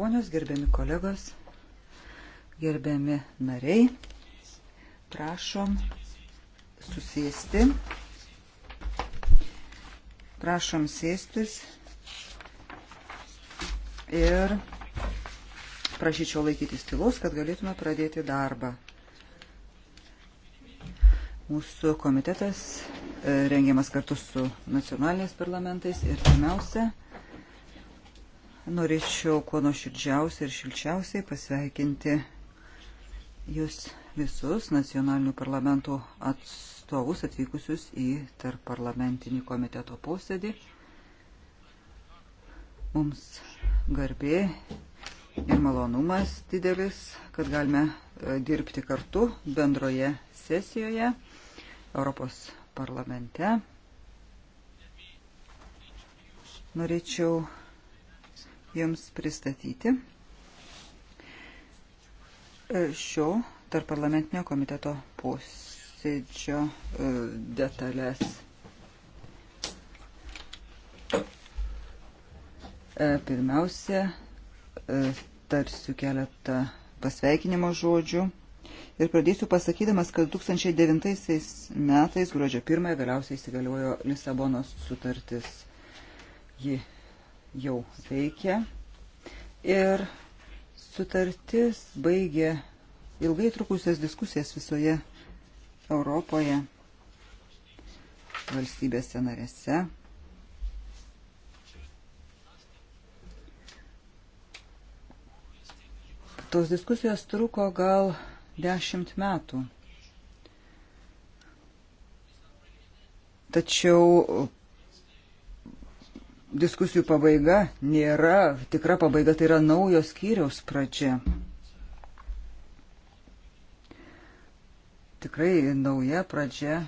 ponios, gerbiami kolegos, gerbiami nariai, prašom susėsti, prašom sėstis ir prašyčiau laikytis tylos, kad galėtume pradėti darbą. Mūsų komitetas e, rengiamas kartu su nacionaliniais parlamentais ir pirmiausia, norėčiau kuo nuoširdžiausiai ir šilčiausiai pasveikinti jūs visus nacionalinių parlamentų atstovus atvykusius į tarp parlamentinį komiteto posėdį. Mums garbė ir malonumas didelis, kad galime e, dirbti kartu bendroje sesijoje Europos parlamente. Norėčiau jums pristatyti šio tarp parlamentinio komiteto posėdžio e, detalės. E, pirmiausia, e, tarsiu keletą pasveikinimo žodžių ir pradėsiu pasakydamas, kad 2009 metais gruodžio 1 vėliausiai įsigaliojo Lisabonos sutartis. Ji jau veikia ir sutartis baigė ilgai trukusias diskusijas visoje Europoje, valstybėse narėse. Tos diskusijos truko gal dešimt metų. Tačiau diskusijų pabaiga nėra tikra pabaiga, tai yra naujos skyriaus pradžia. Tikrai nauja pradžia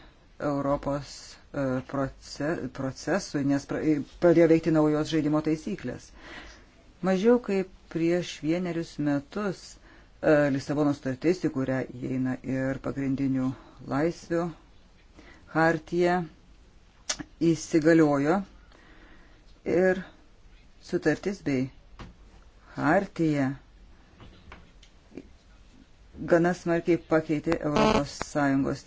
Europos e, procesui, nes pradėjo veikti naujos žaidimo taisyklės. Mažiau kaip prieš vienerius metus e, Lisabono sutartis, į kurią įeina ir pagrindinių laisvių hartija, įsigaliojo ir sutartis bei hartija gana smarkiai pakeitė ES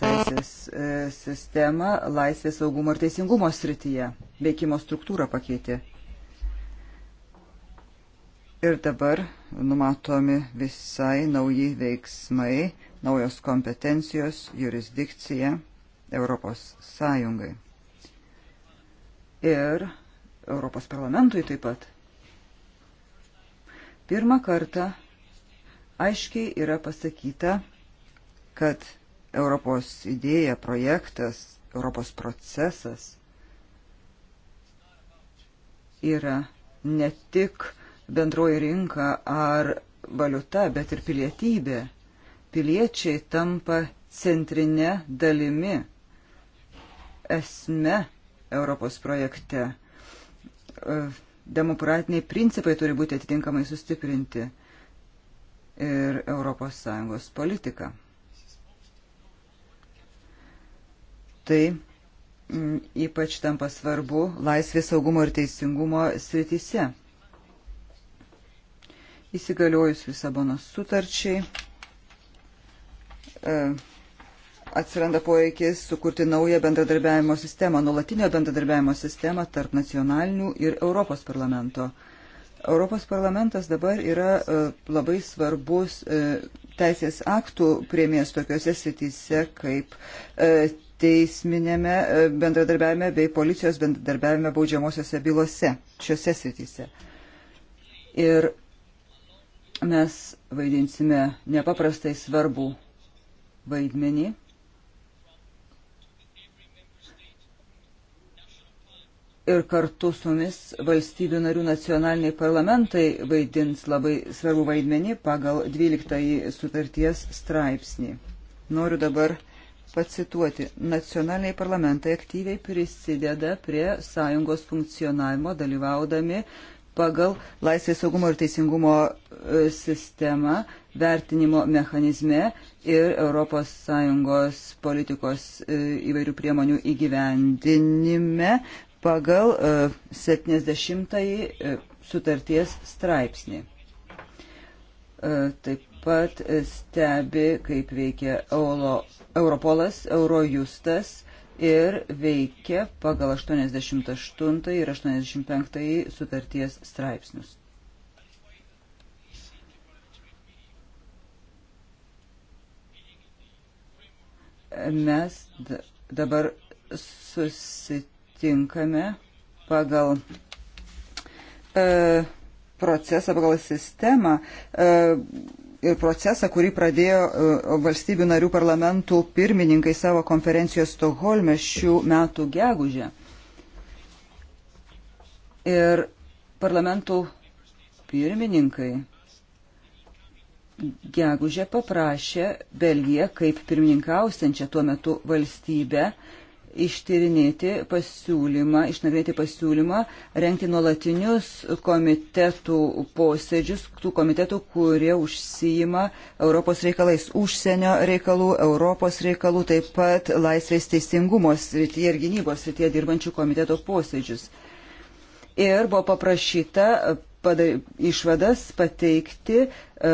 teisės e, sistemą laisvės saugumo ir teisingumo srityje, veikimo struktūrą pakeitė. Ir dabar numatomi visai nauji veiksmai, naujos kompetencijos, jurisdikcija ES. Ir Europos parlamentui taip pat. Pirmą kartą aiškiai yra pasakyta, kad Europos idėja, projektas, Europos procesas yra ne tik bendroji rinka ar valiuta, bet ir pilietybė. Piliečiai tampa centrinė dalimi, esme Europos projekte E, demokratiniai principai turi būti atitinkamai sustiprinti ir ES politika. Tai ypač tampa svarbu laisvės saugumo ir teisingumo srityse. Įsigaliojus Lisabonos sutarčiai, e, atsiranda poreikis sukurti naują bendradarbiavimo sistemą, nulatinio bendradarbiavimo sistemą tarp nacionalinių ir Europos parlamento. Europos parlamentas dabar yra e, labai svarbus e, teisės aktų prieimės tokiuose srityse kaip e, teisminėme bendradarbiavime bei policijos bendradarbiavime baudžiamosiose bylose šiuose srityse. Ir mes vaidinsime nepaprastai svarbų vaidmenį ir kartu su mumis valstybių narių nacionaliniai parlamentai vaidins labai svarbu vaidmenį pagal 12 sutarties straipsnį. Noriu dabar pacituoti. Nacionaliniai parlamentai aktyviai prisideda prie sąjungos funkcionavimo dalyvaudami pagal Laisvės saugumo ir teisingumo e, sistemą vertinimo mechanizme ir ES politikos e, įvairių priemonių įgyvendinime pagal 70 e, e, sutarties straipsnį. E, taip pat stebi, kaip veikia Eolo, Europolas, Eurojustas ir veikia pagal 88 ir 85 sutarties straipsnius. Mes dabar susitikėme sutinkame pagal e, procesą, pagal sistemą. E, ir procesą, kurį pradėjo e, valstybių narių parlamentų pirmininkai savo konferencijoje Stokholme šių metų gegužę. Ir parlamentų pirmininkai gegužę paprašė Belgiją kaip pirmininkausiančią tuo metu valstybę ištyrinėti pasiūlymą, išnagrinėti pasiūlymą, renkti nuolatinius komitetų posėdžius, tų komitetų, kurie užsijima Europos reikalais, užsienio reikalų, Europos reikalų, taip pat laisvės teisingumo srityje ir gynybos srityje dirbančių komiteto posėdžius. Ir buvo paprašyta padar, išvadas pateikti e,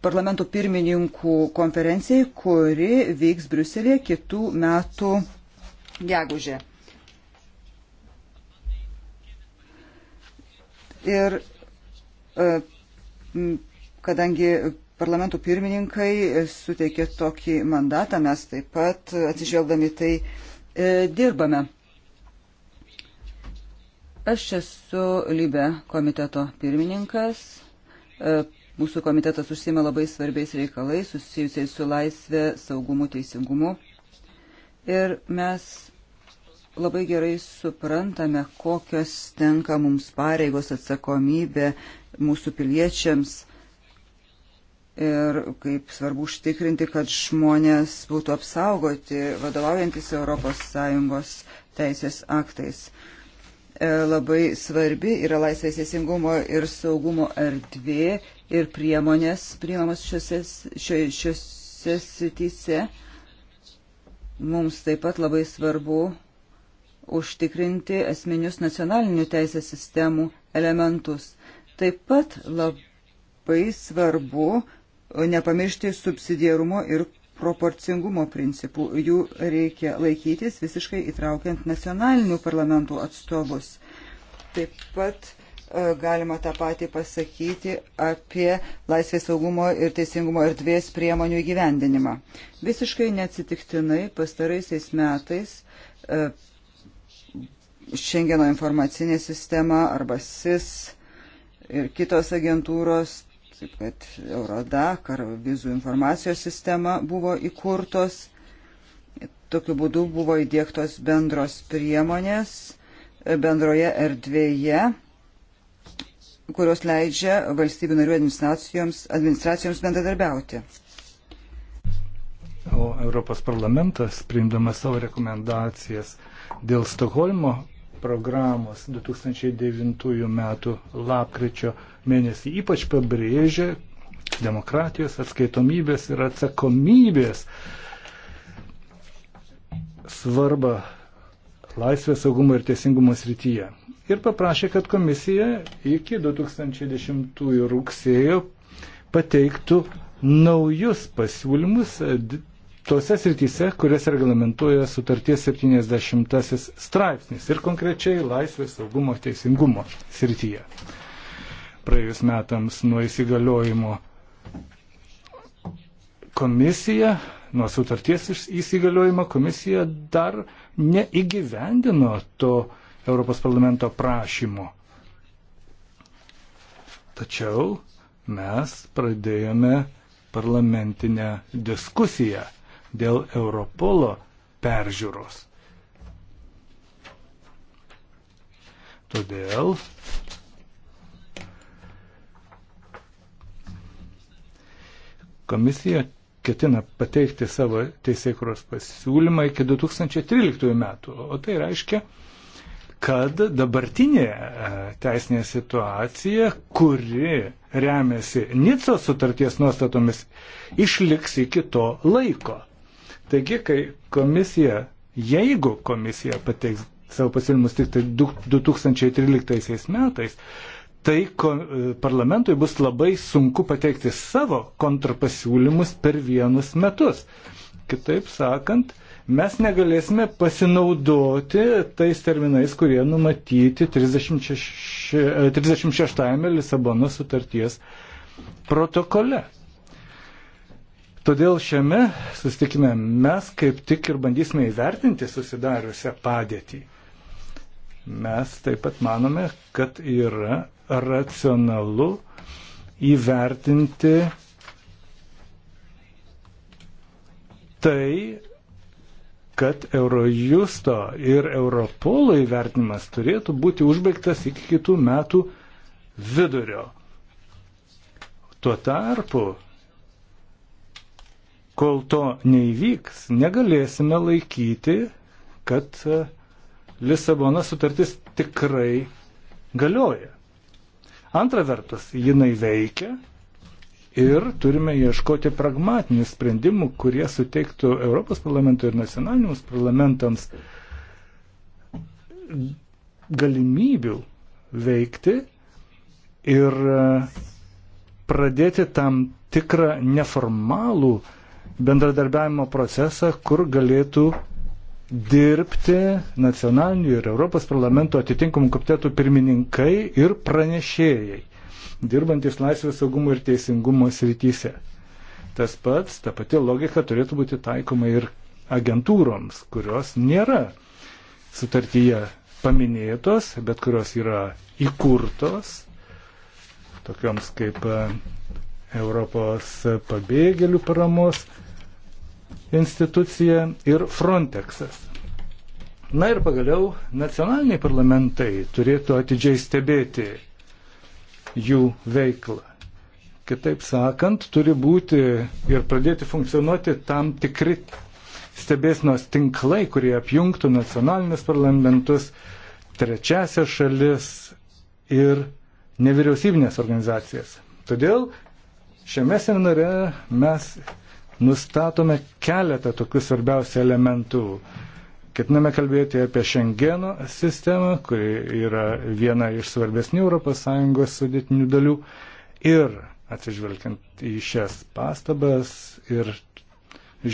parlamentų pirmininkų konferencijai, kuri vyks Briuselėje kitų metų gegužė. Ir e, kadangi parlamentų pirmininkai suteikė tokį mandatą, mes taip pat atsižvelgdami tai e, dirbame. Aš esu Libe komiteto pirmininkas. E, mūsų komitetas užsima labai svarbiais reikalais susijusiais su laisvė, saugumu, teisingumu. Ir mes labai gerai suprantame, kokios tenka mums pareigos atsakomybė mūsų piliečiams ir kaip svarbu užtikrinti, kad žmonės būtų apsaugoti vadovaujantis ES teisės aktais. E, labai svarbi yra laisvės teisingumo ir saugumo erdvė ir priemonės priimamas šiose, šiose sityse. Mums taip pat labai svarbu užtikrinti esminius nacionalinių teisės sistemų elementus. Taip pat labai svarbu nepamiršti subsidiarumo ir proporcingumo principų. Jų reikia laikytis visiškai įtraukiant nacionalinių parlamentų atstovus. Taip pat e, galima tą patį pasakyti apie laisvės saugumo ir teisingumo erdvės priemonių įgyvendinimą. Visiškai neatsitiktinai pastaraisiais metais e, Šengeno informacinė sistema arba SIS ir kitos agentūros, taip pat Eurodac ar vizų informacijos sistema buvo įkurtos. Tokiu būdu buvo įdėktos bendros priemonės e, bendroje erdvėje, kurios leidžia valstybių narių administracijoms, administracijoms bendradarbiauti. O Europos parlamentas, priimdamas savo rekomendacijas dėl Stokholmo programos 2009 metų lapkričio mėnesį ypač pabrėžė demokratijos atskaitomybės ir atsakomybės svarbą laisvės saugumo ir teisingumo srityje. Ir paprašė, kad komisija iki 2010 rugsėjo pateiktų naujus pasiūlymus tose srityse, kurias reglamentuoja sutarties 70 straipsnis ir konkrečiai laisvės saugumo teisingumo srityje. Praėjus metams nuo įsigaliojimo komisija, nuo sutarties įsigaliojimo komisija dar neįgyvendino to Europos parlamento prašymo. Tačiau mes pradėjome parlamentinę diskusiją dėl Europolo peržiūros. Todėl komisija ketina pateikti savo teisėkuros pasiūlymą iki 2013 metų. O tai reiškia, kad dabartinė e, teisinė situacija, kuri remiasi Nico sutarties nuostatomis, išliks iki to laiko. Taigi, kai komisija, jeigu komisija pateiks savo pasiūlymus tik tai 2013 metais, tai e, parlamentui bus labai sunku pateikti savo kontrapasiūlymus per vienus metus. Kitaip sakant, mes negalėsime pasinaudoti tais terminais, kurie numatyti 36, 36 Lisabono sutarties protokole. Todėl šiame sustikime mes kaip tik ir bandysime įvertinti susidariusią padėtį. Mes taip pat manome, kad yra racionalu įvertinti tai, kad Eurojusto ir Europolo įvertinimas turėtų būti užbaigtas iki kitų metų vidurio. Tuo tarpu Kol to neįvyks, negalėsime laikyti, kad e, Lisabono sutartis tikrai galioja. Antra vertus, jinai veikia ir turime ieškoti pragmatinių sprendimų, kurie suteiktų Europos parlamentui ir nacionaliniams parlamentams galimybių veikti ir e, pradėti tam tikrą neformalų uh, bendradarbiavimo procesą, kur galėtų dirbti nacionalinių ir Europos parlamento atitinkamų komitetų pirmininkai ir pranešėjai, dirbantis laisvės saugumo ir teisingumo srityse. Tas pats, ta pati logika turėtų būti taikoma ir agentūroms, kurios nėra sutartyje paminėtos, bet kurios yra įkurtos, tokioms kaip e, Europos pabėgėlių paramos institucija ir Frontexas. Na ir pagaliau nacionaliniai parlamentai turėtų atidžiai stebėti jų veiklą. Kitaip sakant, turi būti ir pradėti funkcionuoti tam tikri stebėsnos tinklai, kurie apjungtų nacionalinius parlamentus, trečiasias šalis ir nevyriausybinės organizacijas. Todėl šiame seminare mes nustatome keletą tokių svarbiausių elementų. Ketiname kalbėti apie Schengeno sistemą, kuri yra viena iš svarbesnių ES sudėtinių dalių. Ir atsižvelgiant į šias pastabas ir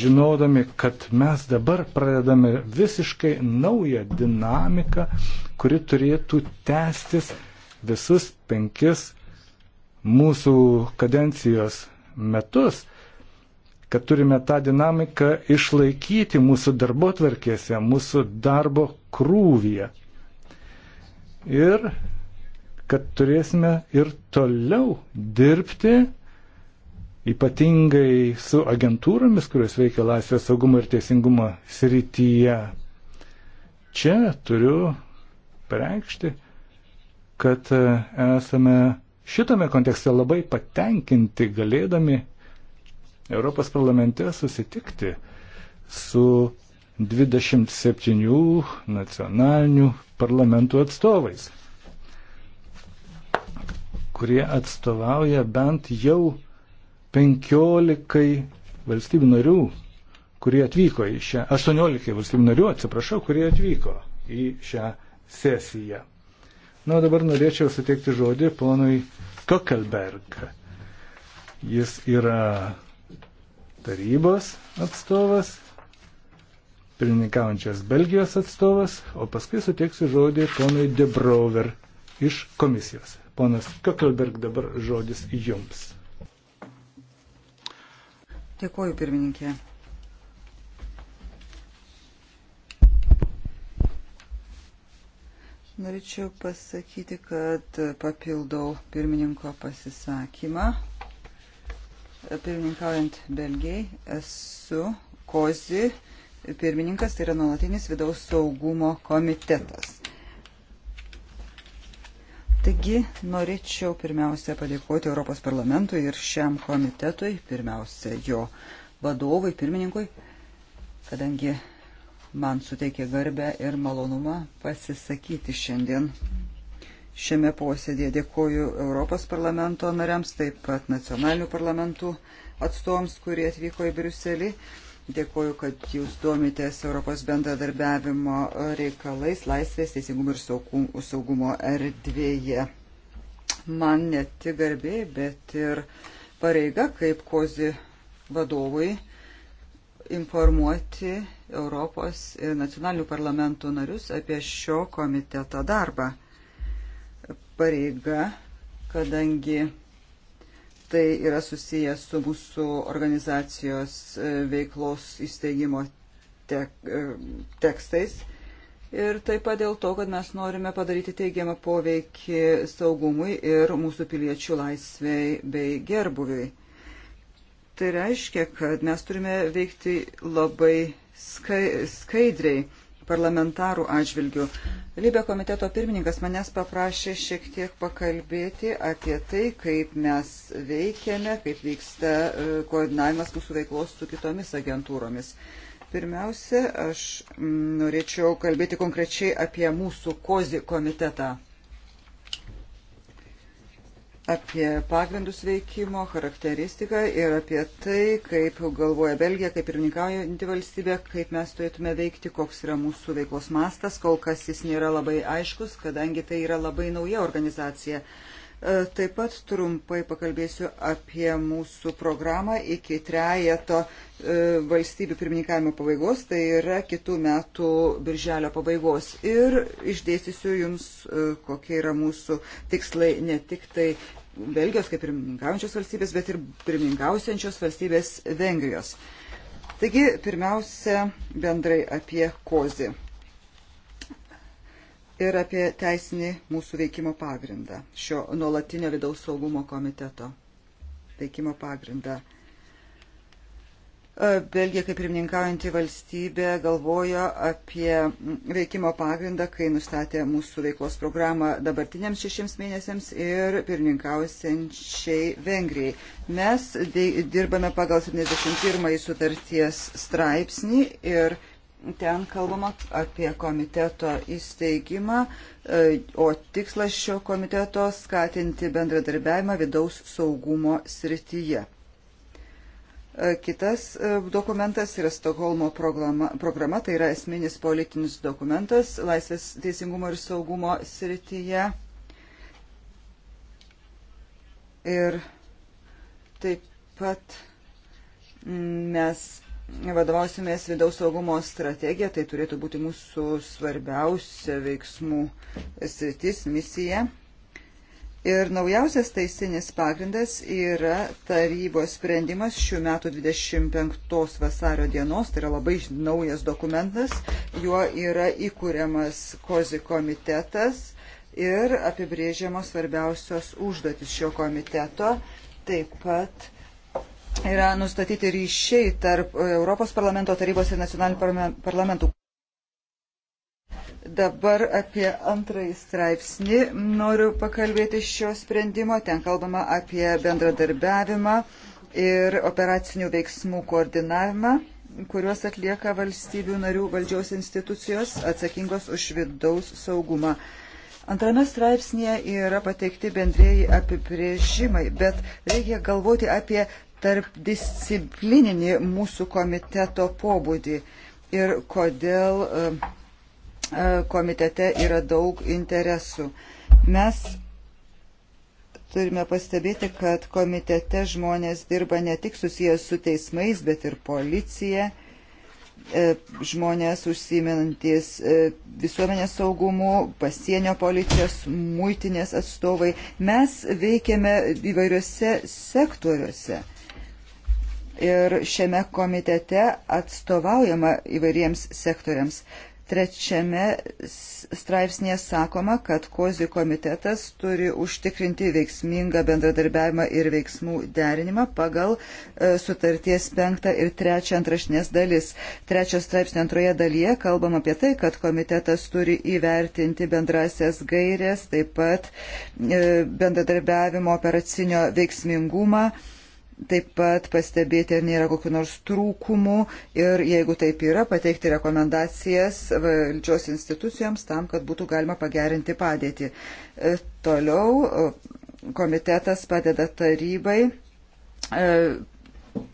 žinodami, kad mes dabar pradedame visiškai naują dinamiką, kuri turėtų tęstis visus penkis mūsų kadencijos metus – kad turime tą dinamiką išlaikyti mūsų darbo tvarkėse, mūsų darbo krūvyje. Ir kad turėsime ir toliau dirbti, ypatingai su agentūromis, kurios veikia laisvės saugumo ir teisingumo srityje. Čia turiu pareikšti, kad e, esame šitame kontekste labai patenkinti galėdami Europos parlamente susitikti su 27 nacionalinių parlamentų atstovais, kurie atstovauja bent jau 15 valstybių narių, kurie atvyko į šią, 18 valstybių narių, atsiprašau, kurie atvyko į šią sesiją. Na, dabar norėčiau suteikti žodį ponui Kokelberg. Jis yra tarybos atstovas, pirmininkaujančios Belgijos atstovas, o paskui suteiksiu žodį ponui Debrover iš komisijos. Ponas Kökelberg dabar žodis jums. Dėkuoju, pirmininkė. Norėčiau pasakyti, kad papildau pirmininko pasisakymą pirmininkaujant Belgijai, esu Kozi pirmininkas, tai yra nuolatinis vidaus saugumo komitetas. Taigi norėčiau pirmiausia padėkoti Europos parlamentui ir šiam komitetui, pirmiausia jo vadovui, pirmininkui, kadangi man suteikė garbę ir malonumą pasisakyti šiandien šiame posėdėje. Dėkoju Europos parlamento nariams, taip pat nacionalinių parlamentų atstovams, kurie atvyko į Briuselį. Dėkoju, kad jūs domitės Europos bendradarbiavimo reikalais, laisvės, teisingumo ir saugumo erdvėje. Man ne tik garbė, bet ir pareiga kaip kozi vadovui informuoti Europos ir nacionalinių parlamentų narius apie šio komiteto darbą pareiga, kadangi tai yra susijęs su mūsų organizacijos e, veiklos įsteigimo tek, e, tekstais. Ir taip pat dėl to, kad mes norime padaryti teigiamą poveikį saugumui ir mūsų piliečių laisviai bei gerbuviui. Tai reiškia, kad mes turime veikti labai skaidriai parlamentarų atžvilgių. Lybė komiteto pirmininkas manęs paprašė šiek tiek pakalbėti apie tai, kaip mes veikiame, kaip vyksta e, koordinavimas mūsų veiklos su kitomis agentūromis. Pirmiausia, aš mm, norėčiau kalbėti konkrečiai apie mūsų kozi komitetą apie pagrindus veikimo, charakteristiką ir apie tai, kaip galvoja Belgija, kaip pirmininkaujanti valstybė, kaip mes turėtume veikti, koks yra mūsų veiklos mastas. Kol kas jis nėra labai aiškus, kadangi tai yra labai nauja organizacija. E, taip pat trumpai pakalbėsiu apie mūsų programą iki trejeto e, valstybių pirmininkavimo pabaigos, tai yra kitų metų birželio pabaigos. Ir išdėstysiu Jums, e, kokie yra mūsų tikslai ne tik tai Belgijos kaip pirmininkaujančios valstybės, bet ir pirmininkausiančios valstybės Vengrijos. Taigi, pirmiausia, bendrai apie kozį ir apie teisinį mūsų veikimo pagrindą, šio nuolatinio vidaus saugumo komiteto veikimo pagrindą. E, Belgija kaip pirmininkaujanti valstybė galvojo apie veikimo pagrindą, kai nustatė mūsų veiklos programą dabartiniams šešiems mėnesiams ir pirmininkausiančiai Vengrijai. Mes dirbame pagal 71 sutarties straipsnį ir Ten kalbama apie komiteto įsteigimą, e, o tikslas šio komiteto skatinti bendradarbiavimą vidaus saugumo srityje. E, kitas e, dokumentas yra Stokholmo programa, programa, tai yra esminis politinis dokumentas laisvės teisingumo ir saugumo srityje. Ir taip pat mes vadovausimės vidaus saugumo strategija, tai turėtų būti mūsų svarbiausia veiksmų sritis, misija. Ir naujausias teisinis pagrindas yra tarybos sprendimas šių metų 25 vasario dienos, tai yra labai naujas dokumentas, juo yra įkūriamas kozi komitetas ir apibrėžiamos svarbiausios užduotis šio komiteto, taip pat yra nustatyti ryšiai tarp e, Europos parlamento tarybos ir nacionalinių parlamentų. Dabar apie antrąjį straipsnį noriu pakalbėti šio sprendimo. Ten kalbama apie bendradarbiavimą ir operacinių veiksmų koordinavimą, kuriuos atlieka valstybių narių valdžios institucijos atsakingos už vidaus saugumą. Antrame straipsnėje yra pateikti bendrėjai apibrėžimai, bet reikia galvoti apie tarp disciplininį mūsų komiteto pobūdį ir kodėl e, e, komitete yra daug interesų. Mes turime pastebėti, kad komitete žmonės dirba ne tik susijęs su teismais, bet ir policija, e, žmonės užsiminantis visuomenės saugumu, pasienio policijos, muitinės atstovai. Mes veikiame įvairiuose sektoriuose ir šiame komitete atstovaujama įvairiems sektoriams. Trečiame straipsnėje sakoma, kad kozi komitetas turi užtikrinti veiksmingą bendradarbiavimą ir veiksmų derinimą pagal e, sutarties penktą ir trečią antrašnės dalis. Trečios straipsnio antroje dalyje kalbam apie tai, kad komitetas turi įvertinti bendrasias gairės, taip pat e, bendradarbiavimo operacinio veiksmingumą taip pat pastebėti, ar nėra kokiu nors trūkumu ir jeigu taip yra, pateikti rekomendacijas valdžios institucijoms tam, kad būtų galima pagerinti padėtį. E, toliau e, komitetas padeda tarybai e,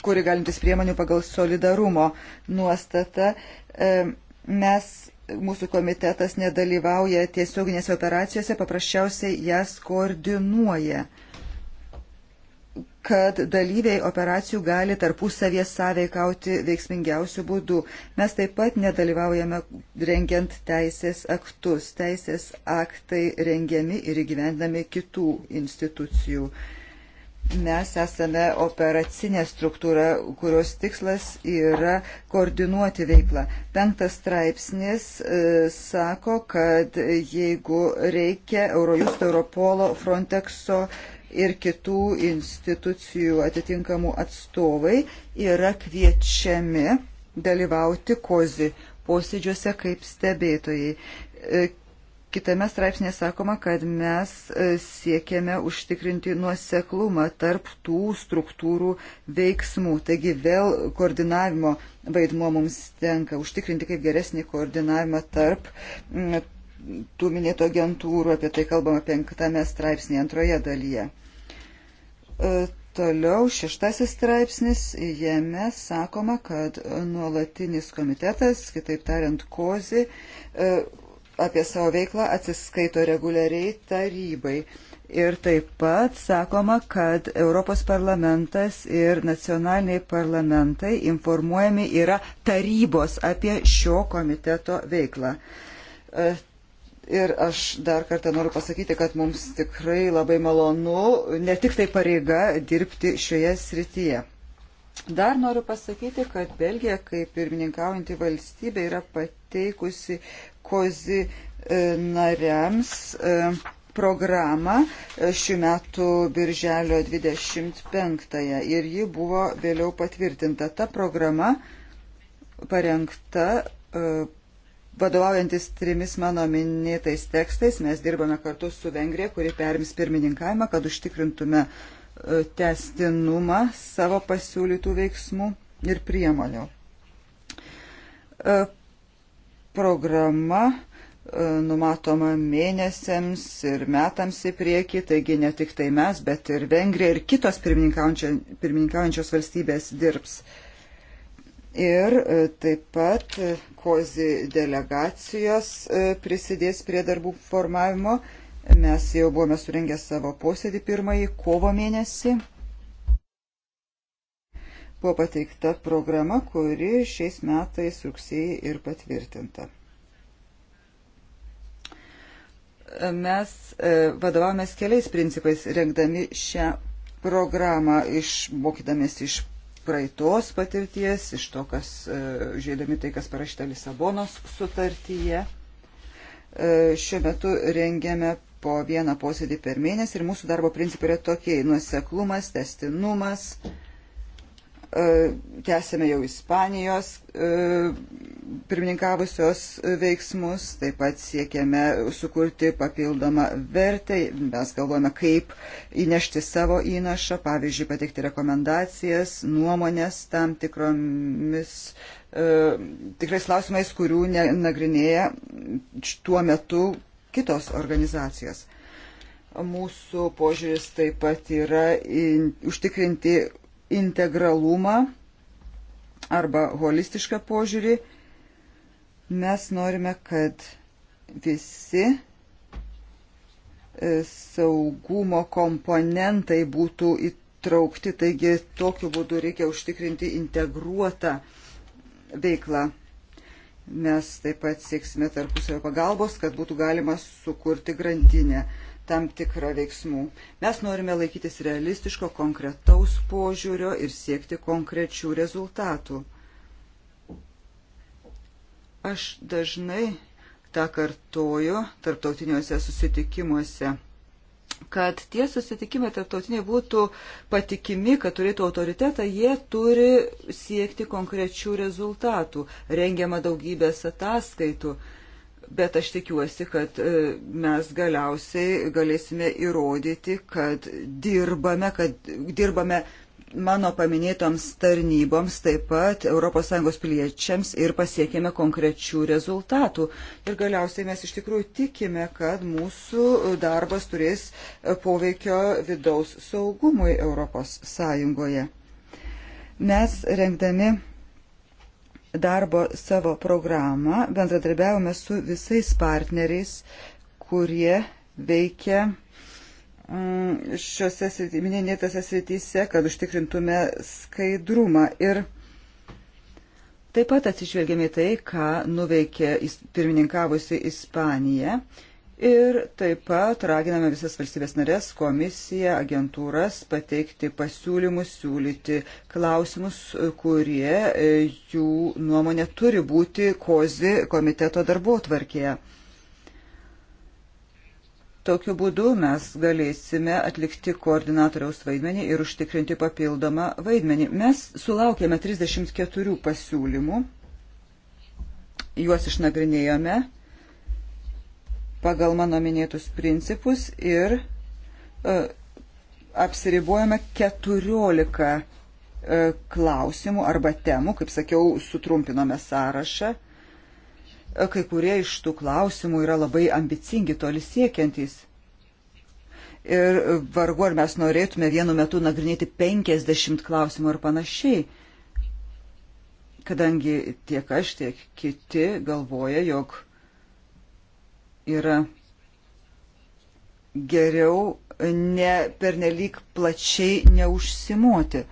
kuri galintis priemonių pagal solidarumo nuostatą. Mes, mūsų komitetas nedalyvauja tiesioginėse operacijose, paprasčiausiai jas koordinuoja. Uh, kad dalyviai operacijų gali tarpusavės sąveikauti veiksmingiausių būdų. Mes taip pat nedalyvaujame rengiant teisės aktus. Teisės aktai rengiami ir įgyvendami kitų institucijų. Mes esame operacinė struktūra, kurios tikslas yra koordinuoti veiklą. Penktas straipsnis e, sako, kad jeigu reikia Eurojusto, Europolo, Frontexo, e, ir kitų institucijų atitinkamų atstovai yra kviečiami dalyvauti kozi posėdžiuose kaip stebėtojai. E, kitame straipsnėje sakoma, kad mes e, siekiame užtikrinti nuoseklumą tarp tų struktūrų veiksmų. Taigi vėl koordinavimo vaidmuo mums tenka užtikrinti kaip geresnį koordinavimą tarp tų minėtų agentūrų, apie tai kalbama penktame straipsnėje antroje dalyje. E, toliau šeštasis straipsnis, jame sakoma, kad nuolatinis komitetas, kitaip tariant, kozi, e, apie savo veiklą atsiskaito reguliariai tarybai. Ir taip pat sakoma, kad Europos parlamentas ir nacionaliniai parlamentai informuojami yra tarybos apie šio komiteto veiklą. E, Ir aš dar kartą noriu pasakyti, kad mums tikrai labai malonu, ne tik tai pareiga dirbti šioje srityje. Dar noriu pasakyti, kad Belgija, kaip pirmininkaujanti valstybė, yra pateikusi kozi e, nariams e, programą e, šių metų birželio 25-ąją ir ji buvo vėliau patvirtinta. Ta programa parengta Vadovaujantis trimis mano minėtais tekstais, mes dirbame kartu su Vengrija, kuri perims pirmininkavimą, kad užtikrintume e, testinumą savo pasiūlytų veiksmų ir priemonių. E, programa e, numatoma mėnesiams ir metams į priekį, taigi ne tik tai mes, bet ir Vengrija ir kitos pirmininkaujančios valstybės dirbs Ir e, taip pat e, kozi delegacijos e, prisidės prie darbų formavimo. Mes jau buvome surengę savo posėdį pirmąjį kovo mėnesį. Buvo pateikta programa, kuri šiais metais rugsėjai ir patvirtinta. Mes vadovavomės keliais principais rengdami šią programą, išmokydamės iš praeitos patirties, iš to, kas, e, žiūrėdami tai, kas parašyta Lisabonos sutartyje. E, šiuo metu rengiame po vieną posėdį per mėnesį ir mūsų darbo principai yra tokie - nuoseklumas, testinumas. numas E, tęsėme jau Ispanijos e, pirmininkavusios veiksmus, taip pat siekėme sukurti papildomą vertę, mes galvojame, kaip įnešti savo įnašą, pavyzdžiui, pateikti rekomendacijas, nuomonės tam tikromis e, tikrais klausimais, kurių nagrinėja tuo metu kitos organizacijos. Mūsų požiūris taip pat yra in, užtikrinti integralumą arba holistišką požiūrį. Mes norime, kad visi e, saugumo komponentai būtų įtraukti, taigi tokiu būdu reikia užtikrinti integruotą veiklą. Mes taip pat sieksime tarpusavio pagalbos, kad būtų galima sukurti grandinę tam tikrą veiksmų. Mes norime laikytis realistiško, konkretaus požiūrio ir siekti konkrečių rezultatų. Aš dažnai tą kartoju tarptautiniuose susitikimuose kad tie susitikimai tarptautiniai būtų patikimi, kad turėtų autoritetą, jie turi siekti konkrečių rezultatų. Rengiama daugybės ataskaitų. Uh, bet aš tikiuosi, kad e, mes galiausiai galėsime įrodyti, kad dirbame, kad dirbame mano paminėtoms tarnyboms, taip pat ES piliečiams ir pasiekėme konkrečių rezultatų. Ir galiausiai mes iš tikrųjų tikime, kad mūsų darbas turės poveikio vidaus saugumui ES. Mes rengdami darbo savo programą, bendradarbiavome su visais partneriais, kurie veikia mm, šiuose minėtose srityse, kad užtikrintume skaidrumą. Ir taip pat atsižvelgėme į tai, ką nuveikė pirmininkavusi Ispanija. Ir taip pat raginame visas valstybės narės, komisiją, agentūras pateikti pasiūlymus, siūlyti klausimus, kurie e, jų nuomonė turi būti kozi komiteto darbo tvarkėje. Tokiu būdu mes galėsime atlikti koordinatoriaus vaidmenį ir užtikrinti papildomą vaidmenį. Mes sulaukėme 34 pasiūlymų, juos išnagrinėjome pagal mano minėtus principus ir uh, e, apsiribuojame 14 uh, e, klausimų arba temų, kaip sakiau, sutrumpinome sąrašą. Uh, kai kurie iš tų klausimų yra labai ambicingi, toli siekiantys. Ir vargu ar mes norėtume vienu metu nagrinėti 50 klausimų ar panašiai kadangi tiek aš, tiek kiti galvoja, jog yra geriau ne pernelyg plačiai neužsimoti.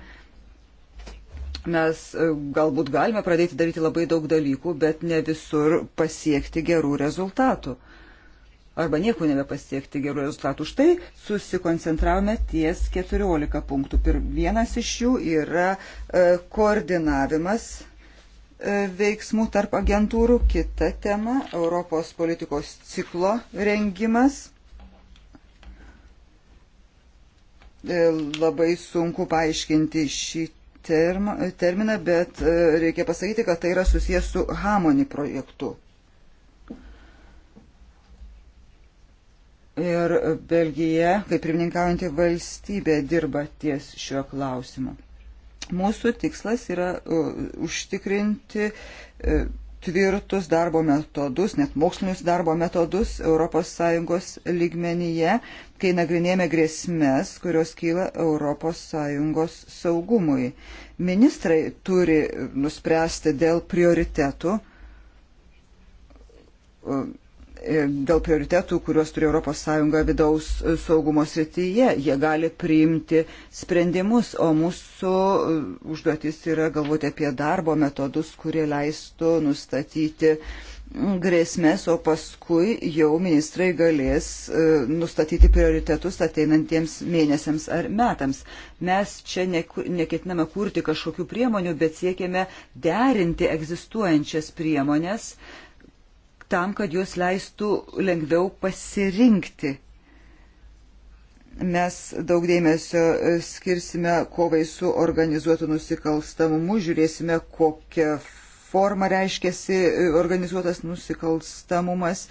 Mes e, galbūt galime pradėti daryti labai daug dalykų, bet ne visur pasiekti gerų rezultatų. Arba nieko nebepasiekti gerų rezultatų. Štai susikoncentravome ties 14 punktų. Ir vienas iš jų yra e, koordinavimas E, veiksmų tarp agentūrų. Kita tema - Europos politikos ciklo rengimas. E, labai sunku paaiškinti šį term, terminą, bet e, reikia pasakyti, kad tai yra susijęs su Harmony projektu. Ir Belgija, kaip pirmininkaujanti valstybė, dirba ties šiuo klausimu. Mūsų tikslas yra uh, užtikrinti uh, tvirtus darbo metodus, net mokslinius darbo metodus ES lygmenyje, kai nagrinėjame grėsmės, kurios kyla ES saugumui. Ministrai turi nuspręsti dėl prioritetų. Uh, E, dėl prioritetų, kuriuos turi ES vidaus e, saugumo srityje. Jie gali priimti sprendimus, o mūsų e, užduotis yra galvoti apie darbo metodus, kurie leistų nustatyti grėsmės, o paskui jau ministrai galės nustatyti prioritetus ateinantiems mėnesiams ar metams. Mes čia neketiname kurti kažkokių priemonių, bet siekiame derinti egzistuojančias priemonės tam, kad jos leistų lengviau pasirinkti. Mes daug dėmesio skirsime kovai su organizuotu nusikalstamumu, žiūrėsime, kokią formą reiškiasi organizuotas nusikalstamumas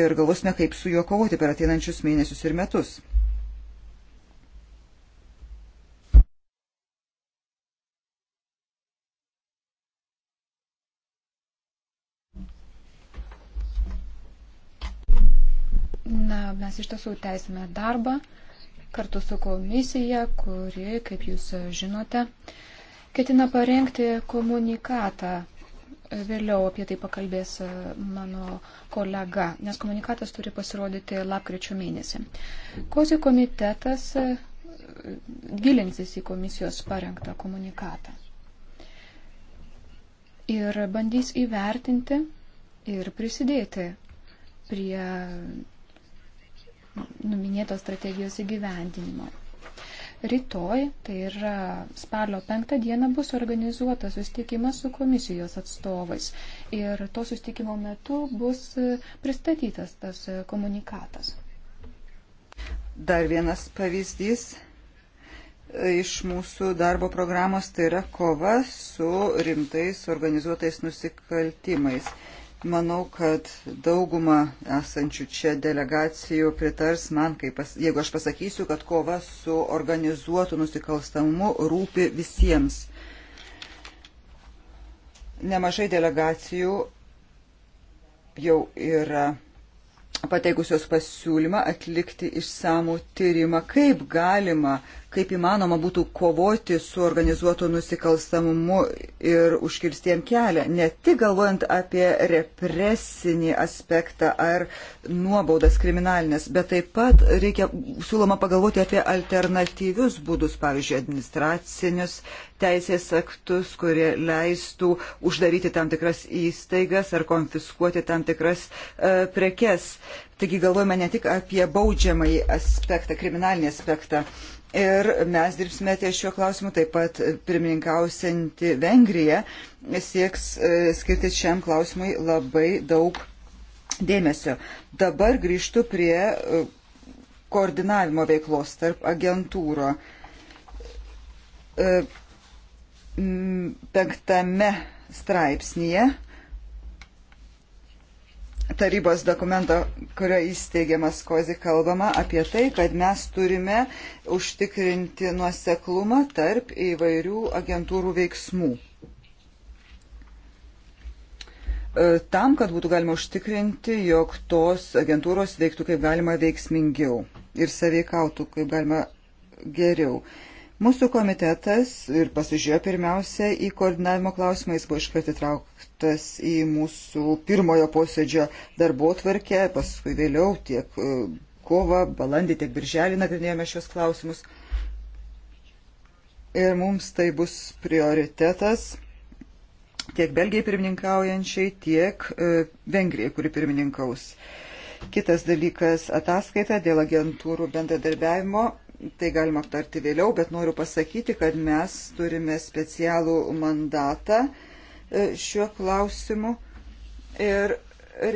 ir galvosime, kaip su juo kovoti per ateinančius mėnesius ir metus. Na, mes iš tiesų teisime darbą kartu su komisija, kuri, kaip jūs žinote, ketina parengti komunikatą. Vėliau apie tai pakalbės e, mano kolega, nes komunikatas turi pasirodyti lapkričio mėnesį. Kozi komitetas e, gilinsis į komisijos parengtą komunikatą. Ir bandys įvertinti ir prisidėti prie numinėtos strategijos įgyvendinimo. Rytoj, tai yra spalio penktą dieną, bus organizuotas susitikimas su komisijos atstovais. Ir to susitikimo metu bus e, pristatytas tas e, komunikatas. Dar vienas pavyzdys e, iš mūsų darbo programos tai yra kova su rimtais organizuotais nusikaltimais. Manau, kad dauguma esančių čia delegacijų pritars man, pas, jeigu aš pasakysiu, kad kova su organizuotu nusikalstamumu rūpi visiems. Nemažai delegacijų jau yra pateikusios pasiūlymą atlikti išsamų tyrimą, kaip galima kaip įmanoma būtų kovoti su organizuotu nusikalstamumu ir užkirstiem kelią, ne tik galvojant apie represinį aspektą ar nuobaudas kriminalinės, bet taip pat reikia siūloma pagalvoti apie alternatyvius būdus, pavyzdžiui, administracinius teisės aktus, kurie leistų uždaryti tam tikras įstaigas ar konfiskuoti tam tikras e, prekes. Taigi galvojame ne tik apie baudžiamąjį aspektą, kriminalinį aspektą. E, Ir mes dirbsime ties šiuo klausimu, taip pat pirmininkausianti Vengrija sieks e, skirti šiam klausimui labai daug dėmesio. Dabar grįžtu prie e, koordinavimo veiklos tarp agentūro. E, penktame straipsnėje tarybos dokumento, kurio įsteigiamas kozi kalbama apie tai, kad mes turime užtikrinti nuoseklumą tarp įvairių agentūrų veiksmų. E, tam, kad būtų galima užtikrinti, jog tos agentūros veiktų kaip galima veiksmingiau ir saveikautų kaip galima geriau. Mūsų komitetas ir pasižiūrėjo pirmiausia į koordinavimo klausimą, jis buvo iškart įtrauktas į mūsų pirmojo posėdžio darbo tvarkę, paskui vėliau tiek e, kovą, balandį, tiek birželį nagrinėjome šios klausimus. Ir mums tai bus prioritetas tiek Belgijai pirmininkaujančiai, tiek e, Vengrijai, kuri pirmininkaus. Kitas dalykas - ataskaita dėl agentūrų bendradarbiavimo tai galima aptarti vėliau, bet noriu pasakyti, kad mes turime specialų mandatą e, šiuo klausimu. Ir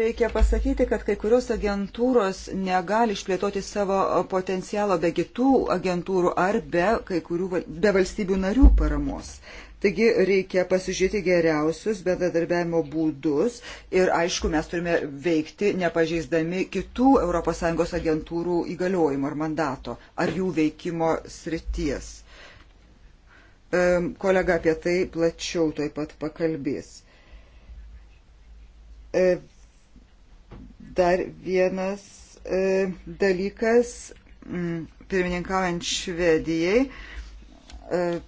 reikia pasakyti, kad kai kurios agentūros negali išplėtoti savo potencialo be kitų agentūrų ar be, kurių, be valstybių narių paramos. Taigi reikia pasižiūrėti geriausius bendradarbiavimo būdus ir aišku, mes turime veikti nepažeisdami kitų ES agentūrų įgaliojimų ar mandato ar jų veikimo srities. Kolega apie tai plačiau taip pat pakalbės. E, dar vienas e, dalykas, pirmininkaujant Švedijai, e,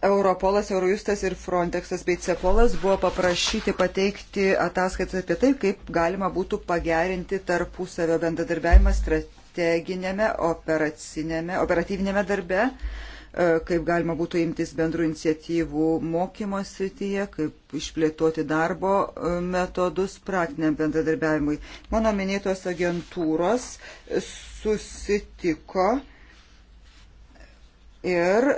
Europolas, Eurojustas ir Frontexas bei Cepolas buvo paprašyti pateikti ataskaitas apie tai, kaip galima būtų pagerinti tarpusavio bendradarbiavimą strateginėme, operacinėme, operatyvinėme darbe, e, kaip galima būtų imtis bendrų iniciatyvų mokymo srityje, kaip išplėtoti darbo e, metodus praktiniam bendradarbiavimui. Mano minėtos agentūros susitiko ir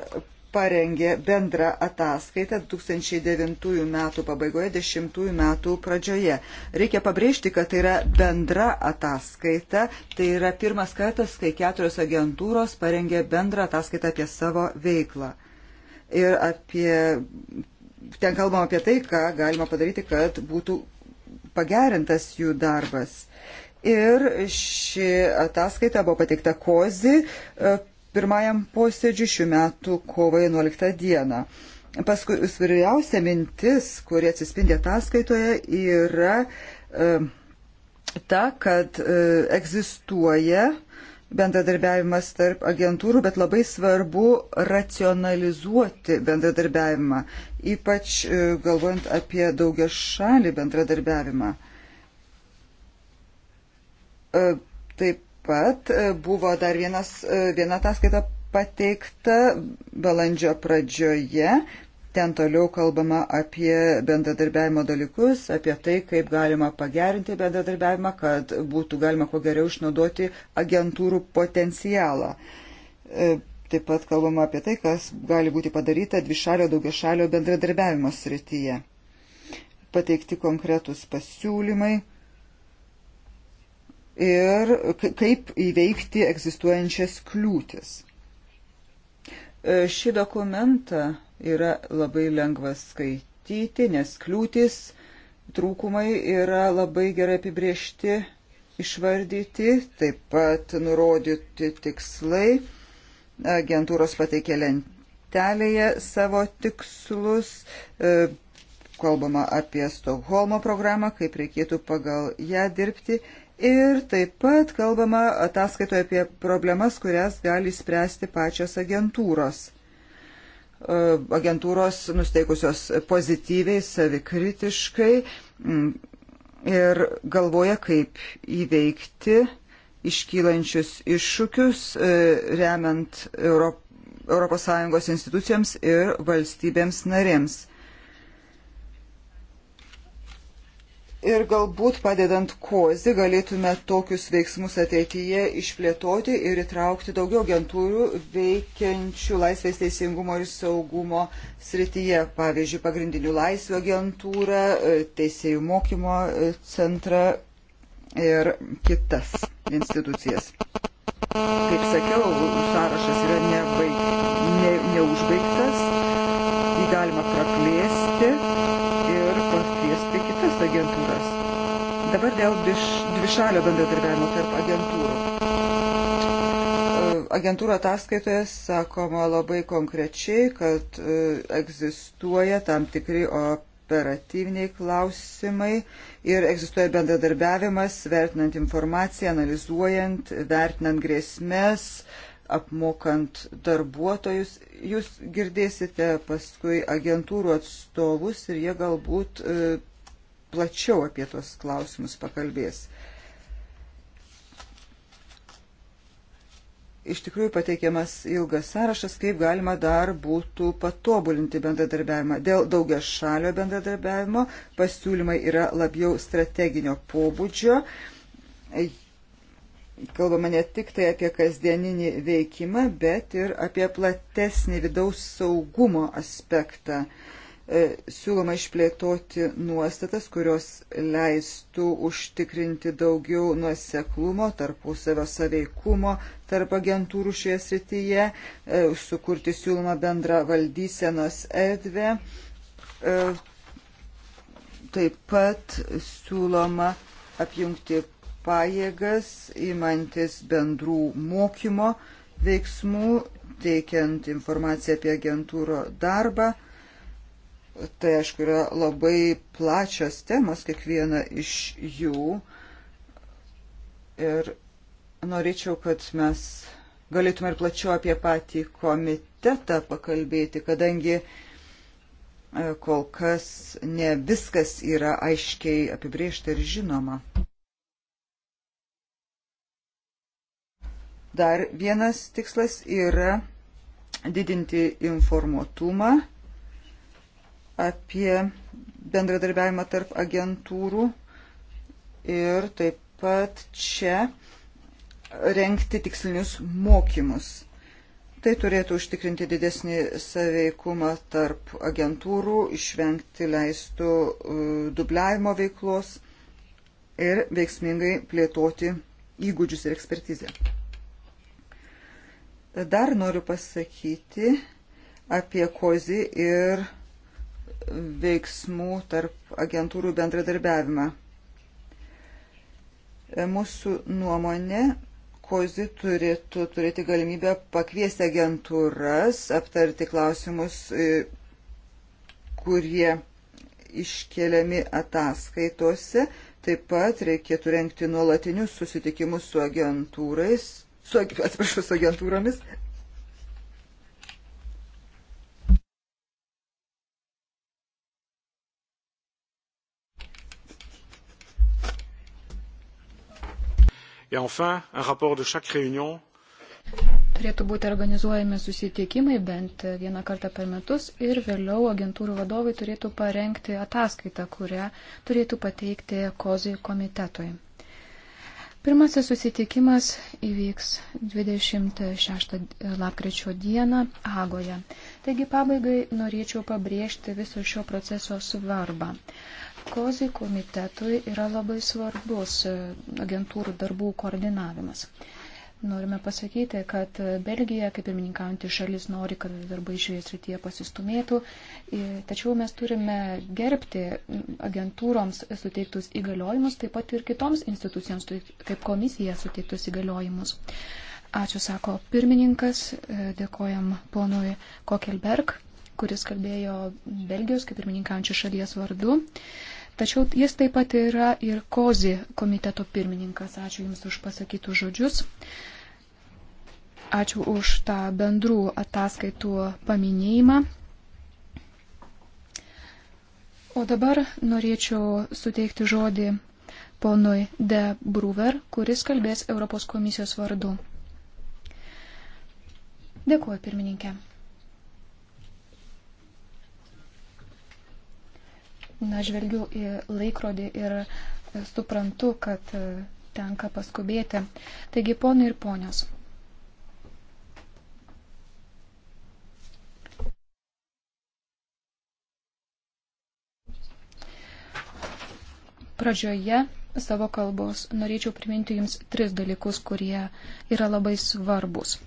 parengė bendrą ataskaitą 2009 metų pabaigoje, 10 metų pradžioje. Reikia pabrėžti, kad tai yra bendra ataskaita. Tai yra pirmas kartas, kai keturios agentūros parengė bendrą ataskaitą apie savo veiklą. Ir apie, ten kalbam apie tai, ką galima padaryti, kad būtų pagerintas jų darbas. Ir ši ataskaita buvo pateikta Kozi pirmajam posėdžiui šių metų kovo 11 dieną. Paskui svarbiausia mintis, kuri atsispindė ataskaitoje, yra e, ta, kad e, egzistuoja bendradarbiavimas tarp agentūrų, bet labai svarbu racionalizuoti bendradarbiavimą, ypač e, galvojant apie daugia šalį bendradarbiavimą. E, taip pat e, buvo dar vienas, e, viena ataskaita pateikta balandžio pradžioje. Ten toliau kalbama apie bendradarbiavimo dalykus, apie tai, kaip galima pagerinti bendradarbiavimą, kad būtų galima kuo geriau išnaudoti agentūrų potencialą. E, taip pat kalbama apie tai, kas gali būti padaryta dvišalio daugiašalio bendradarbiavimo srityje. Pateikti konkretus pasiūlymai ir kaip įveikti egzistuojančias kliūtis. E, šį dokumentą yra labai lengva skaityti, nes kliūtis, trūkumai yra labai gerai apibriešti, išvardyti, taip pat nurodyti tikslai. Agentūros pateikė lentelėje savo tikslus. E, kalbama apie Stokholmo programą, kaip reikėtų pagal ją dirbti Ir taip pat kalbama ataskaitoje apie problemas, kurias gali spręsti pačios agentūros. E, agentūros nusteikusios pozityviai, savikritiškai ir galvoja, kaip įveikti iškylančius iššūkius, e, remiant Europos. ES institucijoms ir valstybėms narėms. ir galbūt padedant kozi galėtume tokius veiksmus ateityje išplėtoti ir įtraukti daugiau agentūrų veikiančių laisvės teisingumo ir saugumo srityje. Pavyzdžiui, pagrindinių laisvių agentūrą, e, teisėjų mokymo e, centrą ir kitas institucijas. Kaip sakiau, sąrašas yra nebaig, ne, neužbaigtas, jį galima praplėsti Dabar dėl dvišalio bendradarbiavimo tarp agentūrų. E, Agentūro ataskaitoje sakoma labai konkrečiai, kad e, egzistuoja tam tikri operatyviniai klausimai ir egzistuoja bendradarbiavimas, vertinant informaciją, analizuojant, vertinant grėsmės, apmokant darbuotojus. Jūs girdėsite paskui agentūrų atstovus ir jie galbūt e, plačiau apie tos klausimus pakalbės. Iš tikrųjų pateikiamas ilgas sąrašas, kaip galima dar būtų patobulinti bendradarbiavimą. Dėl daugia šalio bendradarbiavimo pasiūlymai yra labiau strateginio pobūdžio. Kalbama ne tik tai apie kasdieninį veikimą, bet ir apie platesnį vidaus saugumo aspektą. Uh, E, siūloma išplėtoti nuostatas, kurios leistų užtikrinti daugiau nuoseklumo, tarpusavio saveikumo tarp agentūrų šioje srityje, e, sukurti siūloma bendrą valdysenos erdvę. E, taip pat siūloma apjungti pajėgas, įmantis bendrų mokymo veiksmų, teikiant informaciją apie agentūro darbą Tai aišku yra labai plačios temos, kiekviena iš jų. Ir norėčiau, kad mes galėtume ir plačiau apie patį komitetą pakalbėti, kadangi e, kol kas ne viskas yra aiškiai apibriešta ir žinoma. Dar vienas tikslas yra didinti informuotumą apie bendradarbiavimą tarp agentūrų ir taip pat čia renkti tikslinius mokymus. Tai turėtų užtikrinti didesnį saveikumą tarp agentūrų, išvengti leistų e, dubliavimo veiklos ir veiksmingai plėtoti įgūdžius ir ekspertizę. Dar noriu pasakyti apie kozį ir veiksmų tarp agentūrų bendradarbiavimą. E, mūsų nuomonė, kozi turėtų turėti galimybę pakviesti agentūras, aptarti klausimus, e, kurie iškeliami ataskaitose. Taip pat reikėtų renkti nuolatinius susitikimus su agentūrais, su, atsiprašau, su agentūromis Et enfin, un rapport de chaque réunion. Turėtų būti organizuojami susitikimai bent vieną kartą per metus ir vėliau agentūrų vadovai turėtų parengti ataskaitą, kurią turėtų pateikti kozijų komitetui. Pirmasis susitikimas įvyks 26 lapkričio dieną Hagoje. Taigi pabaigai norėčiau pabrėžti viso šio proceso svarbą. Kozi komitetui yra labai svarbus e, agentūrų darbų koordinavimas. Norime pasakyti, kad Belgija, kaip pirmininkaujantį šalis, nori, kad darbai šioje srityje pasistumėtų, e, tačiau mes turime gerbti agentūroms suteiktus įgaliojimus, taip pat ir kitoms institucijoms, tai kaip komisija suteiktus įgaliojimus. Ačiū, sako pirmininkas, e, dėkojam ponui Kokelberg, kuris kalbėjo Belgijos kaip pirmininkaujančios šalies vardu. Tačiau jis taip pat yra ir kozi komiteto pirmininkas. Ačiū Jums už pasakytų žodžius. Ačiū už tą bendrų ataskaitų paminėjimą. O dabar norėčiau suteikti žodį ponui De Bruver, kuris kalbės Europos komisijos vardu. Dėkuoju, pirmininkė. Na, žvelgiu į laikrodį ir e, suprantu, kad e, tenka paskubėti. Taigi, ponai ir ponios. Pradžioje savo kalbos norėčiau priminti Jums tris dalykus, kurie yra labai svarbus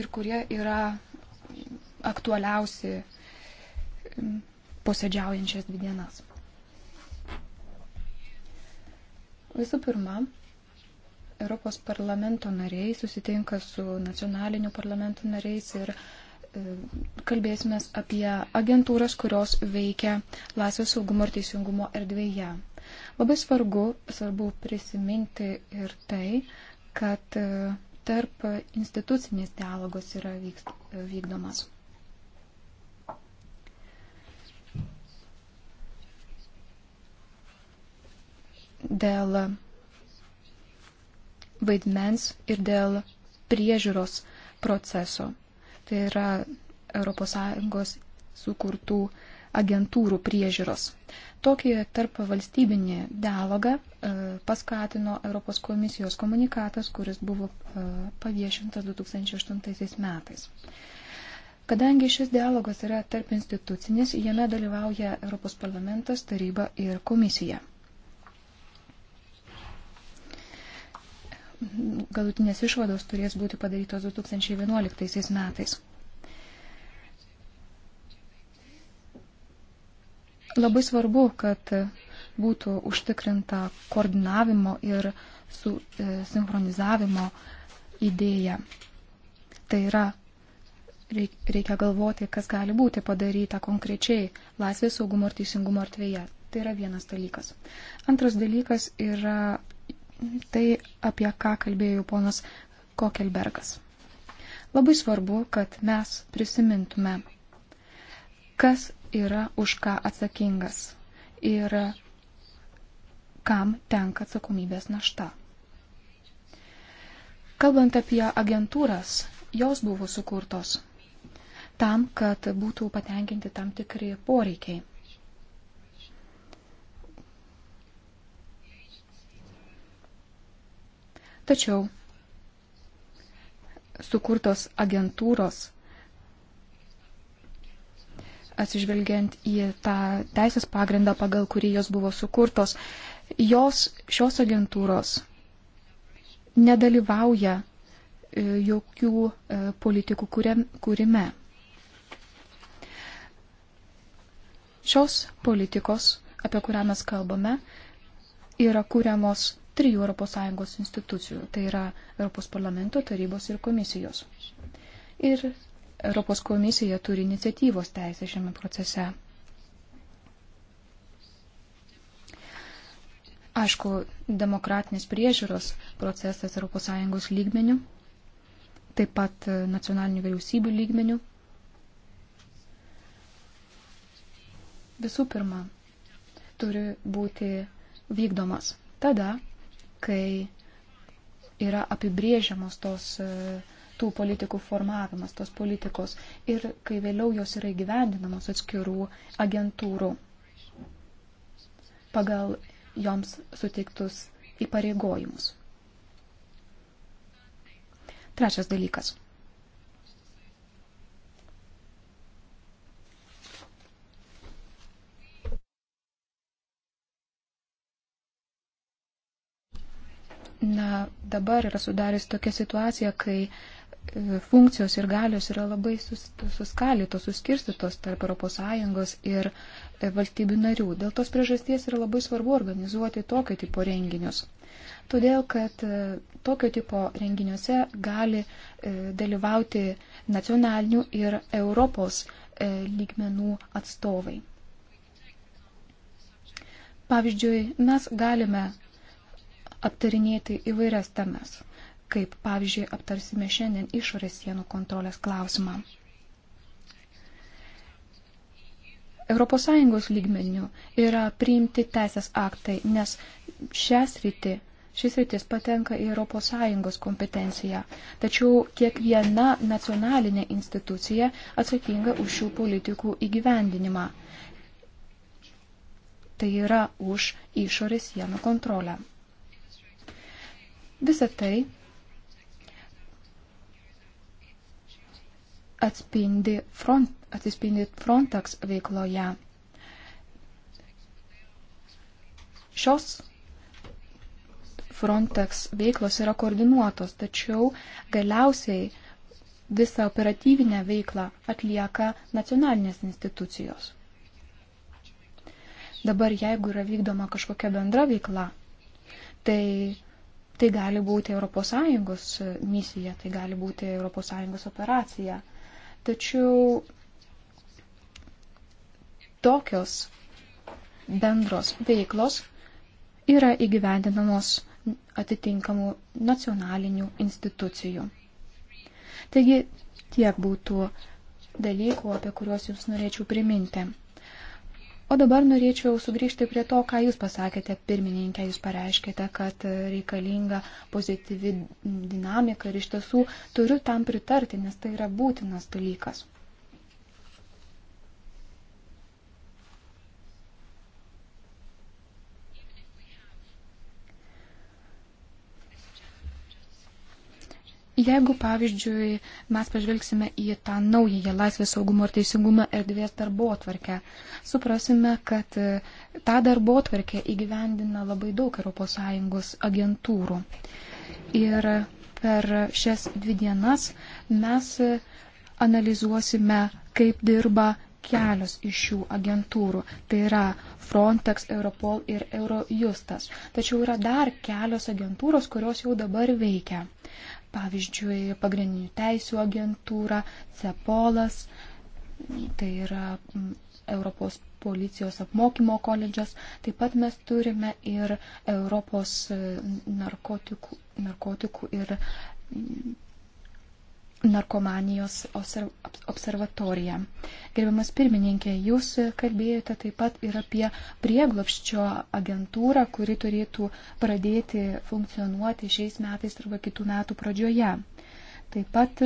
ir kurie yra aktualiausi posėdžiaujančias dvi dienas. Visų pirma, Europos parlamento nariai susitinka su nacionaliniu parlamento nariais ir e, kalbėsime apie agentūras, kurios veikia laisvės saugumo ir teisingumo erdvėje. Labai svarbu, svarbu prisiminti ir tai, kad e, tarp institucinis dialogos yra vykdomas. dėl vaidmens ir dėl priežiūros proceso. Tai yra ES sukurtų agentūrų priežiūros. Tokį tarp valstybinį dialogą e, paskatino Europos komisijos komunikatas, kuris buvo e, paviešintas 2008 metais. Kadangi šis dialogas yra tarp institucinis, jame dalyvauja Europos parlamentas, taryba ir komisija. galutinės išvados turės būti padarytos 2011 metais. Labai svarbu, kad būtų užtikrinta koordinavimo ir su, e, sinchronizavimo idėja. Tai yra, reikia galvoti, kas gali būti padaryta konkrečiai laisvės saugumo ir teisingumo artvėje. Tai yra vienas dalykas. Antras dalykas yra tai, apie ką kalbėjo ponas Kokelbergas. Labai svarbu, kad mes prisimintume, kas yra už ką atsakingas ir kam tenka atsakomybės našta. Kalbant apie agentūras, jos buvo sukurtos tam, kad būtų patenkinti tam tikri poreikiai. Tačiau sukurtos agentūros, atsižvelgiant į tą teisės pagrindą, pagal kurį jos buvo sukurtos, jos šios agentūros nedalyvauja e, jokių e, politikų kūrime. Šios politikos, apie kurią mes kalbame, yra kūriamos trijų ES institucijų, tai yra Europos parlamento, tarybos ir komisijos. Ir Europos komisija turi iniciatyvos teisę šiame procese. Aišku, demokratinės priežiūros procesas ES lygmenių, taip pat nacionalinių vyriausybių lygmenių. Visų pirma, turi būti vykdomas. Tada kai yra apibrėžiamos tos, e, tų politikų formavimas, tos politikos ir kai vėliau jos yra įgyvendinamos atskirų agentūrų pagal joms suteiktus įpareigojimus. Trečias dalykas – na, dabar yra sudarius tokia situacija, kai e, funkcijos ir galios yra labai sus, suskalytos, suskirstytos tarp ES ir e, valstybių narių. Dėl tos priežasties yra labai svarbu organizuoti tokio tipo renginius. Todėl, kad e, tokio tipo renginiuose gali dalyvauti nacionalinių ir Europos lygmenų atstovai. Pavyzdžiui, mes galime aptarinėti įvairias temas, kaip pavyzdžiui aptarsime šiandien išorės sienų kontrolės klausimą. ES lygmenių yra priimti teisės aktai, nes šias rytį Šis rytis patenka į ES kompetenciją, tačiau kiekviena nacionalinė institucija atsakinga už šių politikų įgyvendinimą. Tai yra už išorės sienų kontrolę. Visą tai atspindi front, atsispindi Frontex veikloje. Šios Frontex veiklos yra koordinuotos, tačiau galiausiai visą operatyvinę veiklą atlieka nacionalinės institucijos. Dabar, jeigu yra vykdoma kažkokia bendra veikla, tai Tai gali būti ES e, misija, tai gali būti ES operacija. Tačiau tokios bendros veiklos yra įgyvendinamos atitinkamų nacionalinių institucijų. Taigi tiek būtų dalykų, apie kuriuos jums norėčiau priminti. O dabar norėčiau sugrįžti prie to, ką Jūs pasakėte, pirmininkė, Jūs pareiškėte, kad reikalinga pozityvi dinamika ir iš tiesų turiu tam pritarti, nes tai yra būtinas dalykas. Jeigu, pavyzdžiui, mes pažvelgsime į tą naująją laisvės saugumo ir teisingumo erdvės darbo atvarkę, suprasime, kad e, tą darbo atvarkę įgyvendina labai daug ES agentūrų. Ir per šias dvi dienas mes e, analizuosime, kaip dirba kelios iš šių agentūrų. Tai yra Frontex, Europol ir Eurojustas. Tačiau yra dar kelios agentūros, kurios jau dabar veikia pavyzdžiui, pagrindinių teisų agentūra, CEPOLAS, tai yra Europos policijos apmokymo koledžas. Taip pat mes turime ir Europos e, narkotikų, narkotikų ir narkomanijos observatoriją. Gerbiamas pirmininkė, jūs kalbėjote taip pat ir apie prieglopščio agentūrą, kuri turėtų pradėti funkcionuoti šiais metais arba kitų metų pradžioje. Taip pat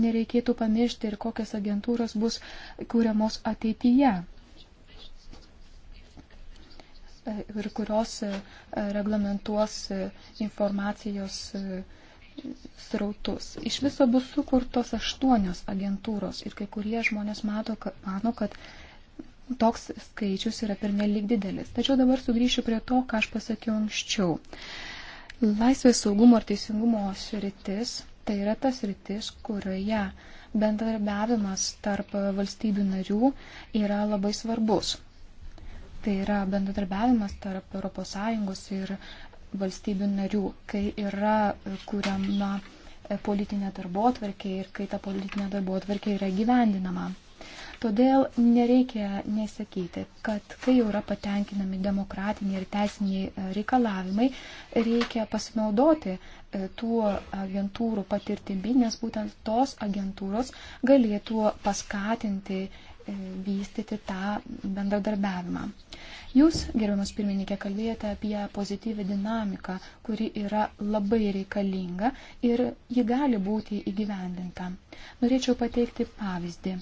nereikėtų pamiršti ir kokias agentūros bus kūriamos ateityje ir kurios reglamentuos informacijos srautus. Iš viso bus sukurtos aštuonios agentūros ir kai kurie žmonės mato, kad, mano, kad toks skaičius yra pernelyg didelis. Tačiau dabar sugrįšiu prie to, ką aš pasakiau anksčiau. Laisvės saugumo ir teisingumo sritis tai yra tas rytis, kurioje bendradarbiavimas tarp valstybių narių yra labai svarbus. Tai yra bendradarbiavimas tarp ES ir valstybių narių, kai yra kuriama politinė darbo atvarkė ir kai ta politinė darbo atvarkė yra gyvendinama. Todėl nereikia nesakyti, kad kai jau yra patenkinami demokratiniai ir teisiniai e, reikalavimai, reikia pasinaudoti e, tų agentūrų patirtimi, nes būtent tos agentūros galėtų paskatinti E, vystyti tą bendradarbiavimą. Jūs, gerbiamas pirmininkė, kalbėjote apie pozityvę dinamiką, kuri yra labai reikalinga ir ji gali būti įgyvendinta. Norėčiau pateikti pavyzdį.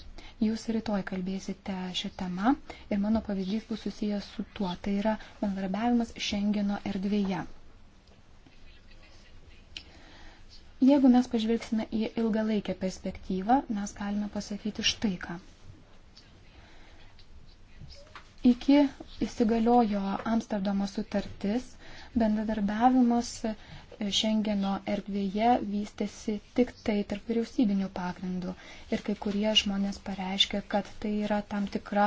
Jūs rytoj kalbėsite šią temą ir mano pavyzdys bus susijęs su tuo, tai yra bendradarbiavimas Šengeno erdvėje. Jeigu mes pažvelgsime į ilgalaikę perspektyvą, mes galime pasakyti štai ką. Iki įsigaliojo Amsterdamo sutartis, bendradarbiavimas Šengeno e, erdvėje vystėsi tik tai tarp vyriausybinių pagrindų. Ir kai kurie žmonės pareiškia, kad tai yra tam tikra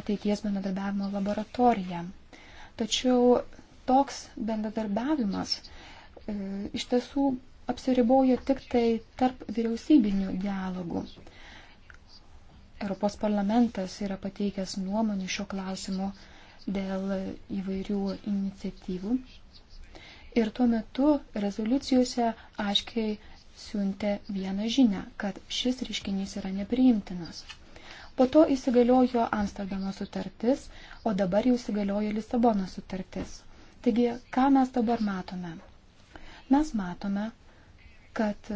ateities bendradarbiavimo laboratorija. Tačiau toks bendradarbiavimas e, iš tiesų apsiribojo tik tai tarp vyriausybinių dialogų. Europos parlamentas yra pateikęs nuomonį šio klausimu dėl įvairių iniciatyvų. Ir tuo metu rezoliucijose aiškiai siuntė vieną žinę, kad šis reiškinys yra nepriimtinas. Po to įsigaliojo Amsterdamo sutartis, o dabar jau įsigaliojo Lisabono sutartis. Taigi, ką mes dabar matome? Mes matome, kad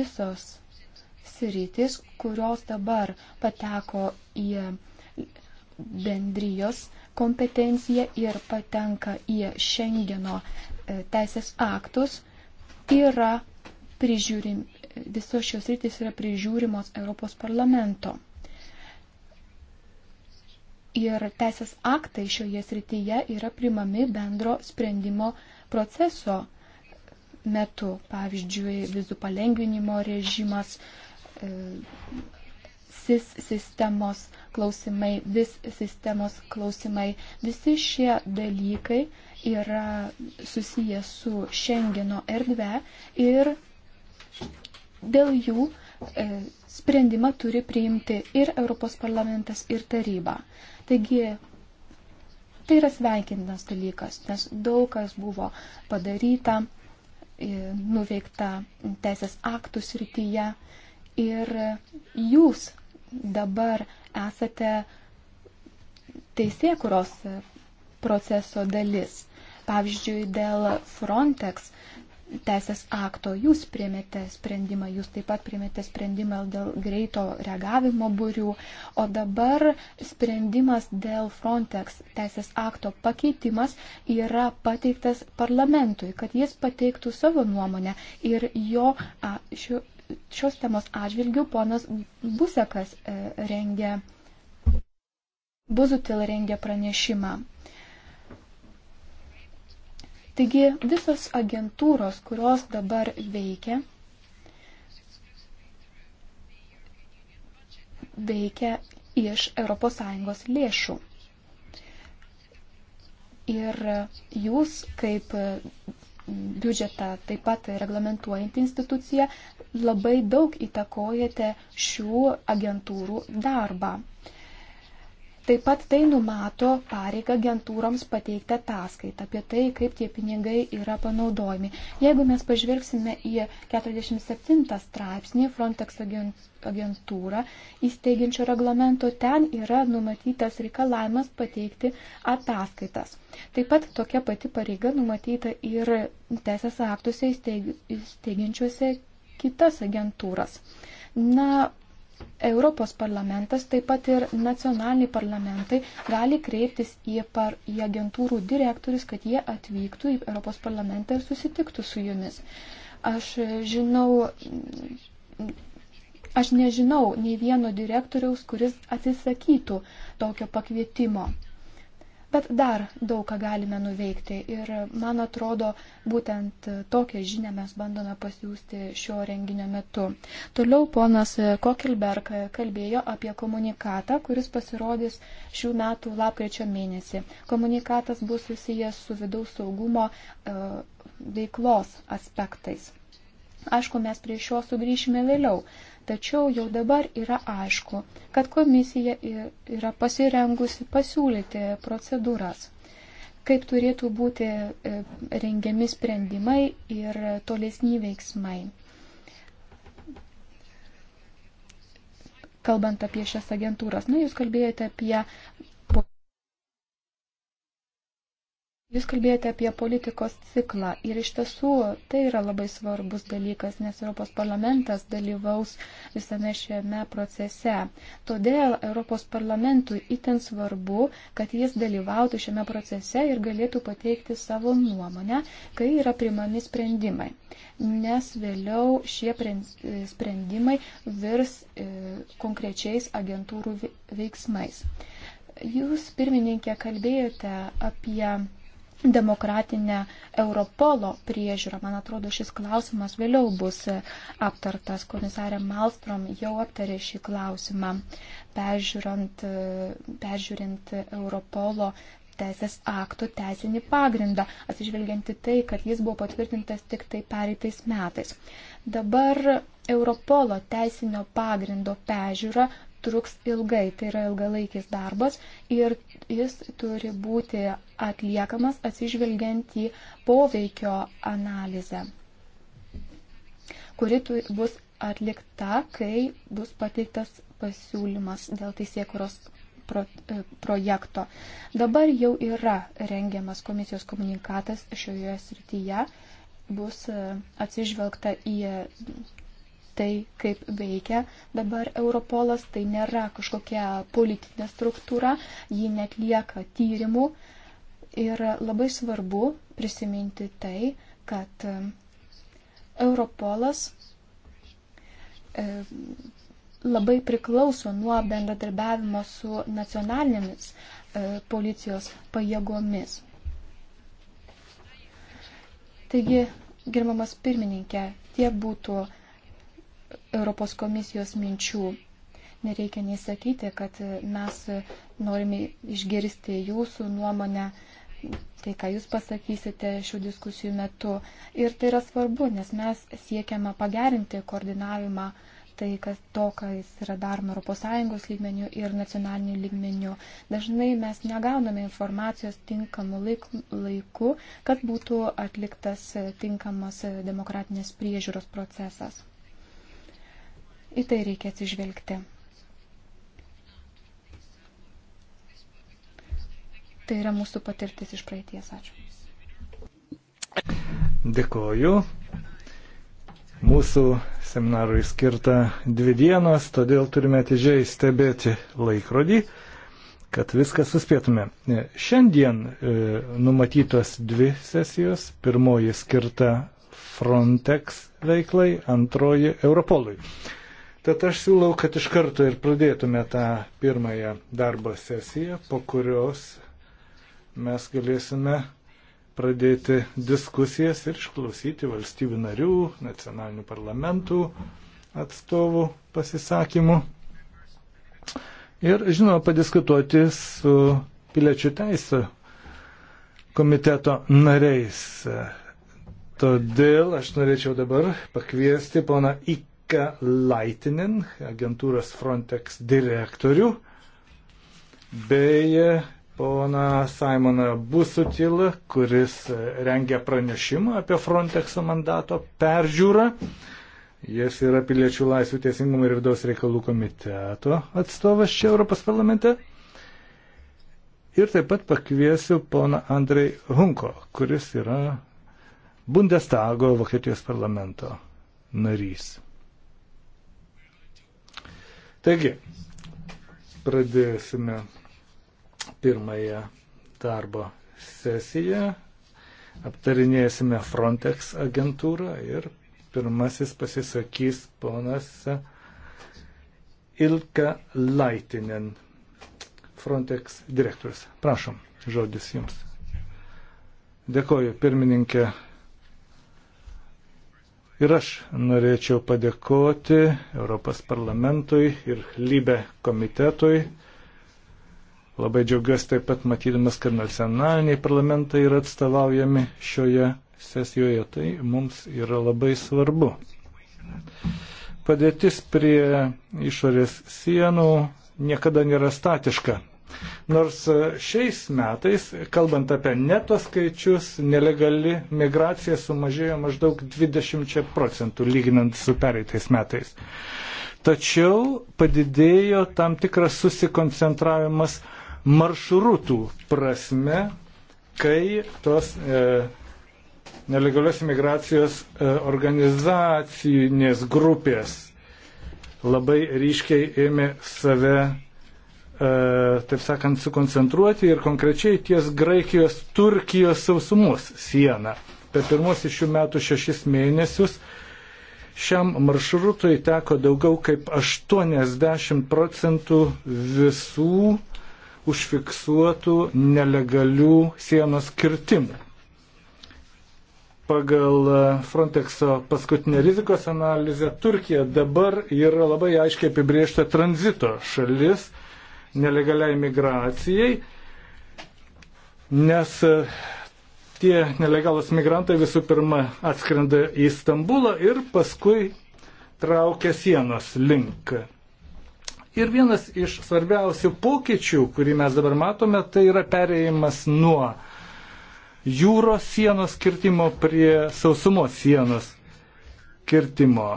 visos sritis, kurios dabar pateko į bendrijos kompetenciją ir patenka į Šengeno e, teisės aktus, yra prižiūrim, visos šios rytis yra prižiūrimos Europos parlamento. Ir teisės aktai šioje srityje yra primami bendro sprendimo proceso metu, pavyzdžiui, vizų palengvinimo režimas, E, SIS sistemos klausimai, VIS sistemos klausimai. Visi šie dalykai yra susiję su Šengeno erdve ir dėl jų e, sprendimą turi priimti ir Europos parlamentas, ir taryba. Taigi, tai yra sveikintinas dalykas, nes daug kas buvo padaryta, e, nuveikta teisės aktų srityje, Ir jūs dabar esate teisėkuros proceso dalis. Pavyzdžiui, dėl Frontex teisės akto jūs priemėte sprendimą, jūs taip pat priemėte sprendimą dėl greito reagavimo būrių, o dabar sprendimas dėl Frontex teisės akto pakeitimas yra pateiktas parlamentui, kad jis pateiktų savo nuomonę ir jo a, šiuo šios temos atžvilgių ponas Busekas e, rengia, Buzutil rengia pranešimą. Taigi visos agentūros, kurios dabar veikia, veikia iš ES lėšų. Ir jūs kaip biudžetą taip pat reglamentuojantį instituciją, labai daug įtakojate šių agentūrų darbą. Taip pat tai numato pareigą agentūroms pateikti ataskaitą apie tai, kaip tie pinigai yra panaudojami. Jeigu mes pažvelgsime į 47 straipsnį Frontex agentūrą įsteigiančio reglamento, ten yra numatytas reikalavimas pateikti ataskaitas. Taip pat tokia pati pareiga numatyta ir teisės aktuose įsteigiančiuose kitas agentūras. Na, Europos parlamentas, taip pat ir nacionaliniai parlamentai gali kreiptis į, par, į agentūrų direktorius, kad jie atvyktų į Europos parlamentą ir susitiktų su jumis. Aš žinau, aš nežinau nei vieno direktoriaus, kuris atsisakytų tokio pakvietimo. Bet dar daug ką galime nuveikti ir man atrodo, būtent tokią žinią mes bandome pasiūsti šio renginio metu. Toliau ponas Kokelberg kalbėjo apie komunikatą, kuris pasirodys šių metų lapkričio mėnesį. Komunikatas bus susijęs su vidaus saugumo e, veiklos aspektais. Aišku, mes prie šio sugrįšime vėliau, Tačiau jau dabar yra aišku, kad komisija yra pasirengusi pasiūlyti procedūras, kaip turėtų būti e, rengiami sprendimai ir tolesni veiksmai. kalbant apie šias agentūras. Na, jūs kalbėjote apie Jūs kalbėjote apie politikos ciklą ir iš tiesų tai yra labai svarbus dalykas, nes Europos parlamentas dalyvaus visame šiame procese. Todėl Europos parlamentui itin svarbu, kad jis dalyvautų šiame procese ir galėtų pateikti savo nuomonę, kai yra primami sprendimai. Nes vėliau šie sprendimai virs e, konkrečiais agentūrų veiksmais. Jūs, pirmininkė, kalbėjote apie demokratinę Europolo priežiūrą. Man atrodo, šis klausimas vėliau bus aptartas. Komisarė Malstrom jau aptarė šį klausimą, peržiūrint, peržiūrint Europolo teisės aktų teisinį pagrindą, atsižvelgianti tai, kad jis buvo patvirtintas tik tai pereitais metais. Dabar Europolo teisinio pagrindo pežiūra truks ilgai, tai yra ilgalaikis darbas ir jis turi būti atliekamas atsižvelgiant į poveikio analizę, kuri bus atlikta, kai bus pateiktas pasiūlymas dėl teisėkuros pro, e, projekto. Dabar jau yra rengiamas komisijos komunikatas šioje srityje, bus e, atsižvelgta į tai, kaip veikia dabar Europolas, tai nėra kažkokia politinė struktūra, ji netlieka tyrimų. Ir labai svarbu prisiminti tai, kad um, Europolas um, labai priklauso nuo bendradarbiavimo su nacionalinėmis uh, policijos pajėgomis. Taigi, gerbiamas pirmininkė, tiek būtų uh, Europos komisijos minčių. Nereikia nei sakyti, kad mes norime išgirsti jūsų nuomonę, tai ką jūs pasakysite šių diskusijų metu. Ir tai yra svarbu, nes mes siekiame pagerinti koordinavimą tai, kas to, kas yra daroma ES lygmenių ir nacionalinių lygmenių. Dažnai mes negauname informacijos tinkamu laiku, kad būtų atliktas tinkamas demokratinės priežiūros procesas. Į tai reikia atsižvelgti. Tai yra mūsų patirtis iš praeities. Ačiū. Dėkoju. Mūsų seminarui skirta dvi dienos, todėl turime atidžiai stebėti laikrodį, kad viską suspėtume. Šiandien e, numatytos dvi sesijos. Pirmoji skirta Frontex veiklai, antroji Europolui. Tad aš siūlau, kad iš karto ir pradėtume tą pirmąją darbo sesiją, po kurios mes galėsime pradėti diskusijas ir išklausyti valstybių narių, nacionalinių parlamentų atstovų pasisakymų. Ir, žinoma, padiskutuoti su piliečių teisų komiteto nariais. Todėl aš norėčiau dabar pakviesti poną Ik Erika Laitinen, agentūros Frontex direktorių, bei poną Simoną Busutilą, kuris rengia pranešimą apie Frontexo mandato peržiūrą. Jis yra piliečių laisvių teisingumo ir vidaus reikalų komiteto atstovas čia Europos parlamente. Ir taip pat pakviesiu poną Andrei Hunko, kuris yra Bundestago Vokietijos parlamento narys. Taigi, pradėsime pirmąją darbo sesiją, aptarinėsime Frontex agentūrą ir pirmasis pasisakys ponas Ilka Laitinen, Frontex direktorius. Prašom, žodis jums. Dėkoju, pirmininkė Ir aš norėčiau padėkoti Europos parlamentui ir Lybe komitetui. Labai džiaugiuosi taip pat matydamas, kad nacionaliniai parlamentai yra atstovaujami šioje sesijoje. Tai mums yra labai svarbu. Padėtis prie išorės sienų niekada nėra statiška. Nors e, šiais metais, kalbant apie neto skaičius, nelegali migracija sumažėjo maždaug 20 procentų lyginant su pereitais metais. Tačiau padidėjo tam tikras susikoncentravimas maršrutų prasme, kai tos e, nelegalios imigracijos e, organizacinės grupės labai ryškiai ėmė save E, taip sakant, sukoncentruoti ir konkrečiai ties Graikijos Turkijos sausumos sieną. Per pirmosius šių metų šešis mėnesius šiam maršrutui teko daugiau kaip 80 procentų visų užfiksuotų nelegalių sienos kirtimų. Pagal Frontexo paskutinę rizikos analizę Turkija dabar yra labai aiškiai apibriešta tranzito šalis nelegaliai migracijai, nes e, tie nelegalus migrantai visų pirma atskrenda į Stambulą ir paskui traukia sienos link. Ir vienas iš svarbiausių pokyčių, kurį mes dabar matome, tai yra pereimas nuo jūros sienos kirtimo prie sausumos sienos kirtimo.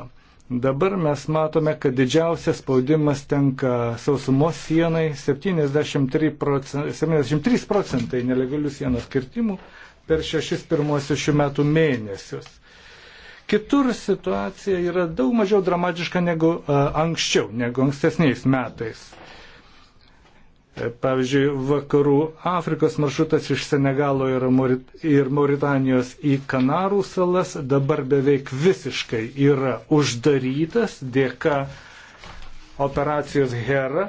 Dabar mes matome, kad didžiausias spaudimas tenka sausumos sienai 73 procentai, 73 procentai nelegalių sienos kirtimų per šešis pirmosius šių metų mėnesius. Kitur situacija yra daug mažiau dramatiška negu a, anksčiau, negu ankstesniais metais. E, pavyzdžiui, vakarų Afrikos maršrutas iš Senegalo ir Mauritanijos į Kanarų salas dabar beveik visiškai yra uždarytas dėka operacijos Hera,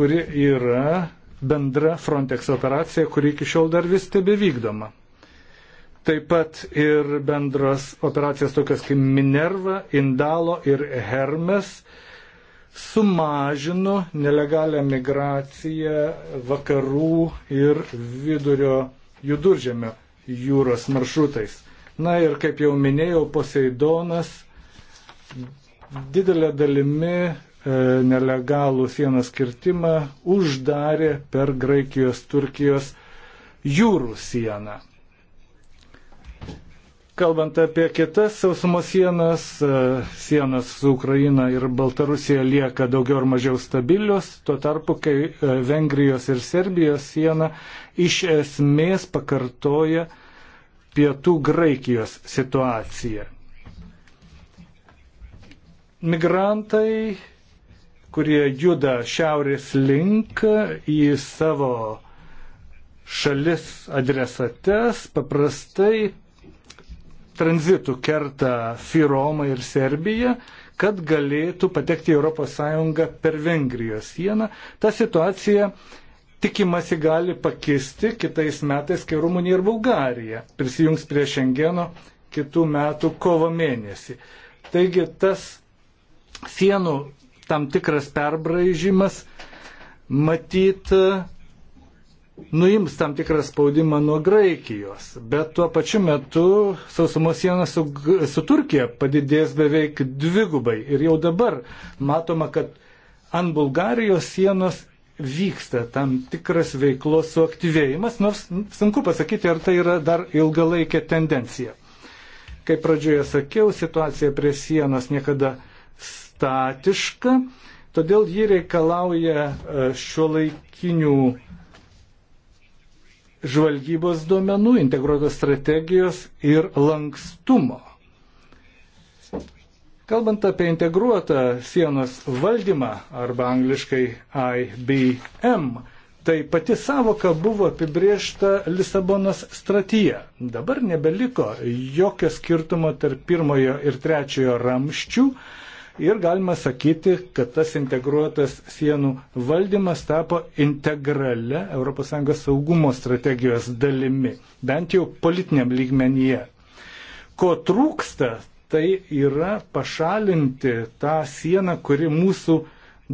kuri yra bendra Frontex operacija, kuri iki šiol dar vis tebe vykdoma. Taip pat ir bendros operacijos tokios kaip Minerva, Indalo ir Hermes sumažino nelegalią migraciją vakarų ir vidurio juduržėmio jūros maršrutais. Na ir kaip jau minėjau, Poseidonas didelė dalimi e, nelegalų sienos kirtimą uždarė per Graikijos-Turkijos jūrų sieną. Kalbant apie kitas sausumos sienas, e, sienas su Ukraina ir Baltarusija lieka daugiau ar mažiau stabilios, tuo tarpu, kai e, Vengrijos ir Serbijos siena iš esmės pakartoja pietų Graikijos situaciją. Migrantai, kurie juda šiaurės link į savo šalis adresates, paprastai tranzitų kerta Firomą ir Serbiją, kad galėtų patekti į ES per Vengrijos sieną. Ta situacija tikimasi gali pakisti kitais metais, kai Rumunija ir Bulgarija prisijungs prie Šengeno kitų metų kovo mėnesį. Taigi tas sienų tam tikras perbraižymas matyt nuims tam tikrą spaudimą nuo Graikijos, bet tuo pačiu metu sausumos siena su, su Turkija padidės beveik dvigubai ir jau dabar matoma, kad ant Bulgarijos sienos vyksta tam tikras veiklos suaktyvėjimas, nors sunku pasakyti, ar tai yra dar ilgalaikė tendencija. Kaip pradžioje sakiau, situacija prie sienos niekada statiška, todėl ji reikalauja e, šiuo laikinių žvalgybos duomenų, integruotos strategijos ir lankstumo. Kalbant apie integruotą sienos valdymą arba angliškai IBM, tai pati savoka buvo apibriešta Lisabonos stratyje. Dabar nebeliko jokio skirtumo tarp pirmojo ir trečiojo ramščių, ir galima sakyti, kad tas integruotas sienų valdymas tapo integrale ES saugumo strategijos dalimi, bent jau politiniam lygmenyje. Ko trūksta, tai yra pašalinti tą sieną, kuri mūsų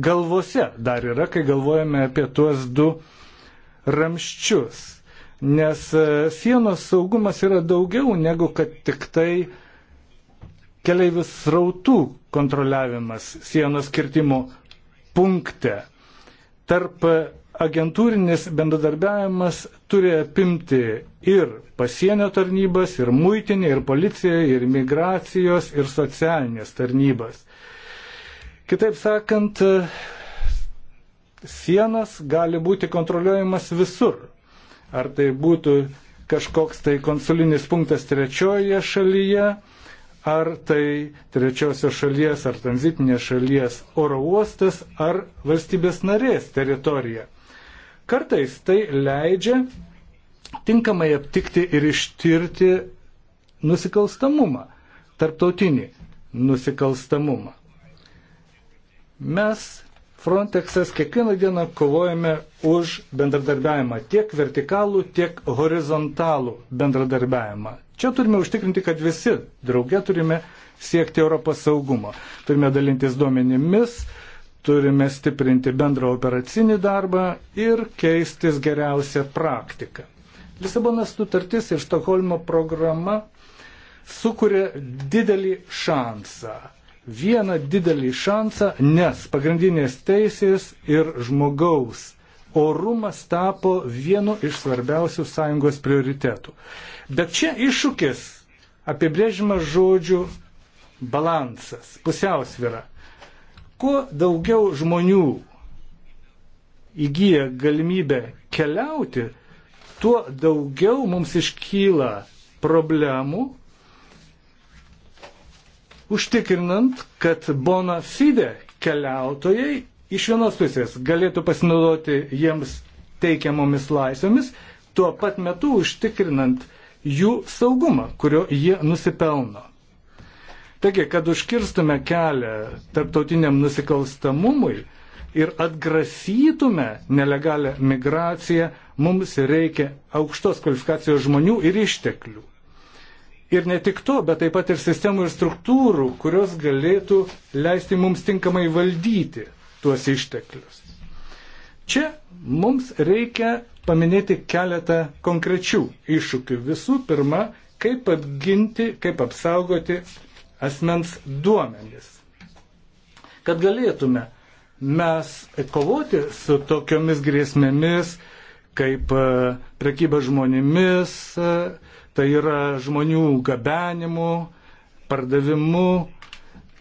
galvose dar yra, kai galvojame apie tuos du ramščius. Nes e, sienos saugumas yra daugiau negu kad tik tai uh, keliaivių srautų kontroliavimas sienos kirtimo punkte. Tarp agentūrinis bendradarbiavimas turi apimti ir pasienio tarnybas, ir muitinį, ir policiją, ir migracijos, ir socialinės tarnybas. Kitaip sakant, sienas gali būti kontroliuojamas visur. Ar tai būtų kažkoks tai konsulinis punktas trečioje šalyje, ar tai trečiosios šalies ar tranzitinės šalies oro uostas ar valstybės narės teritorija. Kartais tai leidžia tinkamai aptikti ir ištirti nusikalstamumą, tarptautinį nusikalstamumą. Mes Frontexas kiekvieną dieną kovojame už bendradarbiavimą, tiek vertikalų, tiek horizontalų bendradarbiavimą. Čia turime užtikrinti, kad visi drauge turime siekti Europos saugumo. Turime dalintis duomenimis, turime stiprinti bendrą operacinį darbą ir keistis geriausią praktiką. Lisabonas sutartis ir Stokholmo programa sukuria didelį šansą. Vieną didelį šansą, nes pagrindinės teisės ir žmogaus orumas tapo vienu iš svarbiausių sąjungos prioritetų. Bet čia iššūkis apibrėžimas žodžių balansas, pusiausvira. Kuo daugiau žmonių įgyja galimybę keliauti, tuo daugiau mums iškyla problemų, užtikrinant, kad bona fide keliautojai iš vienos pusės galėtų pasinaudoti jiems teikiamomis laisvėmis, tuo pat metu užtikrinant, jų saugumą, kurio jie nusipelno. Taigi, kad užkirstume kelią tarptautiniam nusikalstamumui ir atgrasytume nelegalią migraciją, mums reikia aukštos kvalifikacijos žmonių ir išteklių. Ir ne tik to, bet taip pat ir sistemų ir struktūrų, kurios galėtų leisti mums tinkamai valdyti tuos išteklius. Čia mums reikia paminėti keletą konkrečių iššūkių. Visų pirma, kaip apginti, kaip apsaugoti asmens duomenis. Kad galėtume mes kovoti su tokiomis grėsmėmis, kaip e, prekyba žmonėmis, e, tai yra žmonių gabenimu, pardavimu,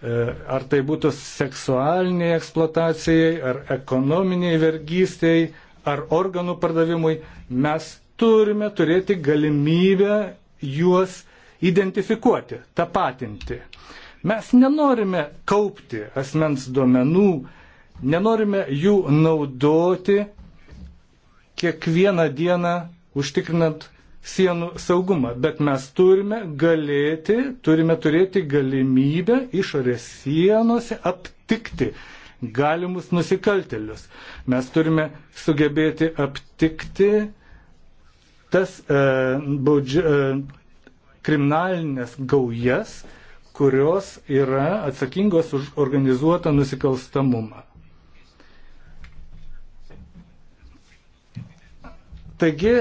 E, ar tai būtų seksualiniai eksploatacijai, ar ekonominiai vergystiai, ar organų pardavimui, mes turime turėti galimybę juos identifikuoti, tapatinti. Mes nenorime kaupti asmens duomenų, nenorime jų naudoti kiekvieną dieną užtikrinant sienų saugumą, bet mes turime galėti, turime turėti galimybę išorės sienose aptikti galimus nusikaltelius. Mes turime sugebėti aptikti tas e, baudži, e, kriminalinės gaujas, kurios yra atsakingos už organizuotą nusikalstamumą. Taigi,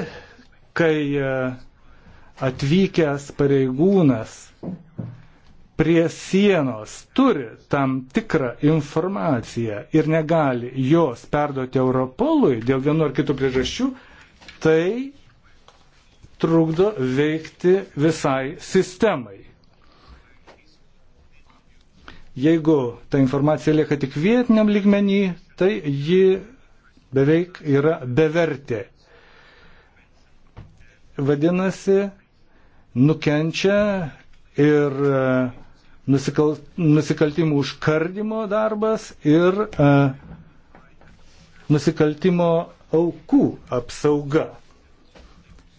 kai e, atvykęs pareigūnas prie sienos turi tam tikrą informaciją ir negali jos perduoti Europolui dėl vienu ar kitų priežasčių, tai trukdo veikti visai sistemai. Jeigu ta informacija lieka tik vietiniam lygmenį, tai ji beveik yra bevertė vadinasi, nukenčia ir e, nusikal, nusikaltimų užkardimo darbas ir a, e, nusikaltimo aukų apsauga,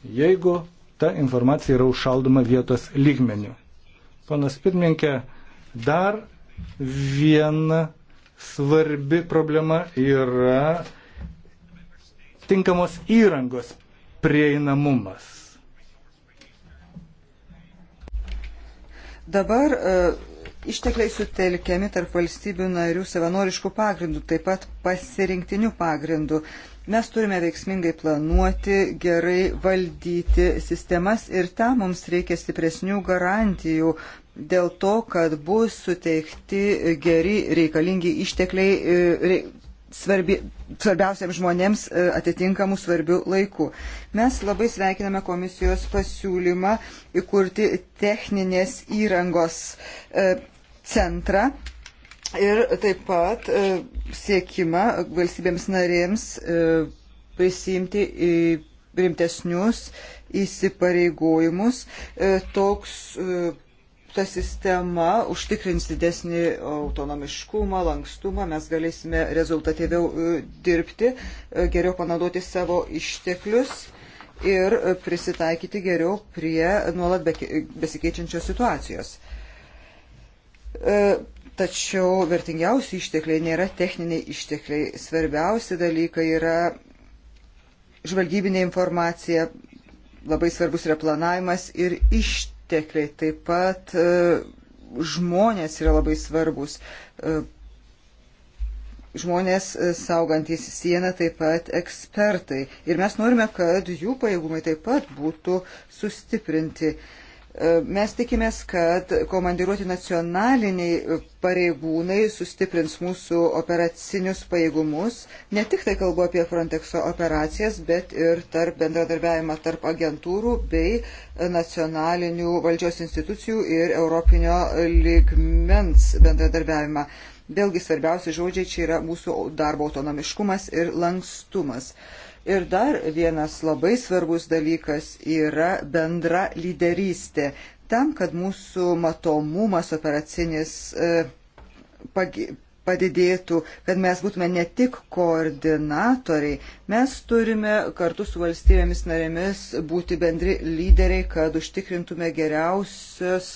jeigu ta informacija yra užšaldoma vietos lygmeniu. Panas pirmininkė, dar viena svarbi problema yra tinkamos įrangos prieinamumas. Dabar e, ištekliai sutelkiami tarp valstybių narių savanoriškų pagrindų, taip pat pasirinktinių pagrindų. Mes turime veiksmingai planuoti, gerai valdyti sistemas ir tam mums reikia stipresnių garantijų dėl to, kad bus suteikti geri reikalingi ištekliai e, svarbi, svarbiausiams žmonėms e, atitinkamų svarbių laikų. Mes labai sveikiname komisijos pasiūlymą įkurti techninės įrangos e, centrą ir taip pat e, siekimą valstybėms narėms prisimti rimtesnius įsipareigojimus. Toks ta sistema užtikrins didesnį autonomiškumą, lankstumą, mes galėsime rezultatyviau e, dirbti, e, geriau panaudoti savo išteklius ir prisitaikyti geriau prie nuolat besikeičiančios situacijos. E, tačiau vertingiausi ištekliai nėra techniniai ištekliai. Svarbiausi dalykai yra žvalgybinė informacija, labai svarbus yra planavimas ir iš, ištekliai, taip pat e, žmonės yra labai svarbus. E, žmonės e, saugantys sieną taip pat ekspertai. Ir mes norime, kad jų pajėgumai taip pat būtų sustiprinti. Uh, E, mes tikimės, kad komandiruoti nacionaliniai pareigūnai sustiprins mūsų operacinius pajėgumus. Ne tik tai kalbu apie Frontexo operacijas, bet ir tarp bendradarbiavimą tarp agentūrų bei nacionalinių valdžios institucijų ir europinio ligmens bendradarbiavimą. Vėlgi svarbiausi žodžiai čia yra mūsų darbo autonomiškumas ir lankstumas. Uh, Ir dar vienas labai svarbus dalykas yra bendra lyderystė. Tam, kad mūsų matomumas operacinis e, padidėtų, kad mes būtume ne tik koordinatoriai, mes turime kartu su valstybėmis narėmis būti bendri lyderiai, kad užtikrintume geriausios uh,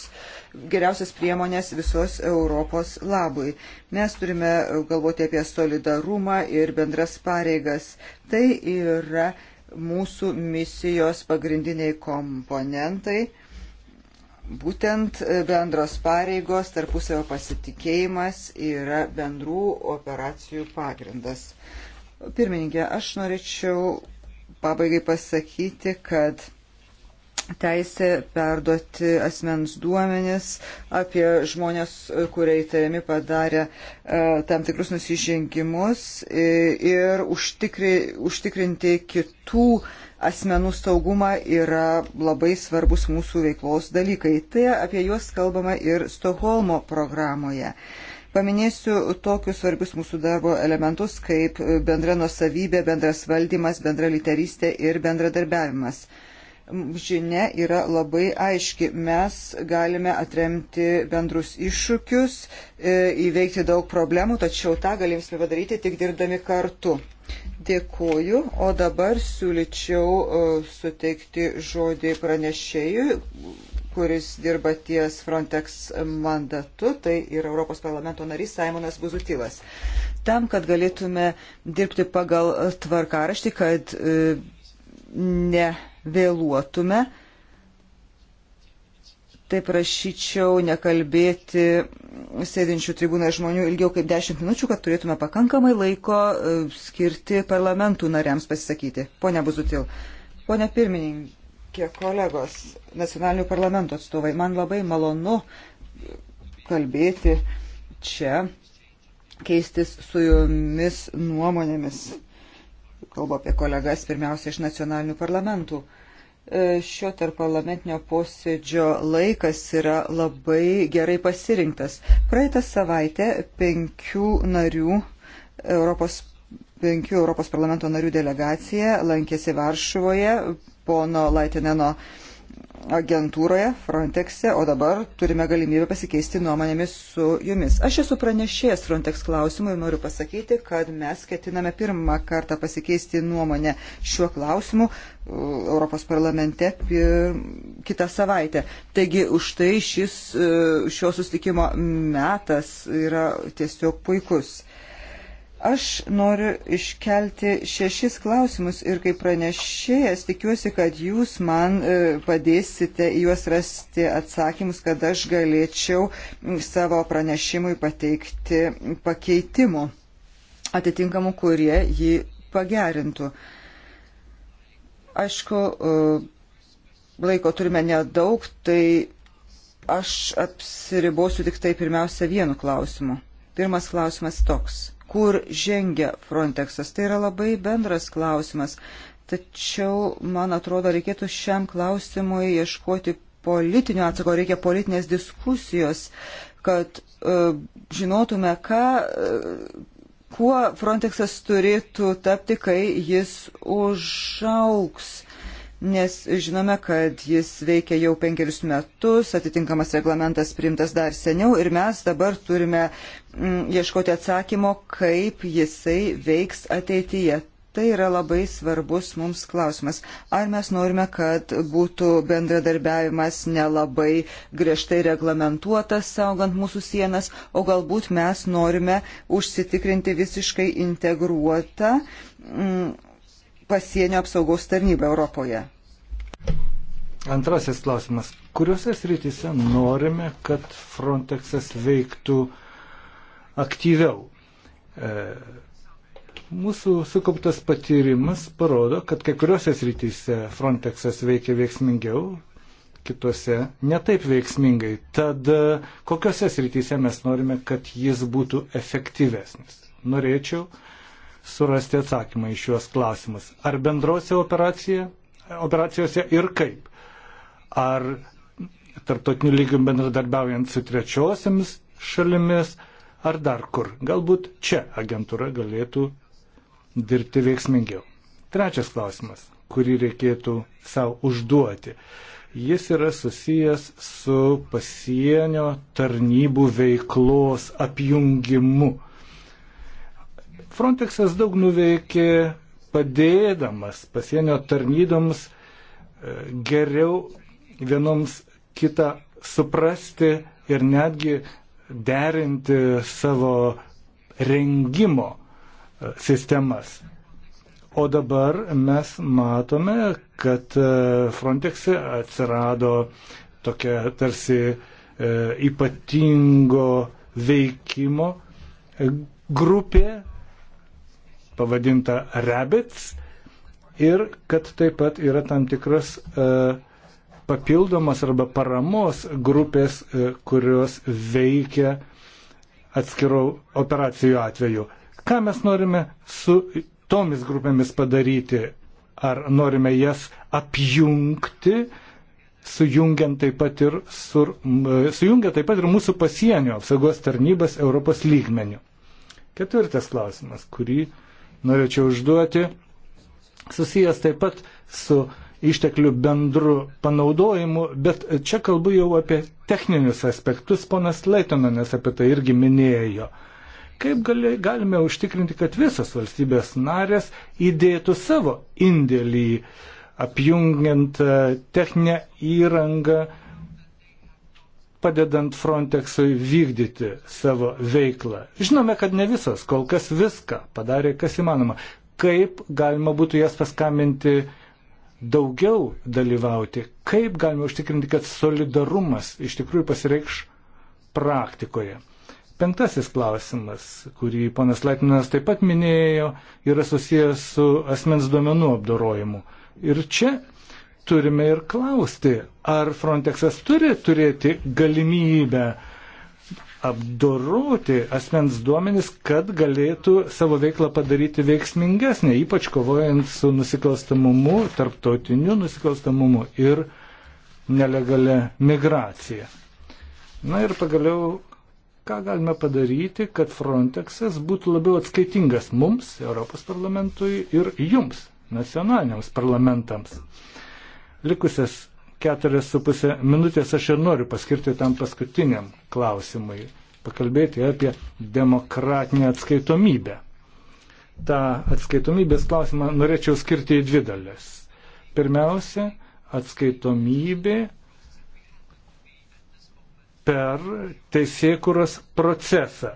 geriausias priemonės visos Europos labui. Mes turime galvoti apie solidarumą ir bendras pareigas. Tai yra mūsų misijos pagrindiniai komponentai. Būtent bendros pareigos, tarpusavio pasitikėjimas yra bendrų operacijų pagrindas. Pirmininkė, aš norėčiau pabaigai pasakyti, kad teisė perduoti asmens duomenis apie žmonės, kurie įtariami padarė e, tam tikrus nusižengimus e, ir užtikri, užtikrinti kitų asmenų saugumą yra labai svarbus mūsų veiklos dalykai. Tai apie juos kalbama ir Stoholmo programoje. Paminėsiu tokius svarbius mūsų darbo elementus kaip bendra nusavybė, bendras valdymas, bendra literystė ir bendradarbiavimas. darbiavimas žinia yra labai aiški. Mes galime atremti bendrus iššūkius, e, įveikti daug problemų, tačiau tą galėsime padaryti tik dirbdami kartu. Dėkuoju, o dabar siūlyčiau e, suteikti žodį pranešėjui kuris dirba ties Frontex mandatu, tai yra Europos parlamento narys Simonas Buzutilas. Tam, kad galėtume dirbti pagal tvarkaraštį, kad e, ne vėluotume. Tai prašyčiau nekalbėti sėdinčių tribūną žmonių ilgiau kaip 10 minučių, kad turėtume pakankamai laiko e, skirti parlamentų nariams pasisakyti. Pone Buzutil, pone pirmininkė, kolegos, nacionalinių parlamentų atstovai, man labai malonu kalbėti čia, keistis su jumis nuomonėmis kalbu apie kolegas pirmiausia iš nacionalinių parlamentų. E, šio tarparlamentinio posėdžio laikas yra labai gerai pasirinktas. Praeitą savaitę penkių narių Europos, penkių Europos parlamento narių delegacija lankėsi Varšuvoje pono Laitineno uh, agentūroje Frontexe, o dabar turime galimybę pasikeisti nuomonėmis su jumis. Aš esu pranešėjęs Frontex klausimui ir noriu pasakyti, kad mes ketiname pirmą kartą pasikeisti nuomonę šiuo klausimu uh, Europos parlamente kitą savaitę. Taigi už tai šis uh, šio sustikimo metas yra tiesiog puikus. Aš noriu iškelti šešis klausimus ir kaip pranešėjas tikiuosi, kad jūs man e, padėsite juos rasti atsakymus, kad aš galėčiau savo pranešimui pateikti pakeitimų atitinkamų, kurie jį pagerintų. Aišku, e, laiko turime nedaug, tai aš apsiribosiu tik tai pirmiausia vienu klausimu. Pirmas klausimas toks kur žengia Frontexas. Tai yra labai bendras klausimas. Tačiau, man atrodo, reikėtų šiam klausimui ieškoti politinio atsako, reikia politinės diskusijos, kad uh, žinotume, ką, uh, kuo Frontexas turėtų tapti, kai jis užauks nes žinome, kad jis veikia jau penkerius metus, atitinkamas reglamentas priimtas dar seniau ir mes dabar turime mm, ieškoti atsakymo, kaip jisai veiks ateityje. Tai yra labai svarbus mums klausimas. Ar mes norime, kad būtų bendradarbiavimas nelabai griežtai reglamentuotas, saugant mūsų sienas, o galbūt mes norime užsitikrinti visiškai integruotą mm, pasienio apsaugos tarnybą Europoje. Antrasis klausimas. Kuriuose srityse norime, kad Frontexas veiktų aktyviau? E, mūsų sukauptas patyrimas parodo, kad kai kuriuose srityse Frontexas veikia veiksmingiau, kitose netaip veiksmingai. Tad e, kokiuose srityse mes norime, kad jis būtų efektyvesnis? Norėčiau, surasti atsakymą iš juos klausimus. Ar bendrose operacijose ir kaip? Ar tarptautinių lygių bendradarbiaujant su trečiosiamis šalimis, ar dar kur? Galbūt čia agentūra galėtų dirbti veiksmingiau. Trečias klausimas, kurį reikėtų savo užduoti. Jis yra susijęs su pasienio tarnybų veiklos apjungimu Frontexas daug nuveikė padėdamas pasienio tarnydoms e, geriau vienoms kitą suprasti ir netgi derinti savo rengimo e, sistemas. O dabar mes matome, kad e, Frontexe atsirado tokia tarsi ypatingo veikimo grupė, pavadinta Rebits ir kad taip pat yra tam tikras e, papildomas arba paramos grupės, e, kurios veikia atskirų operacijų atveju. Ką mes norime su tomis grupėmis padaryti? Ar norime jas apjungti, sujungiant taip pat ir, sur, sujungia taip pat ir mūsų pasienio apsaugos tarnybas Europos lygmenių? Ketvirtas klausimas, kurį uh, norėčiau užduoti, susijęs taip pat su išteklių bendru panaudojimu, bet čia kalbu jau apie techninius aspektus, ponas Leitonanas apie tai irgi minėjo. Kaip gali, galime užtikrinti, kad visas valstybės narės įdėtų savo indėlį, apjungiant e, techninę įrangą, padedant Frontexui vykdyti savo veiklą. Žinome, kad ne visos, kol kas viską padarė, kas įmanoma. Kaip galima būtų jas paskaminti daugiau dalyvauti, kaip galima užtikrinti, kad solidarumas iš tikrųjų pasireikš praktikoje. Penktasis klausimas, kurį ponas Laitinas taip pat minėjo, yra susijęs su asmens duomenų apdorojimu. Ir čia turime ir klausti, ar Frontexas turi turėti galimybę apdoroti asmens duomenis, kad galėtų savo veiklą padaryti veiksmingesnė, ypač kovojant su nusikalstamumu, tarptautiniu nusikalstamumu ir nelegalia migracija. Na ir pagaliau, ką galime padaryti, kad Frontexas būtų labiau atskaitingas mums, Europos parlamentui ir jums, nacionaliniams parlamentams. Likusias keturias su pusę minutės aš ir noriu paskirti tam paskutiniam klausimui, pakalbėti apie demokratinę atskaitomybę. Ta atskaitomybės klausimą norėčiau skirti į dvi dalis. Pirmiausia, atskaitomybė per teisėkuros procesą.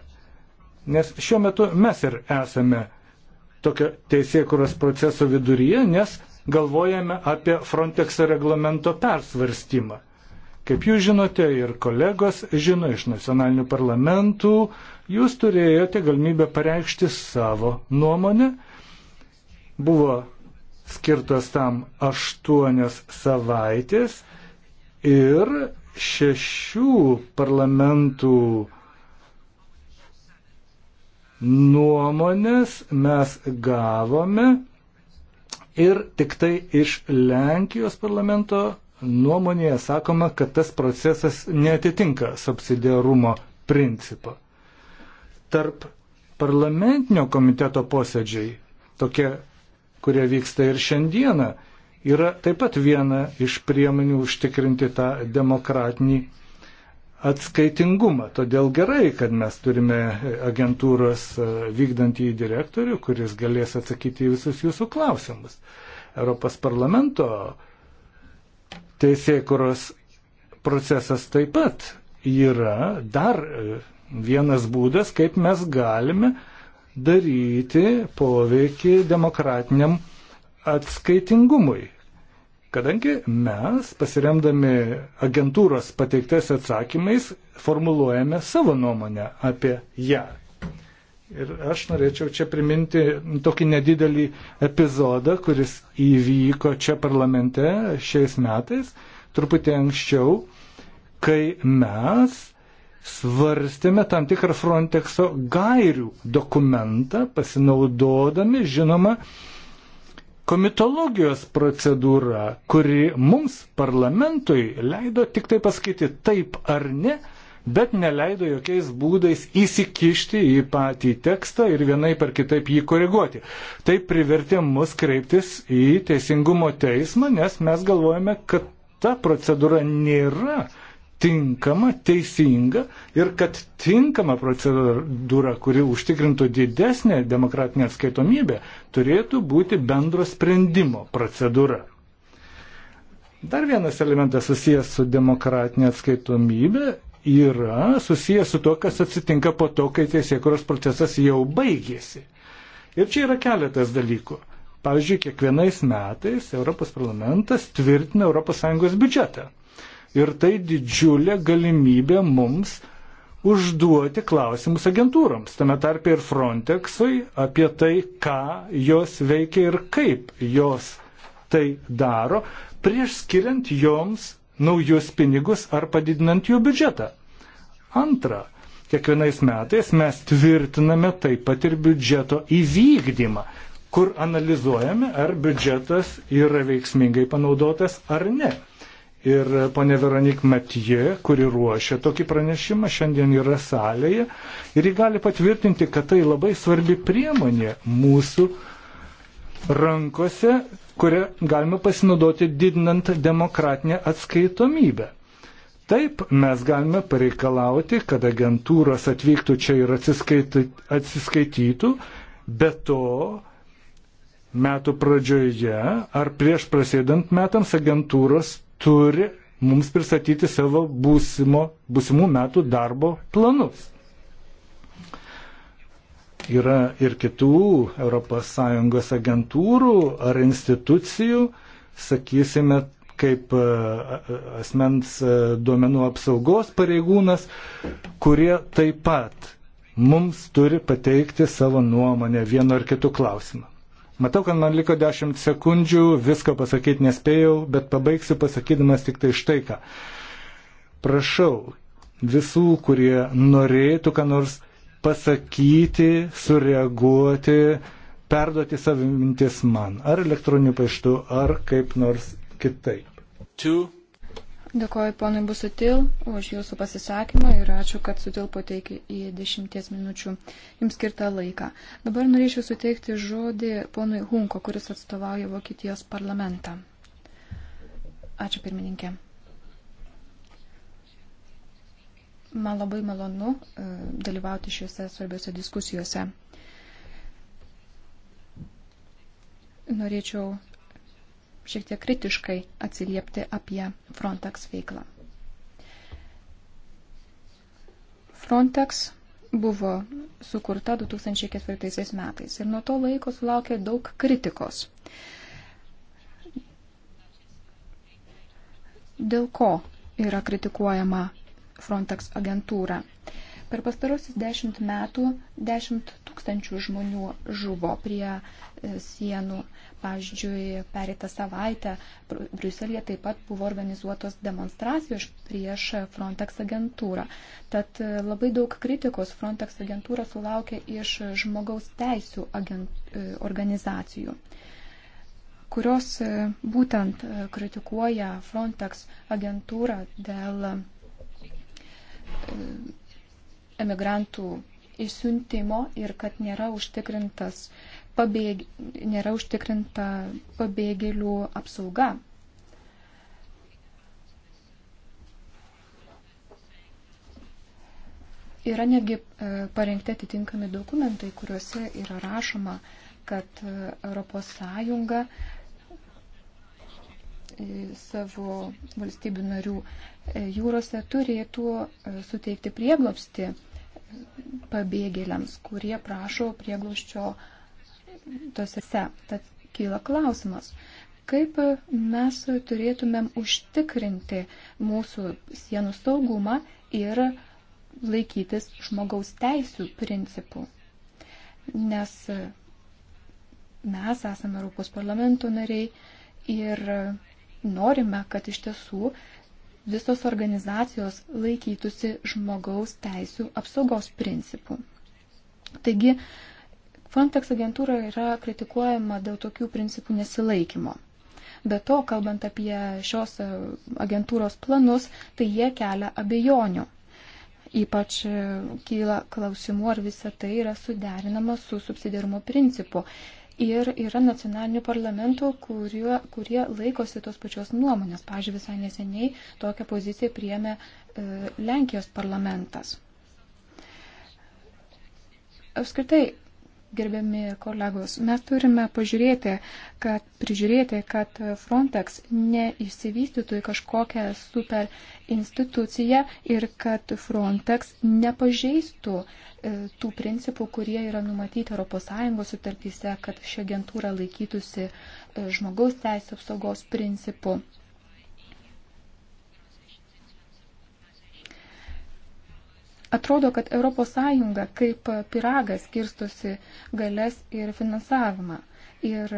Nes šiuo metu mes ir esame tokio teisėkuros proceso viduryje, nes galvojame apie Frontex reglamento persvarstymą. Kaip jūs žinote ir kolegos žino iš nacionalinių parlamentų, jūs turėjote galimybę pareikšti savo nuomonę. Buvo skirtos tam aštuonios savaitės ir šešių parlamentų nuomonės mes gavome ir tik tai iš Lenkijos parlamento nuomonėje sakoma, kad tas procesas netitinka subsidiarumo principo. Tarp parlamentinio komiteto posėdžiai, tokie, kurie vyksta ir šiandieną, yra taip pat viena iš priemonių užtikrinti tą demokratinį atskaitingumą. Todėl gerai, kad mes turime agentūros e, vykdantį direktorių, kuris galės atsakyti į visus jūsų klausimus. Europos parlamento teisėkuros procesas taip pat yra dar e, vienas būdas, kaip mes galime daryti poveikį demokratiniam atskaitingumui. Kadangi mes, pasiremdami agentūros pateiktais atsakymais, formuluojame savo nuomonę apie ją. Ir aš norėčiau čia priminti tokį nedidelį epizodą, kuris įvyko čia parlamente šiais metais, truputį anksčiau, kai mes svarstėme tam tikrą Frontexo gairių dokumentą, pasinaudodami, žinoma, komitologijos procedūra, kuri mums, parlamentui, leido tik tai pasakyti taip ar ne, bet neleido jokiais būdais įsikišti į patį tekstą ir vienai per kitaip jį koreguoti. Tai privertė mus kreiptis į Teisingumo teismą, nes mes galvojame, kad ta procedūra nėra tinkama, teisinga ir kad tinkama procedūra, kuri užtikrintų didesnę demokratinę atskaitomybę, turėtų būti bendro sprendimo procedūra. Dar vienas elementas susijęs su demokratinė atskaitomybė yra susijęs su to, kas atsitinka po to, kai teisėkuros procesas jau baigėsi. Ir čia yra keletas dalykų. Pavyzdžiui, kiekvienais metais Europos parlamentas tvirtina ES biudžetą. Ir tai didžiulė galimybė mums užduoti klausimus agentūroms, tame tarpe ir Frontexui, apie tai, ką jos veikia ir kaip jos tai daro, prieš skiriant joms naujus pinigus ar padidinant jų biudžetą. Antra, kiekvienais metais mes tvirtiname taip pat ir biudžeto įvykdymą, kur analizuojame, ar biudžetas yra veiksmingai panaudotas ar ne ir ponė Veronik Matije, kuri ruošia tokį pranešimą, šiandien yra salėje ir ji gali patvirtinti, kad tai labai svarbi priemonė mūsų rankose, kurią galime pasinaudoti didinant demokratinę atskaitomybę. Taip mes galime pareikalauti, kad agentūros atvyktų čia ir atsiskaitytų, bet to metų pradžioje ar prieš prasidant metams agentūros turi mums pristatyti savo būsimo, būsimų metų darbo planus. Yra ir kitų ES agentūrų ar institucijų, sakysime, kaip e, e, asmens e, duomenų apsaugos pareigūnas, kurie taip pat mums turi pateikti savo nuomonę vienu ar kitu klausimu. Matau, kad man liko 10 sekundžių, visko pasakyti nespėjau, bet pabaigsiu pasakydamas tik tai štai ką. Prašau visų, kurie norėtų ką nors pasakyti, sureaguoti, perduoti savimintis man, ar elektroniniu paštu, ar kaip nors kitaip. Two. Dėkoju ponui Busutil už jūsų pasisakymą ir ačiū, kad sutilpote iki į dešimties minučių jums skirtą laiką. Dabar norėčiau suteikti žodį ponui Hunko, kuris atstovauja Vokietijos parlamentą. Ačiū pirmininkė. Man labai malonu e, dalyvauti šiuose svarbiuose diskusijuose. Norėčiau šiek tiek kritiškai atsiliepti apie Frontex veiklą. Frontex buvo sukurta 2004 metais ir nuo to laiko sulaukė daug kritikos. Dėl ko yra kritikuojama Frontex agentūra? Per pastarosius dešimt metų dešimt tūkstančių žmonių žuvo prie e, sienų. Pavyzdžiui, pereitą savaitę Briuselėje taip pat buvo organizuotos demonstracijos prieš Frontex agentūrą. Tad e, labai daug kritikos Frontex agentūra sulaukė iš žmogaus teisų agent, e, organizacijų kurios būtent kritikuoja Frontex agentūrą dėl emigrantų išsiuntimo ir kad nėra užtikrintas pabėg... nėra užtikrinta pabėgėlių apsauga. Yra netgi e, parengti atitinkami dokumentai, kuriuose yra rašoma, kad ES e, savo valstybių narių e, jūrose turėtų suteikti prieglopsti pabėgėliams, kurie prašo priegluščio tose. Tad kyla klausimas, kaip mes turėtumėm užtikrinti mūsų sienų saugumą ir laikytis žmogaus teisų principų. Nes mes esame Europos parlamento nariai ir norime, kad iš tiesų visos organizacijos laikytųsi žmogaus teisų apsaugos principų. Taigi, Frontex agentūra yra kritikuojama dėl tokių principų nesilaikymo. Be to, kalbant apie šios e, agentūros planus, tai jie kelia abejonių. Ypač e, kyla klausimų, ar visa tai yra suderinama su subsidiarumo principu ir yra nacionalinių parlamentų, kurie, kurie laikosi tos pačios nuomonės. Pavyzdžiui, visai neseniai tokią poziciją priėmė e, Lenkijos parlamentas. Apskritai, gerbiami kolegos, mes turime pažiūrėti, kad prižiūrėti, kad Frontex neįsivystytų į kažkokią super instituciją ir kad Frontex nepažeistų e, tų principų, kurie yra numatyti ES sutartyse, kad ši agentūra laikytųsi e, žmogaus teisų apsaugos principų. Atrodo, kad ES kaip piragas kirstosi galės ir finansavimą. Ir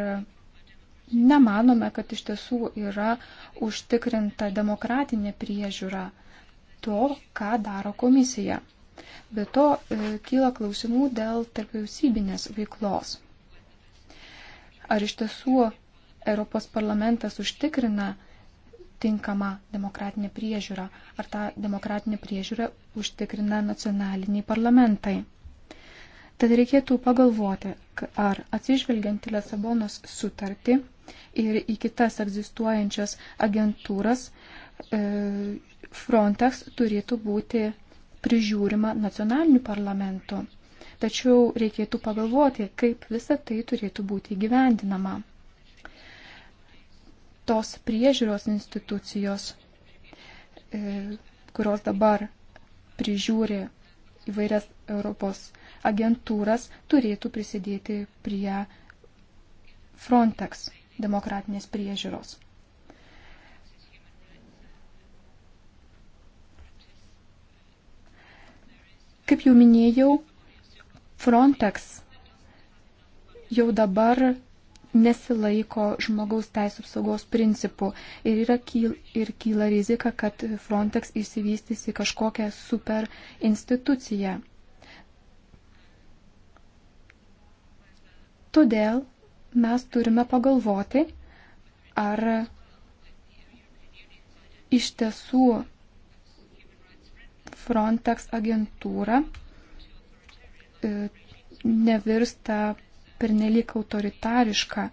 nemanome, kad iš tiesų yra užtikrinta demokratinė priežiūra to, ką daro komisija. Be to e, kyla klausimų dėl tarpiausybinės veiklos. Ar iš tiesų Europos parlamentas užtikrina tinkamą demokratinę priežiūrą, ar tą demokratinę priežiūrą užtikrina nacionaliniai parlamentai. Tad reikėtų pagalvoti, ar atsižvelgiant į Lesabonos sutartį ir į kitas egzistuojančias agentūras, e, Frontex turėtų būti prižiūrima nacionalinių parlamentų. Tačiau reikėtų pagalvoti, kaip visa tai turėtų būti įgyvendinama tos priežiūros institucijos, e, kurios dabar prižiūri įvairias Europos agentūras, turėtų prisidėti prie Frontex demokratinės priežiūros. Kaip jau minėjau, Frontex jau dabar nesilaiko žmogaus teisų apsaugos principų ir, yra kyl, ir kyla rizika, kad Frontex išsivystys į kažkokią super instituciją. Todėl mes turime pagalvoti, ar iš tiesų Frontex agentūra e, nevirsta pernelyg autoritariška,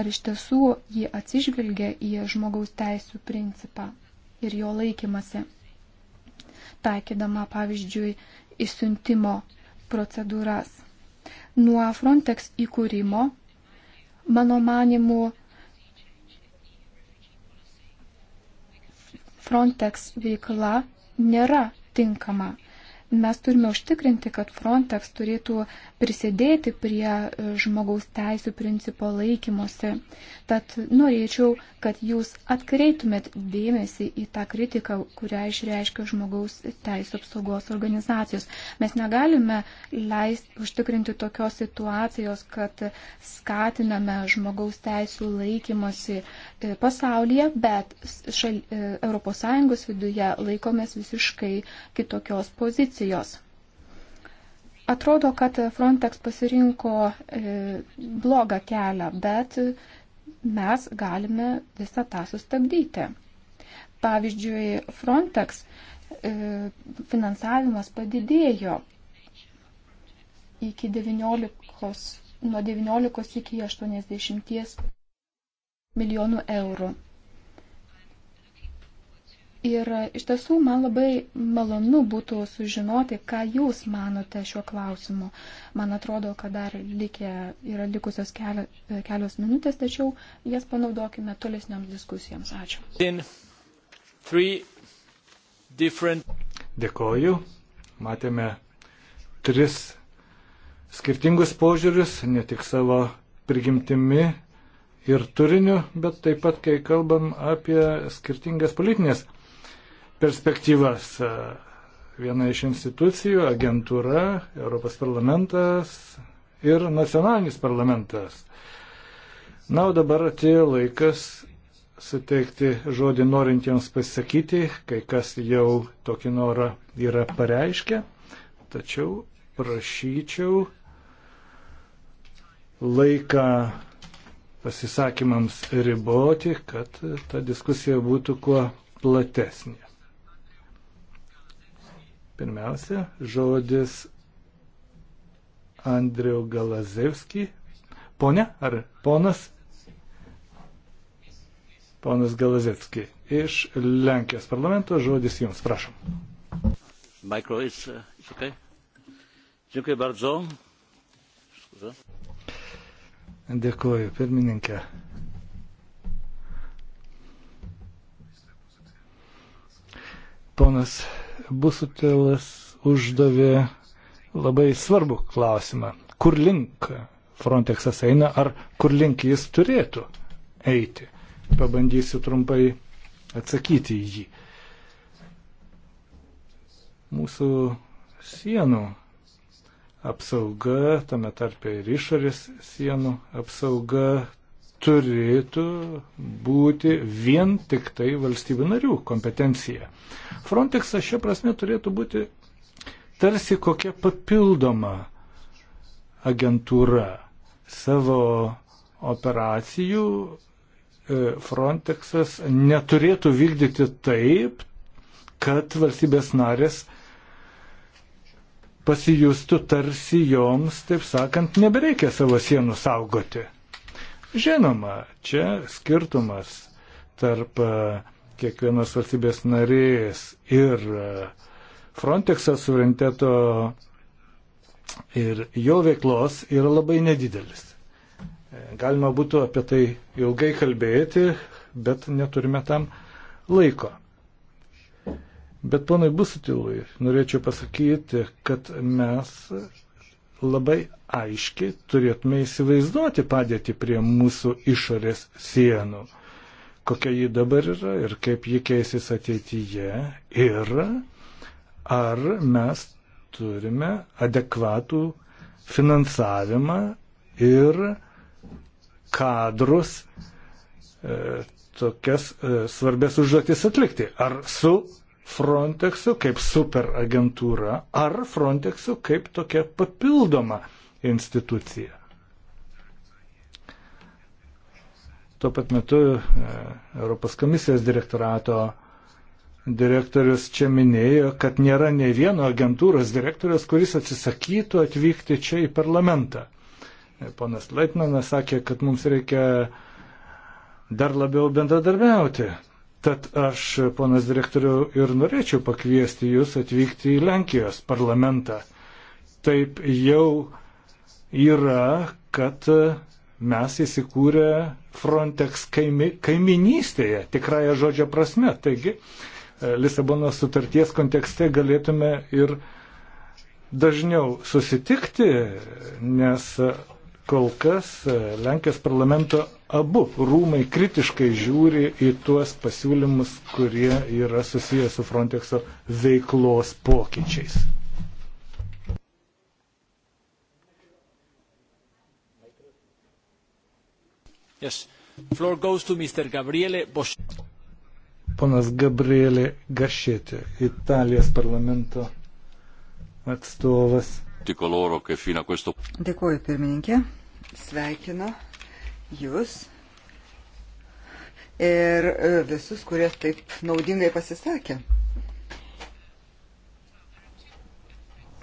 ar iš tiesų ji atsižvelgia į žmogaus teisų principą ir jo laikymasi, taikydama, pavyzdžiui, įsiuntimo procedūras. Nuo Frontex įkūrimo, mano manimu, Frontex veikla nėra tinkama. Mes turime užtikrinti, kad Frontex turėtų prisidėti prie e, žmogaus teisų principo laikymosi. Tad norėčiau, kad jūs atkreiptumėt dėmesį į tą kritiką, kurią išreiškia žmogaus teisų apsaugos organizacijos. Mes negalime leisti užtikrinti tokios situacijos, kad skatiname žmogaus teisų laikymosi e, pasaulyje, bet šal, ES viduje laikomės visiškai kitokios pozicijos Atrodo, kad Frontex pasirinko e, blogą kelią, bet mes galime visą tą sustabdyti. Pavyzdžiui, Frontex e, finansavimas padidėjo iki 19, nuo 19 iki 80 milijonų eurų. Ir e, iš tiesų man labai malonu būtų sužinoti, ką Jūs manote šiuo klausimu. Man atrodo, kad dar likė, yra likusios kelio, e, kelios minutės, tačiau jas panaudokime tolesniams diskusijoms. Ačiū. Different... Dėkoju. Matėme tris skirtingus požiūrius, ne tik savo prigimtimi ir turiniu, bet taip pat, kai kalbam apie skirtingas politinės perspektyvas. Viena iš institucijų, agentūra, Europos parlamentas ir nacionalinis parlamentas. Na, o dabar atėjo laikas suteikti žodį norintiems pasisakyti, kai kas jau tokį norą yra pareiškę, tačiau prašyčiau laiką pasisakymams riboti, kad ta diskusija būtų kuo platesnė. Pirmiausia, žodis Andriu Galazevski. Pone ar ponas? Ponas Galazevski iš Lenkijos parlamento. Žodis jums, prašom. Mikro is, uh, is okay. Dziękuję bardzo. Dėkuoju, pirmininkė. Ponas Busutilas uždavė labai svarbų klausimą. Kur link Frontexas eina, ar kur link jis turėtų eiti? Pabandysiu trumpai atsakyti į jį. Mūsų sienų apsauga, tame tarpe ir išorės sienų apsauga turėtų būti vien tik tai valstybių narių kompetencija. Frontexas šia prasme turėtų būti tarsi kokia papildoma agentūra savo operacijų e, Frontexas neturėtų vykdyti taip, kad valstybės narės pasijustų tarsi joms, taip sakant, nebereikia savo sienų saugoti. Žinoma, čia skirtumas tarp e, kiekvienos valstybės narės ir e, Frontexo suvereniteto ir jo veiklos yra labai nedidelis. E, galima būtų apie tai ilgai kalbėti, bet neturime tam laiko. Bet ponai Busutilui norėčiau pasakyti, kad mes labai aiškiai turėtume įsivaizduoti padėtį prie mūsų išorės sienų, kokia ji dabar yra ir kaip ji keisis ateityje ir ar mes turime adekvatų finansavimą ir kadrus e, tokias e, svarbės užduotis atlikti. Ar su Frontexu kaip superagentūra ar Frontexu kaip tokia papildoma institucija. Tuo pat metu e, Europos komisijos direktorato direktorius čia minėjo, kad nėra ne vieno agentūros direktorius, kuris atsisakytų atvykti čia į parlamentą. E, ponas Leitmanas sakė, kad mums reikia dar labiau bendradarbiauti Tad aš, ponas direktoriu, ir norėčiau pakviesti jūs atvykti į Lenkijos parlamentą. Taip jau yra, kad mes įsikūrę Frontex kaimi, kaiminystėje, tikrąją žodžio prasme. Taigi, e, Lisabonos sutarties kontekste galėtume ir dažniau susitikti, nes Kol kas e, Lenkijos parlamento abu rūmai kritiškai žiūri į tuos pasiūlymus, kurie yra susijęs su Frontexo veiklos pokyčiais. Yes. Floor goes to Mr. Gabriele Boschetti. Ponas Gabriele Gašėtė, Italijos parlamento atstovas tutti coloro che fino a questo punto. Dėkuoju pirmininkė, sveikinu Jūs ir e, visus, kurie taip naudingai pasisakė.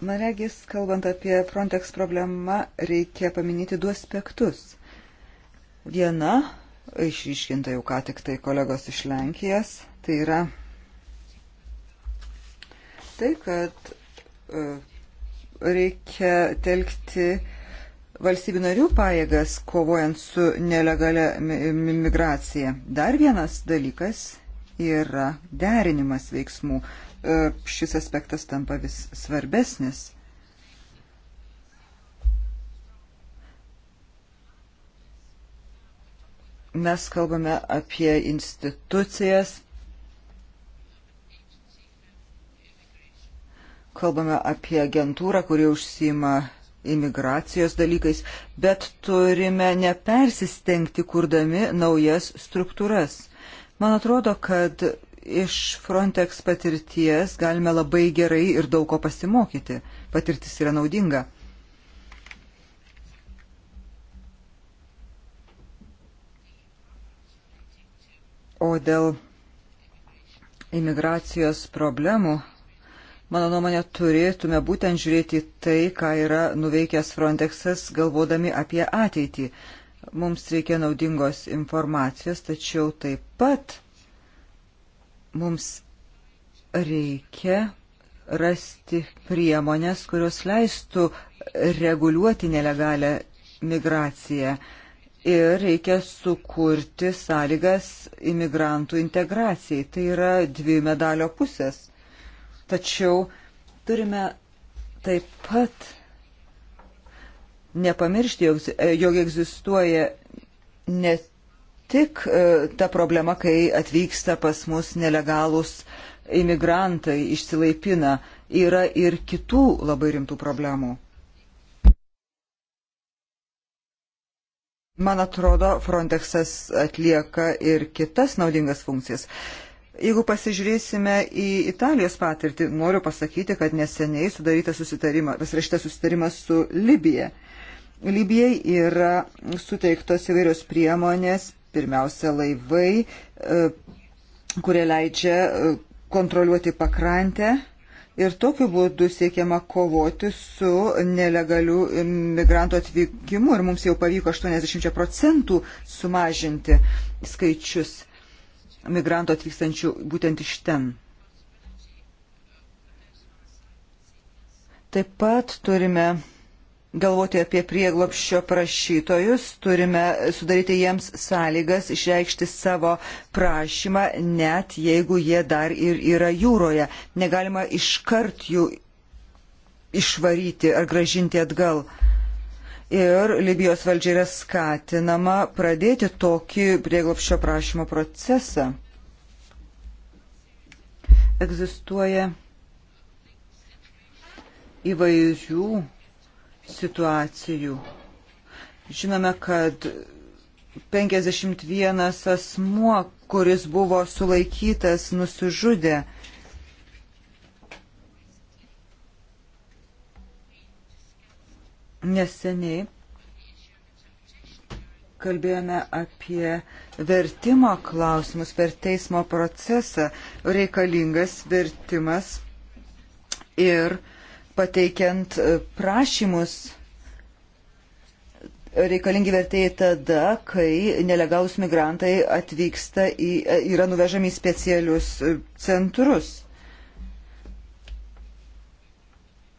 Man regis, kalbant apie Frontex problemą, reikia paminėti du aspektus. Viena, išryškinta jau ką tik tai kolegos iš Lenkijas, tai yra tai, kad e, reikia telkti valstybių narių pajėgas kovojant su nelegalia migracija. Dar vienas dalykas yra derinimas veiksmų. E, šis aspektas tampa vis svarbesnis. Mes kalbame apie institucijas, Kalbame apie agentūrą, kuri užsima imigracijos dalykais, bet turime nepersistengti, kurdami naujas struktūras. Man atrodo, kad iš Frontex patirties galime labai gerai ir daug ko pasimokyti. Patirtis yra naudinga. O dėl imigracijos problemų Mano nuomonė, turėtume būtent žiūrėti tai, ką yra nuveikęs Frontexas, galvodami apie ateitį. Mums reikia naudingos informacijos, tačiau taip pat mums reikia rasti priemonės, kurios leistų reguliuoti nelegalią migraciją ir reikia sukurti sąlygas imigrantų integracijai. Tai yra dvi medalio pusės. Tačiau turime taip pat nepamiršti, jog, jog egzistuoja ne tik e, ta problema, kai atvyksta pas mus nelegalus imigrantai, išsilaipina, yra ir kitų labai rimtų problemų. Man atrodo, Frontexas atlieka ir kitas naudingas funkcijas. Jeigu pasižiūrėsime į Italijos patirtį, noriu pasakyti, kad neseniai sudarytas susitarimas, pasirašytas susitarimas su Libija. Libijai yra suteiktos įvairios priemonės, pirmiausia laivai, e, kurie leidžia e, kontroliuoti pakrantę ir tokiu būdu siekiama kovoti su nelegaliu migrantų atvykimu ir mums jau pavyko 80 procentų sumažinti skaičius migrantų atvykstančių būtent iš ten. Taip pat turime galvoti apie prieglopščio prašytojus, turime sudaryti jiems sąlygas išreikšti savo prašymą, net jeigu jie dar ir yra jūroje. Negalima iškart jų išvaryti ar gražinti atgal ir Libijos valdžia yra skatinama pradėti tokį prieglopščio prašymo procesą. Egzistuoja įvairių situacijų. Žinome, kad 51 asmuo, kuris buvo sulaikytas, nusižudė. Neseniai kalbėjome apie vertimo klausimus per teismo procesą. Reikalingas vertimas ir pateikiant prašymus reikalingi vertėjai tada, kai nelegalus migrantai atvyksta į, yra nuvežami į specialius centrus.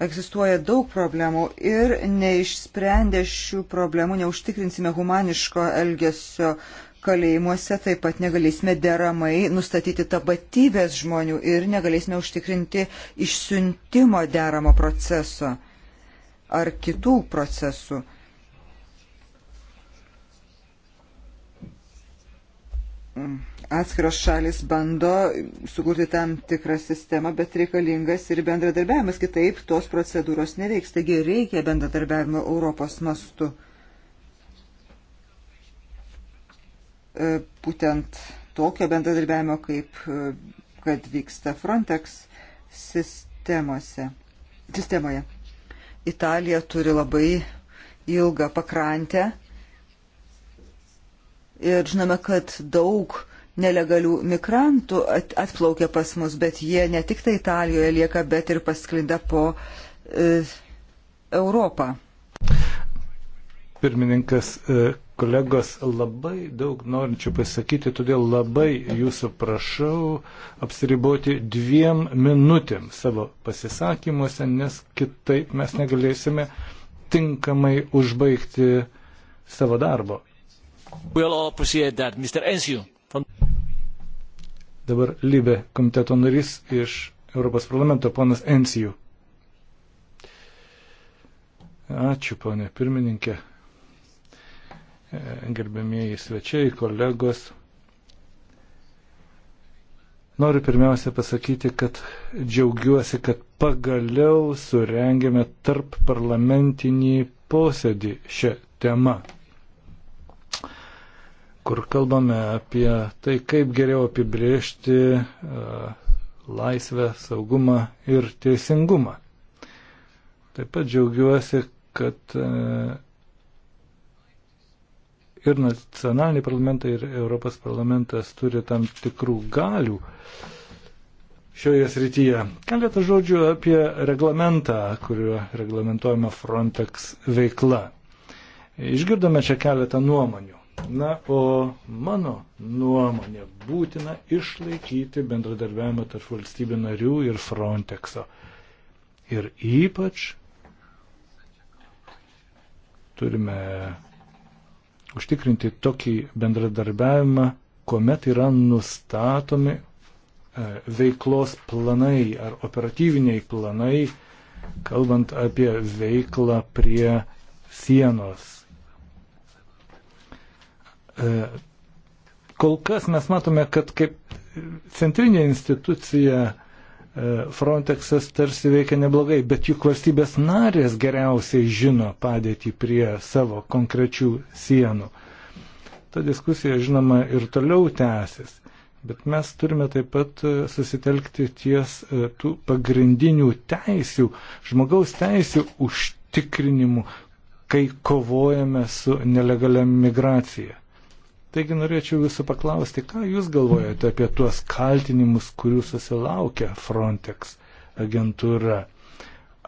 egzistuoja daug problemų ir neišsprendę šių problemų neužtikrinsime humaniško elgesio kalėjimuose, taip pat negalėsime deramai nustatyti tapatybės žmonių ir negalėsime užtikrinti išsiuntimo deramo proceso ar kitų procesų. Mm atskiros šalis bando sukurti tam tikrą sistemą, bet reikalingas ir bendradarbiavimas, kitaip tos procedūros neveiks. Taigi reikia bendradarbiavimo Europos mastu. E, būtent tokio bendradarbiavimo, kaip e, kad vyksta Frontex sistemose, sistemoje. Italija turi labai ilgą pakrantę ir žinome, kad daug nelegalių migrantų atplaukia pas mus, bet jie ne tik tai Italijoje lieka, bet ir pasklinda po e, Europą. Pirmininkas, e, kolegos, labai daug norinčių pasakyti, todėl labai jūsų prašau apsiriboti dviem minutėm savo pasisakymuose, nes kitaip mes negalėsime tinkamai užbaigti savo darbo. We'll dabar Libe komiteto narys iš Europos parlamento, ponas Ensijų. Ačiū, ponė pirmininkė, e, gerbėmieji svečiai, kolegos. Noriu pirmiausia pasakyti, kad džiaugiuosi, kad pagaliau surengėme tarp parlamentinį posėdį šią temą kur kalbame apie tai, kaip geriau apibriežti e, laisvę, saugumą ir teisingumą. Taip pat džiaugiuosi, kad e, ir nacionaliniai parlamentai, ir Europos parlamentas turi tam tikrų galių šioje srityje. Keletą žodžių apie reglamentą, kuriuo reglamentuojama Frontex veikla. Išgirdome čia keletą nuomonių. Na, o mano nuomonė būtina išlaikyti bendradarbiavimą tarp valstybių narių ir Frontexo. Ir ypač turime užtikrinti tokį bendradarbiavimą, kuomet yra nustatomi e, veiklos planai ar operatyviniai planai, kalbant apie veiklą prie sienos E, kol kas mes matome, kad kaip centrinė institucija e, Frontexas tarsi veikia neblogai, bet juk valstybės narės geriausiai žino padėtį prie savo konkrečių sienų. Ta diskusija, žinoma, ir toliau tęsis, bet mes turime taip pat e, susitelkti ties tų pagrindinių teisių, žmogaus teisių užtikrinimu, kai kovojame su nelegalia migracija. Taigi norėčiau jūsų paklausti, ką jūs galvojate apie tuos kaltinimus, kurių susilaukia Frontex agentūra?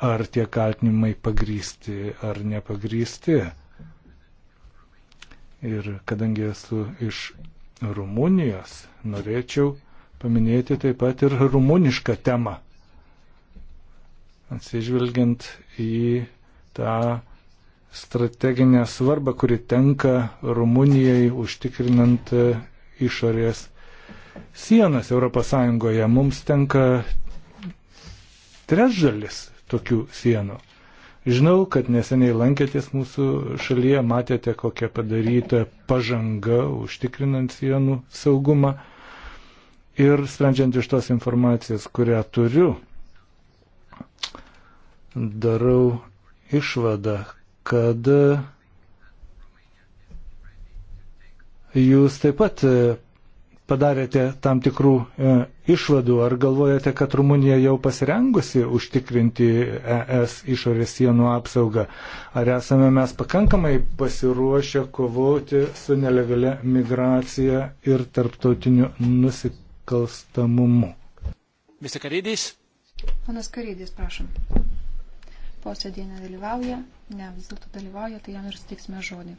Ar tie kaltinimai pagrysti ar nepagrysti? Ir kadangi esu iš Rumunijos, norėčiau paminėti taip pat ir rumunišką temą. Atsižvelgiant į tą strateginę svarbą, kuri tenka Rumunijai užtikrinant e, išorės sienas ES. Mums tenka trečdalis tokių sienų. Žinau, kad neseniai lankėtės mūsų šalyje, matėte, kokia padaryta pažanga užtikrinant sienų saugumą. Ir sprendžiant iš tos informacijos, kurią turiu, darau išvadą, kad jūs taip pat e, padarėte tam tikrų e, išvadų. Ar galvojate, kad Rumunija jau pasirengusi užtikrinti ES išorės sienų apsaugą? Ar esame mes pakankamai pasiruošę kovoti su nelegalia migracija ir tarptautiniu nusikalstamumu? Visi karydys? Panas Karydys, prašom posėdėje nedalyvauja, ne, vis dėlto dalyvauja, tai jam ir suteiksime žodį.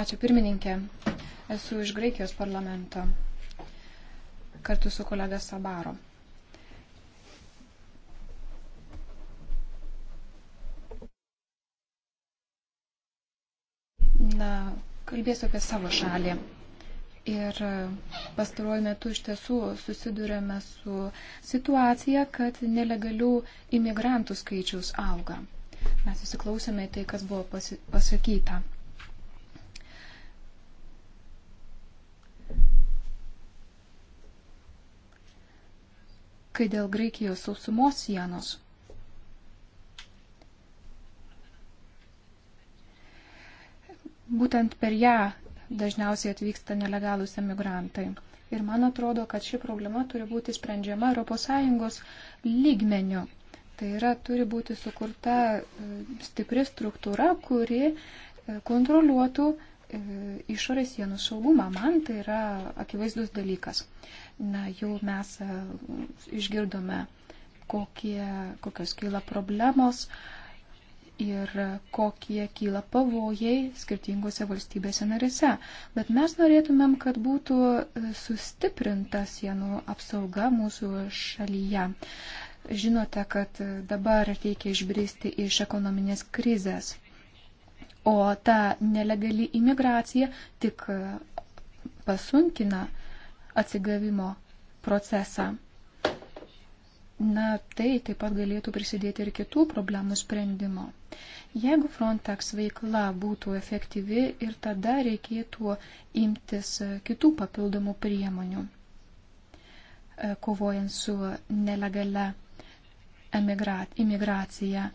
Ačiū pirmininkė, esu iš Graikijos parlamento kartu su kolega Sabaro. Na, kalbėsiu apie savo šalį. Ir pastaruoju metu iš tiesų susidurėme su situacija, kad nelegalių imigrantų skaičius auga. Mes įsiklausėme į tai, kas buvo pasi pasakyta. Kai dėl Graikijos sausumos sienos būtent per ją dažniausiai atvyksta nelegalūs emigrantai. Ir man atrodo, kad ši problema turi būti sprendžiama ES lygmeniu. Tai yra, turi būti sukurta e, stipri struktūra, kuri e, kontroliuotų e, išorės sienų saugumą. Man tai yra akivaizdus dalykas. Na, jau mes išgirdome, kokie, kokios kyla problemos. Uh, ir kokie kyla pavojai skirtingose valstybėse narėse. Bet mes norėtumėm, kad būtų sustiprinta sienų apsauga mūsų šalyje. Žinote, kad dabar reikia išbristi iš ekonominės krizės, o ta nelegali imigracija tik pasunkina atsigavimo procesą na, tai taip pat galėtų prisidėti ir kitų problemų sprendimo. Jeigu Frontex veikla būtų efektyvi ir tada reikėtų imtis kitų papildomų priemonių, e, kovojant su nelegale imigracija.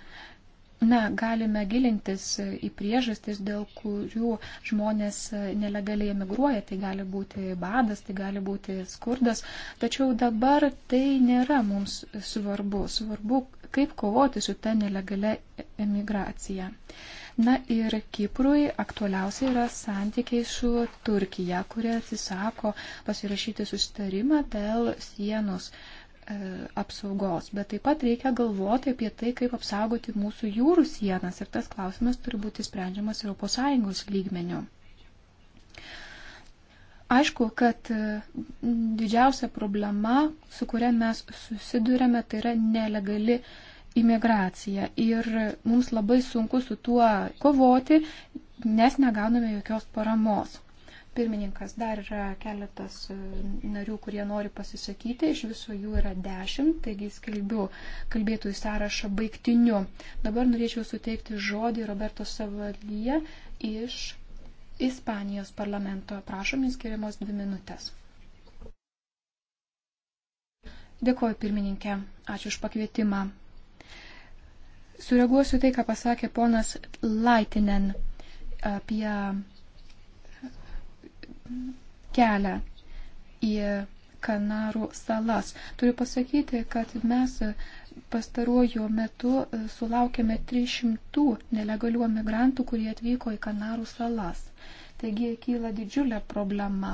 Na, galime gilintis į priežastis, dėl kurių žmonės nelegaliai emigruoja. Tai gali būti badas, tai gali būti skurdas. Tačiau dabar tai nėra mums svarbu. Svarbu, kaip kovoti su ta nelegalia emigracija. Na ir Kiprui aktualiausia yra santykiai su Turkija, kurie atsisako pasirašyti sustarimą dėl sienos E, apsaugos, bet taip pat reikia galvoti apie tai, kaip apsaugoti mūsų jūrų sienas ir tas klausimas turi būti sprendžiamas ES lygmeniu. Aišku, kad e, didžiausia problema, su kuria mes susidurėme, tai yra nelegali imigracija ir mums labai sunku su tuo kovoti, nes negauname jokios paramos. Pirmininkas, dar yra keletas e, narių, kurie nori pasisakyti, iš viso jų yra dešimt, taigi skelbiu kalbėtojų sąrašą baigtiniu. Dabar norėčiau suteikti žodį Roberto Savalyje iš Ispanijos parlamento. Prašom, jums skiriamos dvi minutės. Dėkuoju pirmininkė, ačiū už pakvietimą. Sureaguosiu tai, ką pasakė ponas Laitinen apie kelią į Kanarų salas. Turiu pasakyti, kad mes pastaruoju metu sulaukėme 300 nelegalių emigrantų, kurie atvyko į Kanarų salas. Taigi kyla didžiulė problema,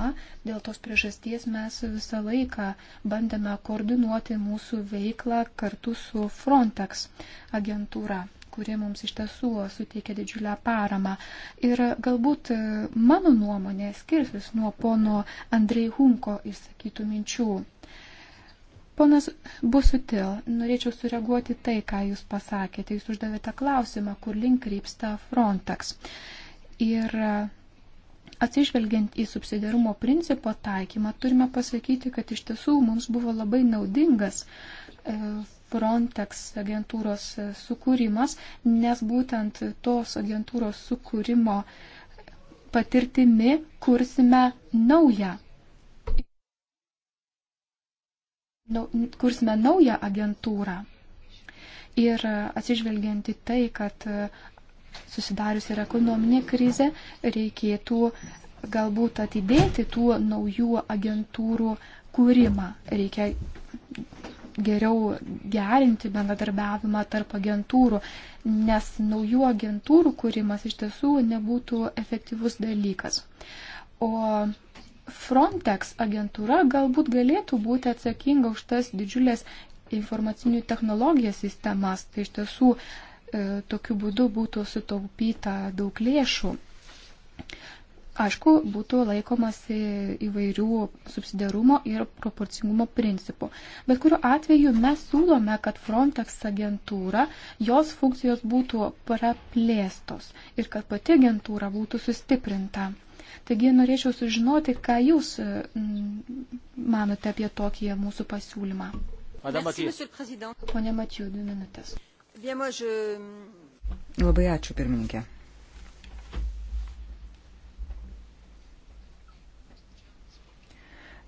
dėl tos priežasties mes visą laiką bandėme koordinuoti mūsų veiklą kartu su Frontex agentūra kuri mums iš tiesų suteikia didžiulę paramą. Ir galbūt e, mano nuomonė skirsis nuo pono Andrei Hunko išsakytų minčių. Ponas Busutil, norėčiau sureaguoti tai, ką Jūs pasakėte. Jūs uždavėte klausimą, kur link krypsta Frontex. Ir e, atsižvelgiant į subsidiarumo principo taikymą, turime pasakyti, kad iš tiesų mums buvo labai naudingas e, Frontex agentūros sukūrimas, nes būtent tos agentūros sukūrimo patirtimi kursime naują. Nau, kursime naują agentūrą. Ir atsižvelgiant į tai, kad susidarius ir ekonominė krizė, reikėtų galbūt atidėti tų naujų agentūrų kūrimą. Reikia geriau gerinti bendradarbiavimą tarp agentūrų, nes naujų agentūrų kūrimas iš tiesų nebūtų efektyvus dalykas. O Frontex agentūra galbūt galėtų būti atsakinga už tas didžiulės informacinių technologijų sistemas. Tai iš tiesų e, tokiu būdu būtų sutaupyta daug lėšų aišku, būtų laikomasi įvairių subsidiarumo ir proporcingumo principų. Bet kuriuo atveju mes siūlome, kad Frontex agentūra, jos funkcijos būtų praplėstos ir kad pati agentūra būtų sustiprinta. Taigi norėčiau sužinoti, ką Jūs mm, manote apie tokį mūsų pasiūlymą. Pone Matijų, dvi minutės. Labai ačiū, pirmininkė.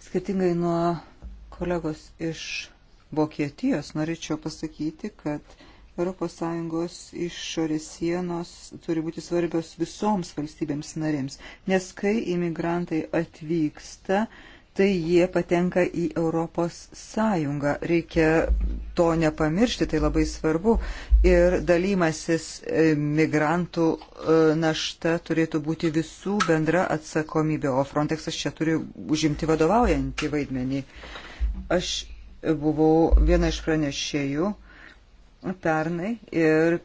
Skirtingai nuo kolegos iš Vokietijos norėčiau pasakyti, kad ES išorės sienos turi būti svarbios visoms valstybėms narėms, nes kai imigrantai atvyksta, uh, tai jie patenka į Europos Sąjungą. Reikia to nepamiršti, tai labai svarbu. Ir dalymasis e, migrantų e, našta turėtų būti visų bendra atsakomybė, o Frontexas čia turi užimti vadovaujantį vaidmenį. Aš buvau viena iš pranešėjų pernai ir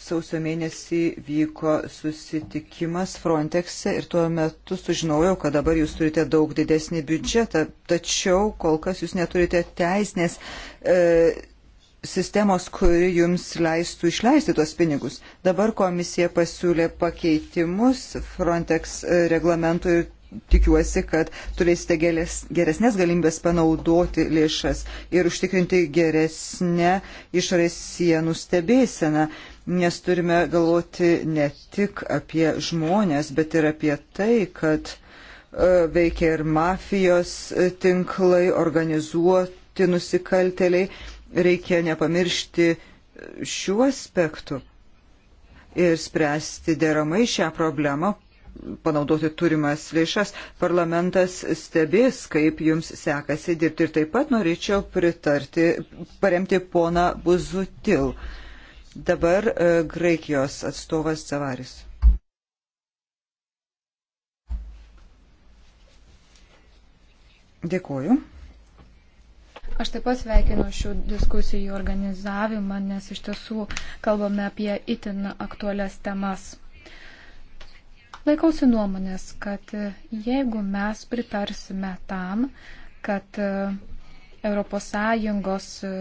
sausio mėnesį vyko susitikimas Frontexe ir tuo metu sužinojau, kad dabar jūs turite daug didesnį biudžetą, tačiau kol kas jūs neturite teisinės e, sistemos, kuri jums leistų išleisti tuos pinigus. Dabar komisija pasiūlė pakeitimus Frontex e, reglamentui ir tikiuosi, kad turėsite geresnės galimybės panaudoti lėšas ir užtikrinti geresnę išorės sienų stebėseną. E, nes turime galvoti ne tik apie žmonės, bet ir apie tai, kad e, veikia ir mafijos e, tinklai, organizuoti nusikalteliai. Reikia nepamiršti e, šių aspektų ir spręsti deramai šią problemą, panaudoti turimas lėšas. Parlamentas stebės, kaip jums sekasi dirbti ir taip pat norėčiau pritarti, paremti poną Buzutil. Uh, Dabar e, Graikijos atstovas Savaris. Dėkuoju. Aš taip pat sveikinu šių diskusijų organizavimą, nes iš tiesų kalbame apie itin aktualias temas. Laikausi nuomonės, kad jeigu mes pritarsime tam, kad ES e,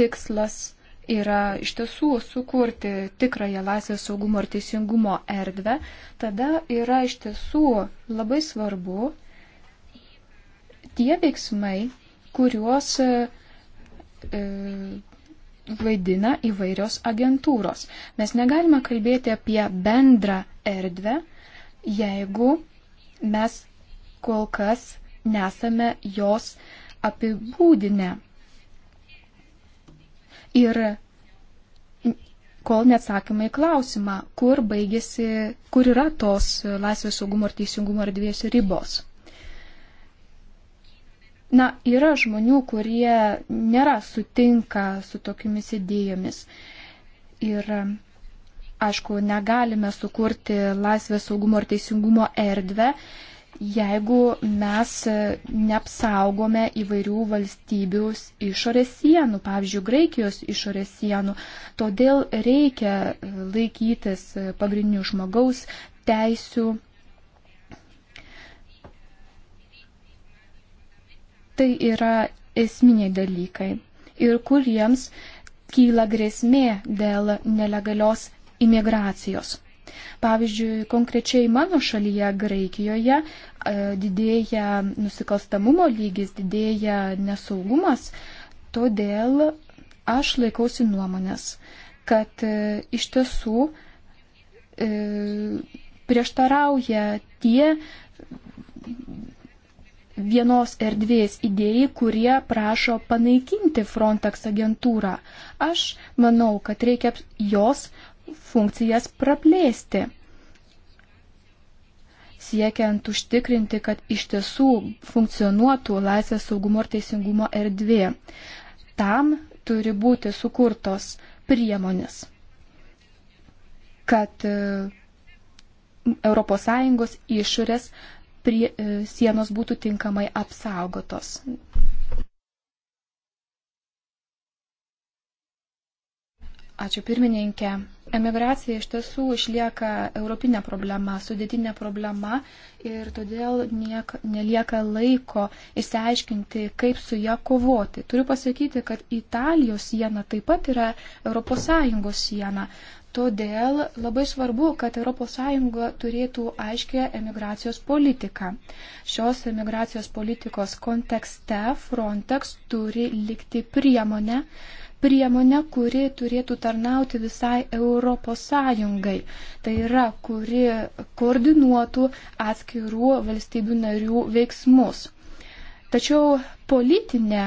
tikslas yra iš tiesų sukurti tikrąją laisvės saugumo ir teisingumo erdvę, tada yra iš tiesų labai svarbu tie veiksmai, kuriuos e, e vaidina įvairios agentūros. Mes negalime kalbėti apie bendrą erdvę, jeigu mes kol kas nesame jos apibūdinę ir kol neatsakymai klausimą, kur baigėsi, kur yra tos laisvės saugumo ir teisingumo erdvės ribos. Na, yra žmonių, kurie nėra sutinka su tokiamis idėjomis. Ir aišku, negalime sukurti laisvės saugumo ir teisingumo erdvę, jeigu mes neapsaugome įvairių valstybių išorės sienų, pavyzdžiui, Graikijos išorės sienų. Todėl reikia e, laikytis e, pagrindinių žmogaus teisių. Tai yra esminiai dalykai ir kuriems kyla grėsmė dėl nelegalios imigracijos. Pavyzdžiui, konkrečiai mano šalyje, Graikijoje, e, didėja nusikalstamumo lygis, didėja nesaugumas, todėl aš laikausi nuomonės, kad e, iš tiesų e, prieštarauja tie vienos erdvės idėjai, kurie prašo panaikinti Frontex agentūrą. Aš manau, kad reikia jos funkcijas praplėsti, siekiant užtikrinti, kad iš tiesų funkcionuotų laisvės saugumo ir teisingumo erdvė. Tam turi būti sukurtos priemonės, kad ES išorės prie, e, sienos būtų tinkamai apsaugotos. Ačiū pirmininkė. Emigracija iš tiesų išlieka europinė problema, sudėtinė problema ir todėl niek, nelieka laiko išsiaiškinti, kaip su ją kovoti. Turiu pasakyti, kad Italijos siena taip pat yra ES siena. Todėl labai svarbu, kad ES turėtų aiškę emigracijos politiką. Šios emigracijos politikos kontekste Frontex turi likti priemonę, priemonę, kuri turėtų tarnauti visai Europos Sąjungai. Tai yra, kuri koordinuotų atskirų valstybių narių veiksmus. Tačiau politinė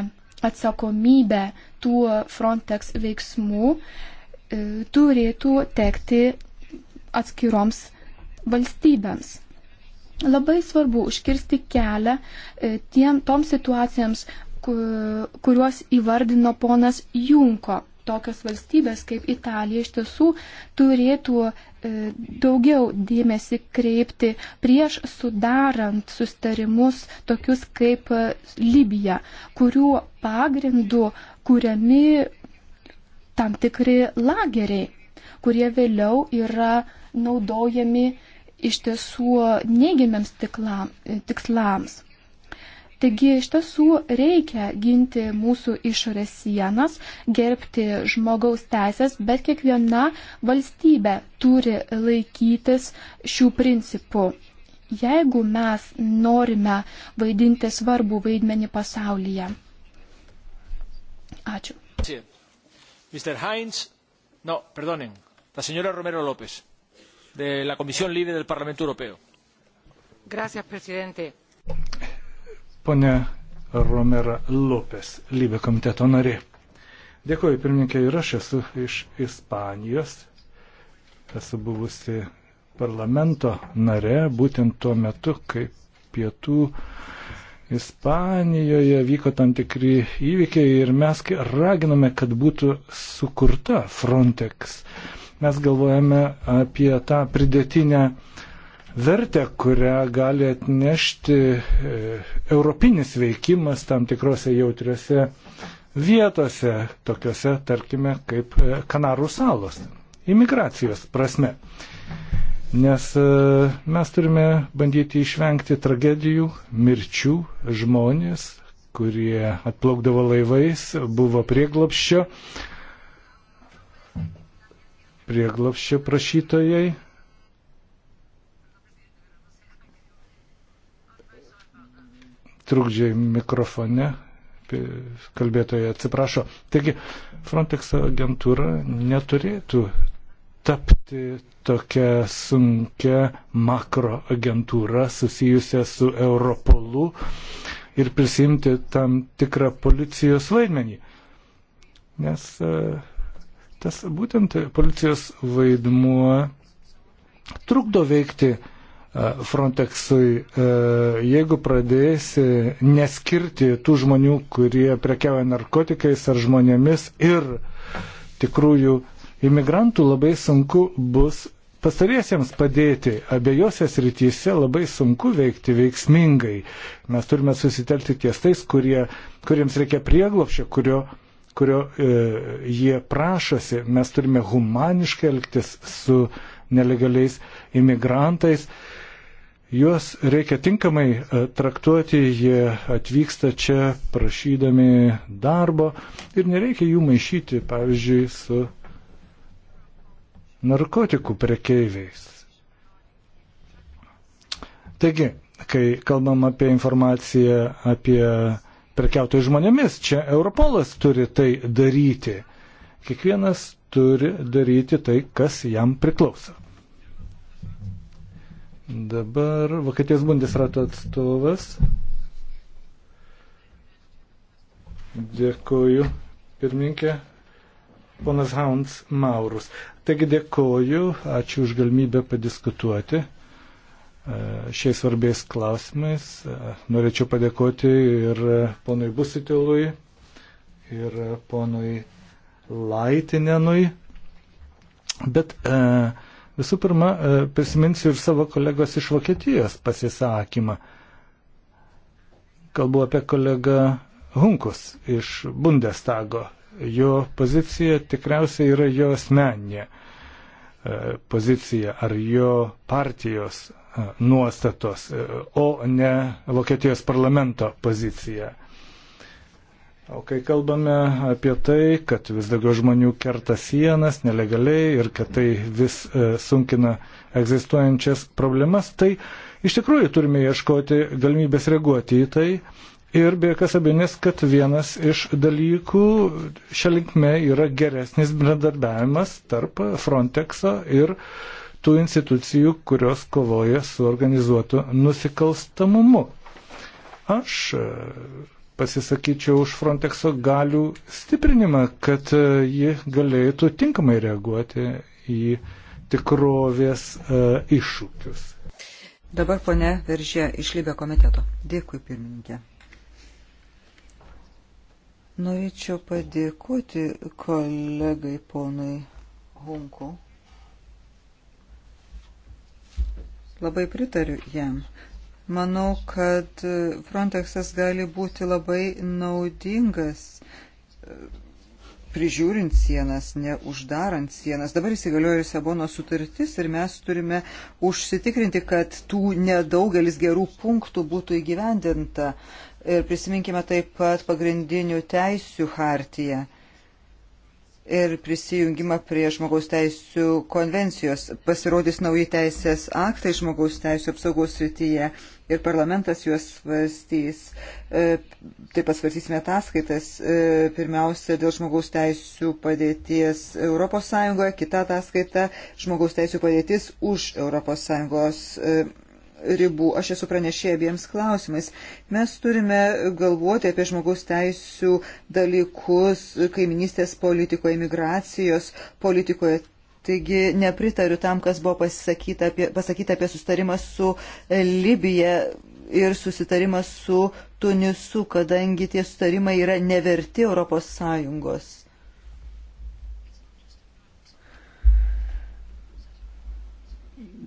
atsakomybė tų Frontex veiksmų e, turėtų tekti atskiroms valstybėms. Labai svarbu užkirsti kelią e, tiem, toms situacijams, kuriuos įvardino ponas Junko. Tokios valstybės kaip Italija iš tiesų turėtų e, daugiau dėmesį kreipti prieš sudarant sustarimus tokius kaip e, Libija, kurių pagrindu kuriami tam tikri lageriai, kurie vėliau yra naudojami iš tiesų neigiamiams tikla, tikslams. Taigi iš tiesų reikia ginti mūsų išorės sienas, gerbti žmogaus teisės, bet kiekviena valstybė turi laikytis šių principų. Jeigu mes norime vaidinti svarbų vaidmenį pasaulyje. Ačiū. Mr. Heinz, no, perdonen, la señora Romero López, de la Comisión Libre del Parlamento Europeo. Gracias, presidente Pone Romera Lopes, lybė komiteto narė. Dėkuoju, pirmininkė, ir aš esu iš Ispanijos. Esu buvusi parlamento narė būtent tuo metu, kai pietų Ispanijoje vyko tam tikri įvykiai ir mes raginome, kad būtų sukurta Frontex. Mes galvojame apie tą pridėtinę uh, vertę, kurią gali atnešti e, europinis veikimas tam tikrose jautriose vietose, tokiuose, tarkime, kaip e, Kanarų salos, imigracijos prasme. Nes e, mes turime bandyti išvengti tragedijų, mirčių, žmonės, kurie atplaukdavo laivais, buvo prieglopščio, prieglopščio prašytojai, trukdžiai mikrofone, kalbėtoje atsiprašo. Taigi, Frontex agentūra neturėtų tapti tokia sunkia makro agentūra susijusia su Europolu ir prisimti tam tikrą policijos vaidmenį. Nes e, tas būtent policijos vaidmuo trukdo veikti uh, Frontexui, e, jeigu pradėsi neskirti tų žmonių, kurie prekiauja narkotikais ar žmonėmis ir tikrųjų imigrantų, labai sunku bus pastariesiems padėti. Abiejose srityse labai sunku veikti veiksmingai. Mes turime susitelti ties tais, kurie, kuriems reikia prieglopščio, kurio kurio e, jie prašosi, mes turime humaniškai elgtis su nelegaliais imigrantais. E, Juos reikia tinkamai e, traktuoti, jie atvyksta čia prašydami darbo ir nereikia jų maišyti, pavyzdžiui, su narkotikų prekeiviais. Taigi, kai kalbam apie informaciją apie prekiautojų žmonėmis, čia Europolas turi tai daryti. Kiekvienas turi daryti tai, kas jam priklauso. Dabar Vokietijos bundesrato atstovas. Dėkoju, pirminkė, ponas Hauns Maurus. Taigi dėkoju, ačiū už galimybę padiskutuoti e, šiais svarbiais klausimais. E, norėčiau padėkoti ir ponui Busitilui, ir ponui Laitinenui. Bet e, Visų pirma, e, prisiminsiu ir savo kolegos iš Vokietijos pasisakymą. Kalbu apie kolegą Hunkus iš Bundestago. Jo pozicija tikriausiai yra jo asmeninė e, pozicija ar jo partijos e, nuostatos, o ne Vokietijos parlamento pozicija. O kai kalbame apie tai, kad vis daugiau žmonių kerta sienas nelegaliai ir kad tai vis e, sunkina egzistuojančias problemas, tai iš tikrųjų turime ieškoti galimybės reaguoti į tai. Ir be jokios abejonės, kad vienas iš dalykų šia linkme yra geresnis bendradarbiavimas tarp Frontexo ir tų institucijų, kurios kovoja su organizuotu nusikalstamumu. Aš e, pasisakyčiau už Frontexo galių stiprinimą, kad e, ji galėtų tinkamai reaguoti į tikrovės uh, iššūkius. Dabar ponė Veržė iš Libė komiteto. Dėkui, pirmininkė. Norėčiau padėkoti kolegai ponui Hunku. Labai pritariu jam. Manau, kad Frontexas gali būti labai naudingas prižiūrint sienas, neuždarant sienas. Dabar įsigalioja ir Sebono sutartis ir mes turime užsitikrinti, kad tų nedaugelis gerų punktų būtų įgyvendinta. Ir prisiminkime taip pat pagrindinių teisių hartiją ir prisijungimą prie žmogaus teisų konvencijos. Pasirodys nauji teisės aktai žmogaus teisų apsaugos srityje ir parlamentas juos svarstys. E, taip pat svarstysime ataskaitas. E, pirmiausia, dėl žmogaus teisų padėties ES, kita ataskaita - žmogaus teisų padėtis už ES ribų. Aš esu pranešė abiems klausimais. Mes turime galvoti apie žmogaus teisų dalykus kaiminystės politikoje, migracijos politikoje. Taigi nepritariu tam, kas buvo pasakyta apie, pasakyta apie sustarimą su Libija ir susitarimą su Tunisu, kadangi tie sustarimai yra neverti ES.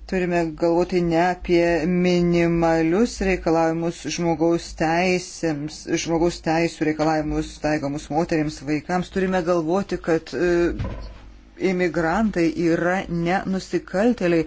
Turime galvoti ne apie minimalius reikalavimus žmogaus teisėms, žmogaus teisų reikalavimus taigomus moteriams, vaikams. Turime galvoti, kad e, imigrantai yra ne nusikalteliai.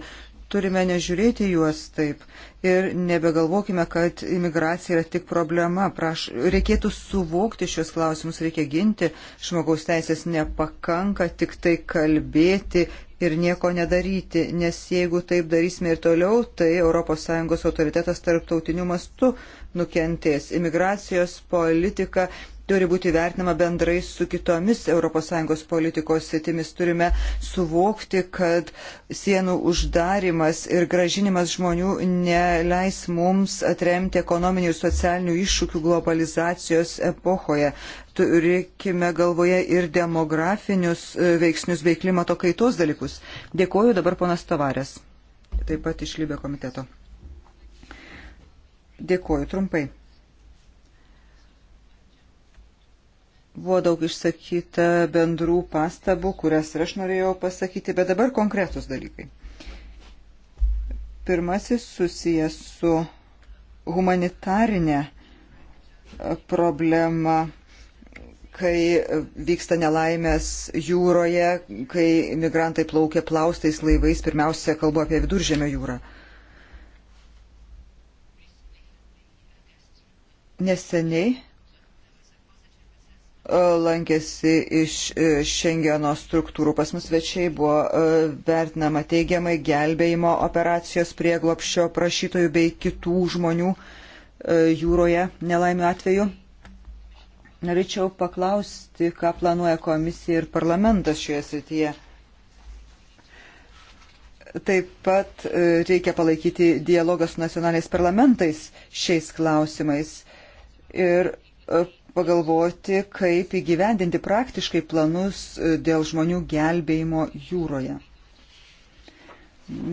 Turime nežiūrėti juos taip ir nebegalvokime, kad imigracija yra tik problema. Praš, reikėtų suvokti šios klausimus, reikia ginti žmogaus teisės, nepakanka tik tai kalbėti ir nieko nedaryti, nes jeigu taip darysime ir toliau, tai ES autoritetas tarptautiniu mastu nukentės. Imigracijos politika turi būti vertinama bendrai su kitomis ES politikos sėtimis. Turime suvokti, kad sienų uždarimas ir gražinimas žmonių neleis mums atremti ekonominių ir socialinių iššūkių globalizacijos epochoje. Turėkime galvoje ir demografinius e, veiksnius bei klimato kaitos dalykus. Dėkuoju dabar ponas Tavarės, taip pat iš Libė komiteto. Dėkuoju trumpai. Buvo daug išsakyta bendrų pastabų, kurias ir aš norėjau pasakyti, bet dabar konkretus dalykai. Pirmasis susijęs su humanitarinė problema kai vyksta nelaimės jūroje, kai migrantai plaukia plaustais laivais, pirmiausia, kalbu apie viduržėmio jūrą. Neseniai lankėsi iš e, Šengeno struktūrų. Pas mus svečiai buvo e, vertinama teigiamai gelbėjimo operacijos prieglopščio prašytojų bei kitų žmonių e, jūroje nelaimių atveju. Norėčiau paklausti, ką planuoja komisija ir parlamentas šioje srityje. Taip pat reikia palaikyti dialogą su nacionaliais parlamentais šiais klausimais ir pagalvoti, kaip įgyvendinti praktiškai planus e, dėl žmonių gelbėjimo jūroje.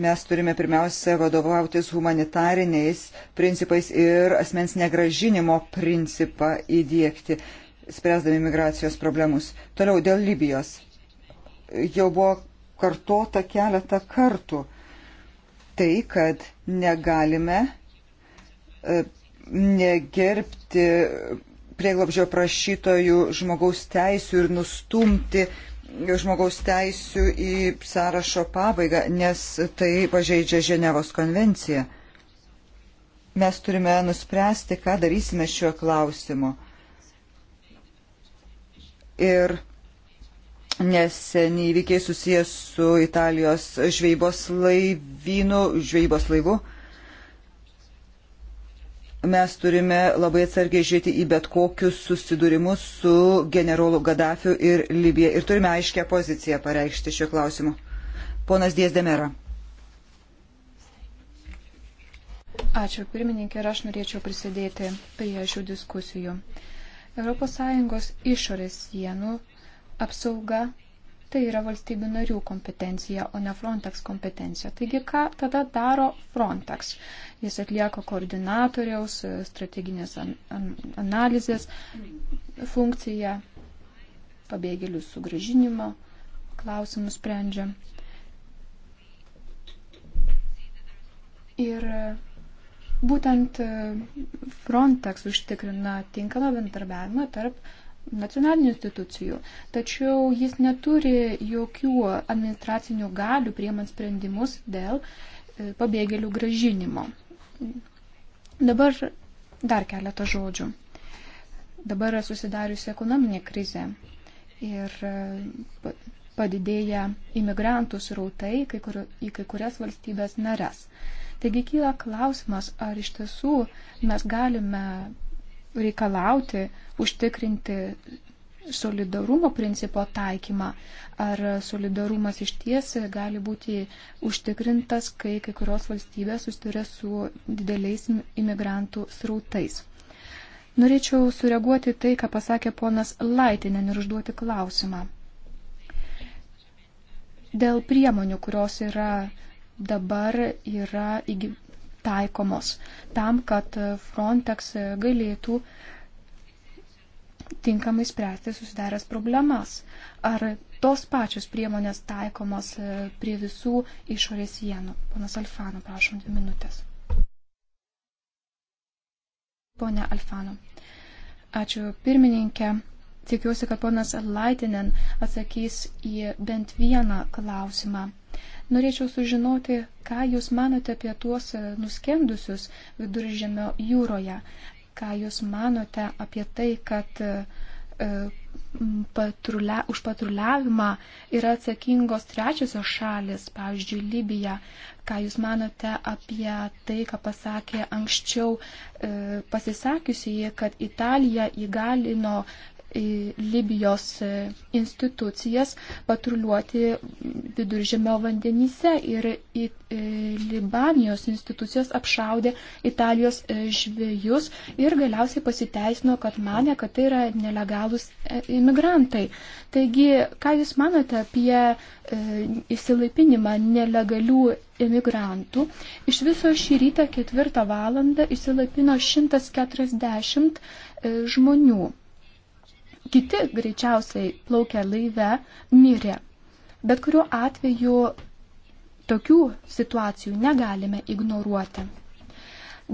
Mes turime pirmiausia vadovautis humanitariniais principais ir asmens negražinimo principą įdėkti, spręsdami migracijos problemus. Toliau dėl Libijos. Jau buvo kartota keletą kartų tai, kad negalime e, negerbti prieglobžio prašytojų žmogaus teisų ir nustumti žmogaus teisų į sąrašo pabaigą, nes tai pažeidžia Ženevos konvenciją. Mes turime nuspręsti, ką darysime šiuo klausimu. Ir neseniai įvykiai susijęs su Italijos žvejybos laivynu, žvejybos laivu mes turime labai atsargiai žiūrėti į bet kokius susidūrimus su generolu Gaddafiu ir Libija. Ir turime aiškę poziciją pareikšti šiuo klausimu. Ponas Diezdemera. Ačiū, pirmininkė, ir aš norėčiau prisidėti prie šių diskusijų. ES išorės sienų apsauga tai yra valstybių narių kompetencija, o ne Frontex kompetencija. Taigi, ką tada daro Frontex? Jis atlieka koordinatoriaus, e, strateginės analizės funkciją, pabėgėlių sugražinimo klausimus sprendžia. Ir e, būtent e, Frontex užtikrina tinkamą bendarbiavimą tarp nacionalinių institucijų, tačiau jis neturi jokių administracinių galių priemant sprendimus dėl e, pabėgėlių gražinimo. Dabar dar keletą žodžių. Dabar yra susidariusi ekonominė krizė ir e, padidėja imigrantų srautai kai kurio, į kai kurias valstybės nares. Taigi kyla klausimas, ar iš tiesų mes galime reikalauti, užtikrinti solidarumo principo taikymą, ar solidarumas iš ties gali būti užtikrintas, kai kai kurios valstybės susiduria su dideliais imigrantų srautais. Norėčiau sureaguoti tai, ką pasakė ponas Laitinen ir užduoti klausimą. Dėl priemonių, kurios yra dabar yra įgyvendinamos taikomos tam, kad Frontex galėtų tinkamai spręsti susidaręs problemas. Ar tos pačios priemonės taikomos prie visų išorės sienų? Ponas Alfano, prašom, dvi minutės. Pone Alfano, ačiū pirmininkė. Tikiuosi, kad ponas Laitinen atsakys į bent vieną klausimą Norėčiau sužinoti, ką Jūs manote apie tuos e, nuskendusius viduržėmio jūroje. Ką Jūs manote apie tai, kad e, e, patrulia, už patruliavimą yra atsakingos trečiosios šalis, pavyzdžiui, Libija. Ką Jūs manote apie tai, ką pasakė anksčiau e, pasisakiusieji, kad Italija įgalino Libijos e, institucijas patruliuoti viduržėmio vandenyse ir e, Libanijos institucijos apšaudė Italijos e, žvėjus ir galiausiai pasiteisino, kad mane, kad tai yra nelegalus imigrantai. Taigi, ką Jūs manote apie įsilaipinimą nelegalių imigrantų? Iš viso šį rytą ketvirtą valandą įsilaipino 140 žmonių kiti greičiausiai plaukę laive mirė. Bet kuriuo atveju tokių situacijų negalime ignoruoti.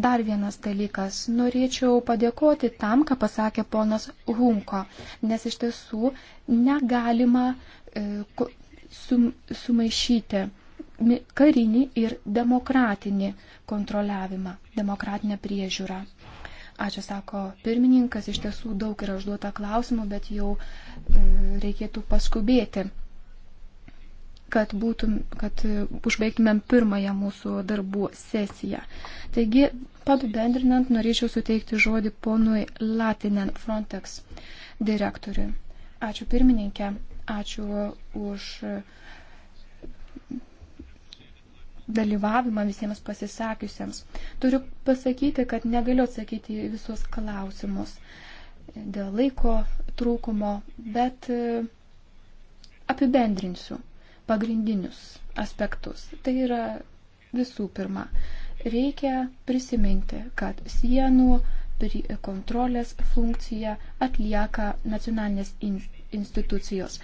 Dar vienas dalykas. Norėčiau padėkoti tam, ką pasakė ponas Hunko, nes iš tiesų negalima e, sum, sumaišyti karinį ir demokratinį kontroliavimą, demokratinę priežiūrą. Ačiū, sako pirmininkas, iš tiesų daug yra užduota klausimų, bet jau e, reikėtų paskubėti, kad, būtum, kad e, užbaigtumėm pirmąją mūsų darbų sesiją. Taigi, padubendrinant, norėčiau suteikti žodį ponui Latinen Frontex direktoriui. Ačiū pirmininkė, ačiū už dalyvavimą visiems pasisakiusiems. Turiu pasakyti, kad negaliu atsakyti į visus klausimus dėl laiko trūkumo, bet e, apibendrinsiu pagrindinius aspektus. Tai yra visų pirma, reikia prisiminti, kad sienų kontrolės funkciją atlieka nacionalinės institucijos institucijos.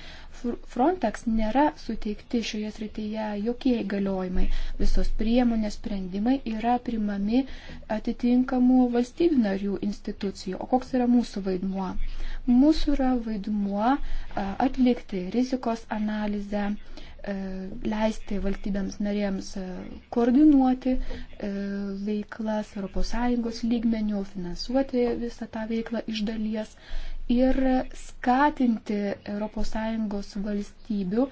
Frontex nėra suteikti šioje srityje jokie įgaliojimai. Visos priemonės sprendimai yra primami atitinkamų valstybių narių institucijų. O koks yra mūsų vaidmuo? Mūsų yra vaidmuo atlikti rizikos analizę, e, leisti valstybėms narėms e, koordinuoti e, veiklas ES lygmenių, finansuoti visą tą veiklą iš dalies ir skatinti ES valstybių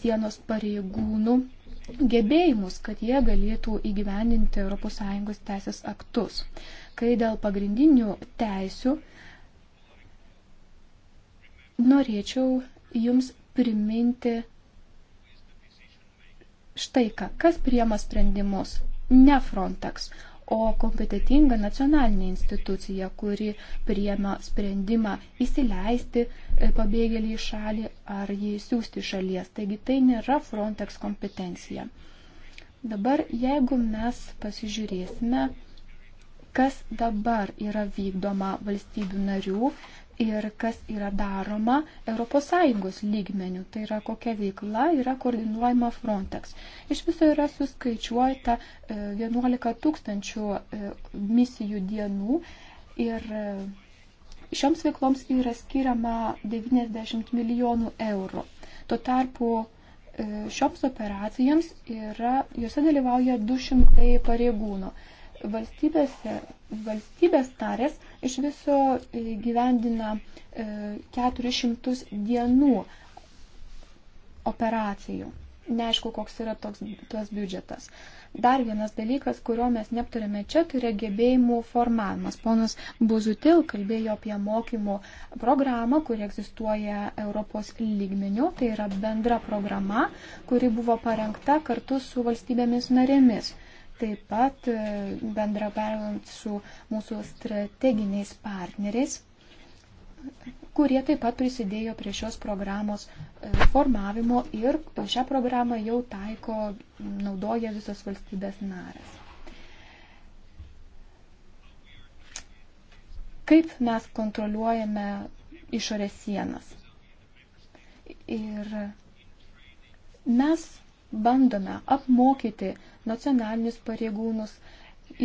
sienos pareigūnų gebėjimus, kad jie galėtų įgyvendinti ES teisės aktus. Kai dėl pagrindinių teisių norėčiau Jums priminti štai ką, kas priema sprendimus, ne Frontex, o kompetitinga nacionalinė institucija, kuri priema sprendimą įsileisti e, pabėgėlį į šalį ar jį siūsti iš šalies. Taigi tai nėra Frontex kompetencija. Dabar, jeigu mes pasižiūrėsime, kas dabar yra vykdoma valstybių narių, ir kas yra daroma ES lygmenių, tai yra kokia veikla yra koordinuojama Frontex. Iš viso yra suskaičiuota 11 e, tūkstančių e, misijų dienų ir e, šioms veikloms yra skiriama 90 milijonų eurų. Tuo tarpu šioms operacijoms yra, juose dalyvauja 200 pareigūnų. Valstybės, valstybės tarės iš viso gyvendina 400 e, dienų operacijų. Neaišku, koks yra toks, tos biudžetas. Dar vienas dalykas, kurio mes neaptarėme čia, tai yra gebėjimų formavimas. Ponas Buzutil kalbėjo apie mokymų programą, kuri egzistuoja Europos lygmeniu. Tai yra bendra programa, kuri buvo parengta kartu su valstybėmis narėmis taip pat e, bendrabiavant su mūsų strateginiais partneriais, kurie taip pat prisidėjo prie šios programos e, formavimo ir šią programą jau taiko, naudoja visos valstybės narės. Kaip mes kontroliuojame išorės sienas? Ir mes bandome apmokyti uh, nacionalinius pareigūnus,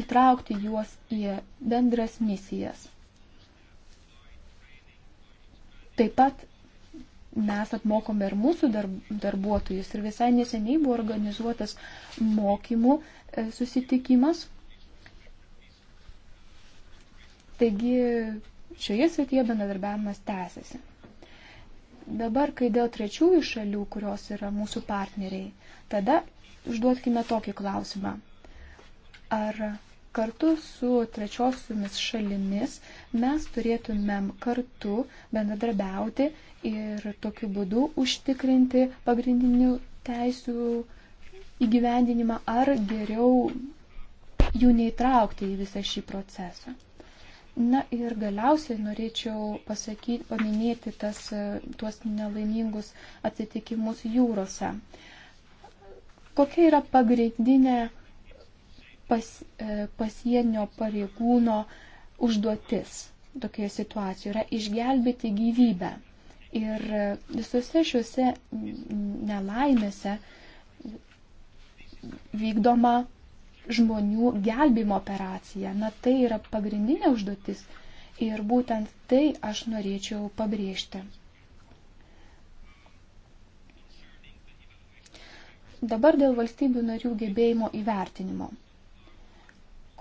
įtraukti juos į bendras misijas. Taip pat mes atmokome ir mūsų darbuotojus ir visai neseniai buvo organizuotas mokymų e, susitikimas. Taigi šioje srityje bendradarbiavimas tęsiasi. Dabar, kai dėl trečiųjų šalių, kurios yra mūsų partneriai, tada užduokime tokį klausimą. Ar kartu su trečiosiomis šalimis mes turėtumėm kartu bendradarbiauti ir tokiu būdu užtikrinti pagrindinių teisių įgyvendinimą ar geriau jų neįtraukti į visą šį procesą. Na ir galiausiai norėčiau pasakyti, paminėti tas, tuos nelaimingus atsitikimus jūrose. Uh, Kokia yra pagrindinė pas, e, pasienio pareigūno užduotis tokioje situacijoje? Yra išgelbėti gyvybę. Ir visose šiuose nelaimėse vykdoma žmonių gelbimo operacija. Na tai yra pagrindinė užduotis ir būtent tai aš norėčiau pabrėžti. Dabar dėl valstybių narių gebėjimo įvertinimo.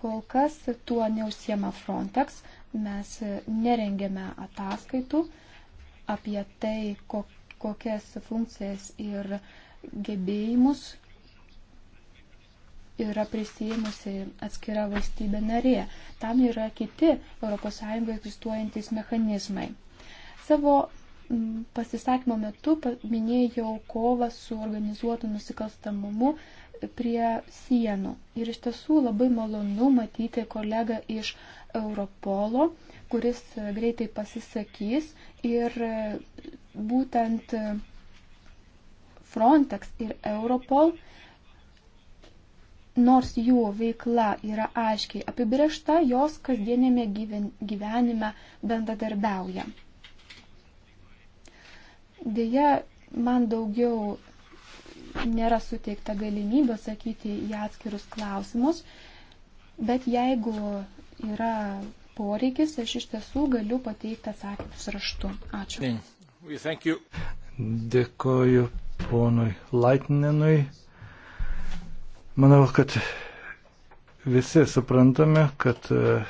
Kol kas tuo neužsiema Frontex, mes nerengėme ataskaitų apie tai, kokias funkcijas ir gebėjimus yra prisėjimusi atskira valstybė narė. Tam yra kiti ES egzistuojantis mechanizmai. Savo pasisakymo metu minėjau kovą su organizuotu nusikalstamumu prie sienų. Ir iš tiesų labai malonu matyti kolegą iš Europolo, kuris greitai pasisakys ir būtent Frontex ir Europol, nors jų veikla yra aiškiai apibriešta, jos kasdienėme gyvenime bendradarbiauja. Deja, man daugiau nėra suteikta galimybė sakyti į atskirus klausimus, bet jeigu yra poreikis, aš iš tiesų galiu pateikti atsakymus raštu. Ačiū. Dėkoju ponui Laitinenui. Manau, kad visi suprantame, kad e,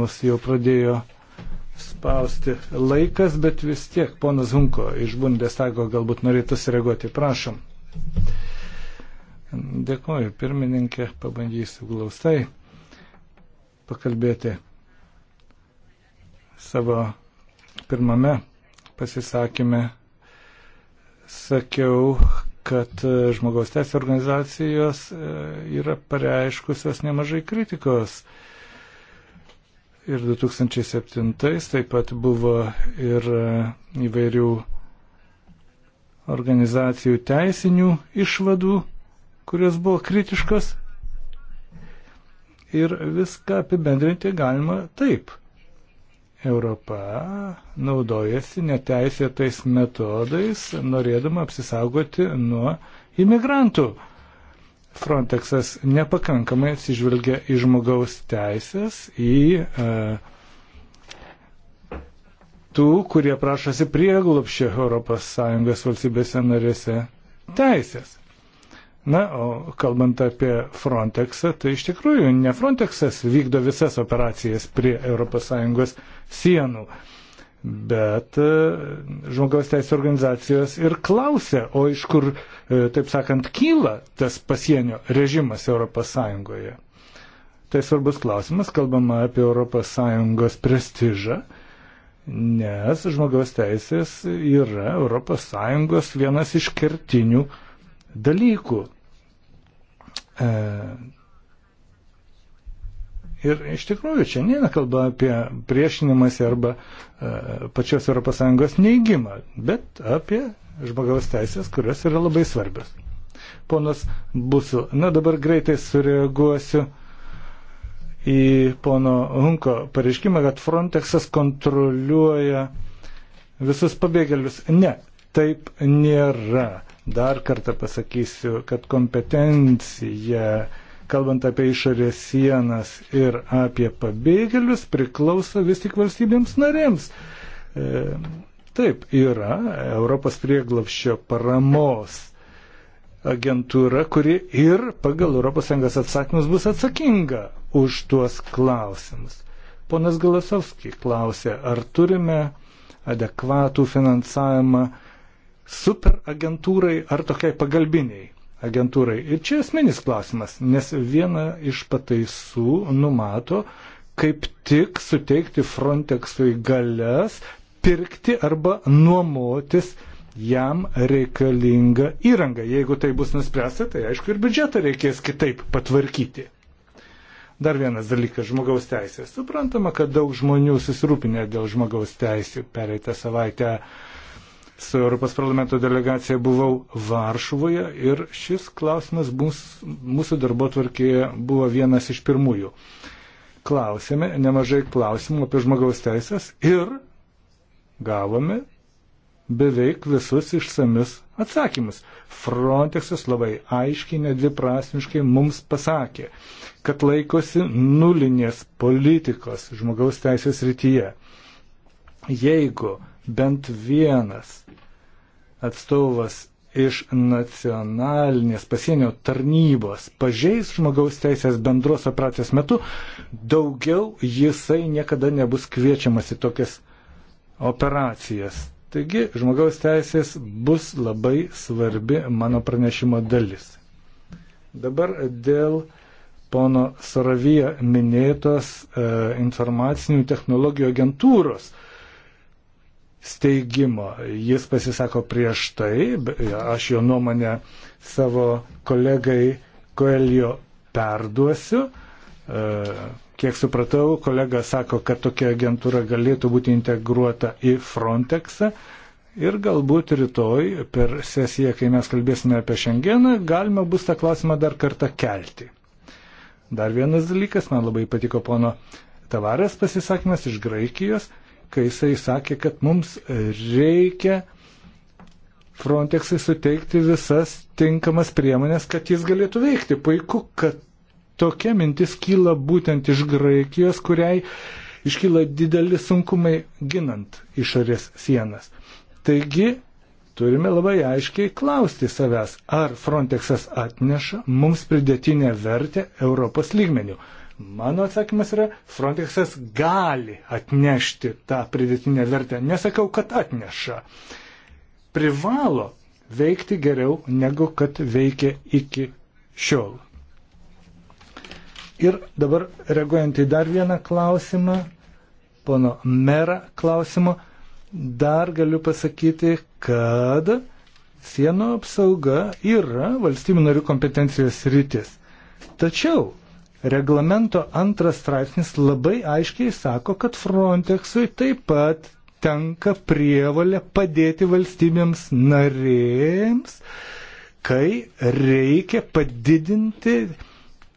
mus jau pradėjo spausti laikas, bet vis tiek ponas Hunko iš Bundestago galbūt norėtų sureaguoti. Prašom. Dėkuoju, pirmininkė, pabandysiu glaustai pakalbėti savo pirmame pasisakymė. Sakiau, kad žmogaus teisės organizacijos e, yra pareiškusios nemažai kritikos uh, ir 2007 taip pat buvo ir e, įvairių organizacijų teisinių išvadų, kurios buvo kritiškos. Ir viską apibendrinti galima taip. Europa naudojasi neteisėtais metodais, norėdama apsisaugoti nuo imigrantų Frontexas nepakankamai atsižvelgia į žmogaus teisės, į e, tų, kurie prašosi prieglopščio ES valstybėse narėse teisės. Na, o kalbant apie Frontexą, tai iš tikrųjų ne Frontexas vykdo visas operacijas prie ES sienų. E, Bet e, žmogaus teisų organizacijos ir klausė, o iš kur, e, taip sakant, kyla tas pasienio režimas ES. Tai svarbus klausimas, kalbama apie ES prestižą, nes žmogaus teisės yra ES vienas iš kertinių dalykų. E, Ir iš tikrųjų čia nėra kalba apie priešinimąsi arba e, pačios ES neįgymą, bet apie žmogaus teisės, kurios yra labai svarbios. Ponas Busu, na dabar greitai sureaguosiu į pono Hunko pareiškimą, kad Frontexas kontroliuoja visus pabėgėlius. Ne, taip nėra. Dar kartą pasakysiu, kad kompetencija kalbant apie išorės sienas ir apie pabėgėlius, priklauso vis tik valstybėms narėms. E, taip, yra Europos prieglapščio paramos agentūra, kuri ir pagal ES atsakymus bus atsakinga už tuos klausimus. Ponas Galasovskis klausė, ar turime adekvatų finansavimą superagentūrai ar tokiai pagalbiniai agentūrai. Ir čia esminis klausimas, nes viena iš pataisų numato kaip tik suteikti Frontexui galias pirkti arba nuomotis jam reikalingą įrangą. Jeigu tai bus nuspręsta, tai aišku ir biudžetą reikės kitaip patvarkyti. Dar vienas dalykas - žmogaus teisės. Suprantama, kad daug žmonių susirūpinę dėl žmogaus teisų. Pereitą savaitę uh, su Europos parlamento delegacija buvau Varšuvoje ir šis klausimas bus, mūsų darbo tvarkėje buvo vienas iš pirmųjų. Klausėme nemažai klausimų apie žmogaus teisės ir gavome beveik visus išsamius atsakymus. Frontexas labai aiškiai, nedviprasmiškai mums pasakė, kad laikosi nulinės politikos žmogaus teisės rytyje. Jeigu bent vienas atstovas iš nacionalinės pasienio tarnybos pažeis žmogaus teisės bendros operacijos metu, daugiau jisai niekada nebus kviečiamas į tokias operacijas. Taigi žmogaus teisės bus labai svarbi mano pranešimo dalis. Dabar dėl pono Saravyje minėtos e, informacinių technologijų agentūros. E, steigimo. Jis pasisako prieš tai, aš jo nuomonę savo kolegai Koelio perduosiu. E, kiek supratau, kolega sako, kad tokia agentūra galėtų būti integruota į Frontexą. Ir galbūt rytoj per sesiją, kai mes kalbėsime apie šiandieną, galima bus tą klausimą dar kartą kelti. Dar vienas dalykas, man labai patiko pono Tavarės pasisakymas iš Graikijos. Uh, kai jisai sakė, kad mums reikia Frontexui suteikti visas tinkamas priemonės, kad jis galėtų veikti. Puiku, kad tokia mintis kyla būtent iš Graikijos, kuriai iškyla dideli sunkumai ginant išorės sienas. Taigi, turime labai aiškiai klausti savęs, ar Frontexas atneša mums pridėtinę vertę Europos lygmenių. Mano atsakymas yra, Frontexas gali atnešti tą pridėtinę vertę. Nesakau, kad atneša. Privalo veikti geriau, negu kad veikia iki šiol. Ir dabar reaguojant į dar vieną klausimą, pono mera klausimo, dar galiu pasakyti, kad sienų apsauga yra valstybių narių kompetencijos rytis. Tačiau Reglamento antras straipsnis labai aiškiai sako, kad Frontexui taip pat tenka prievalė padėti valstybėms narėms, kai reikia padidinti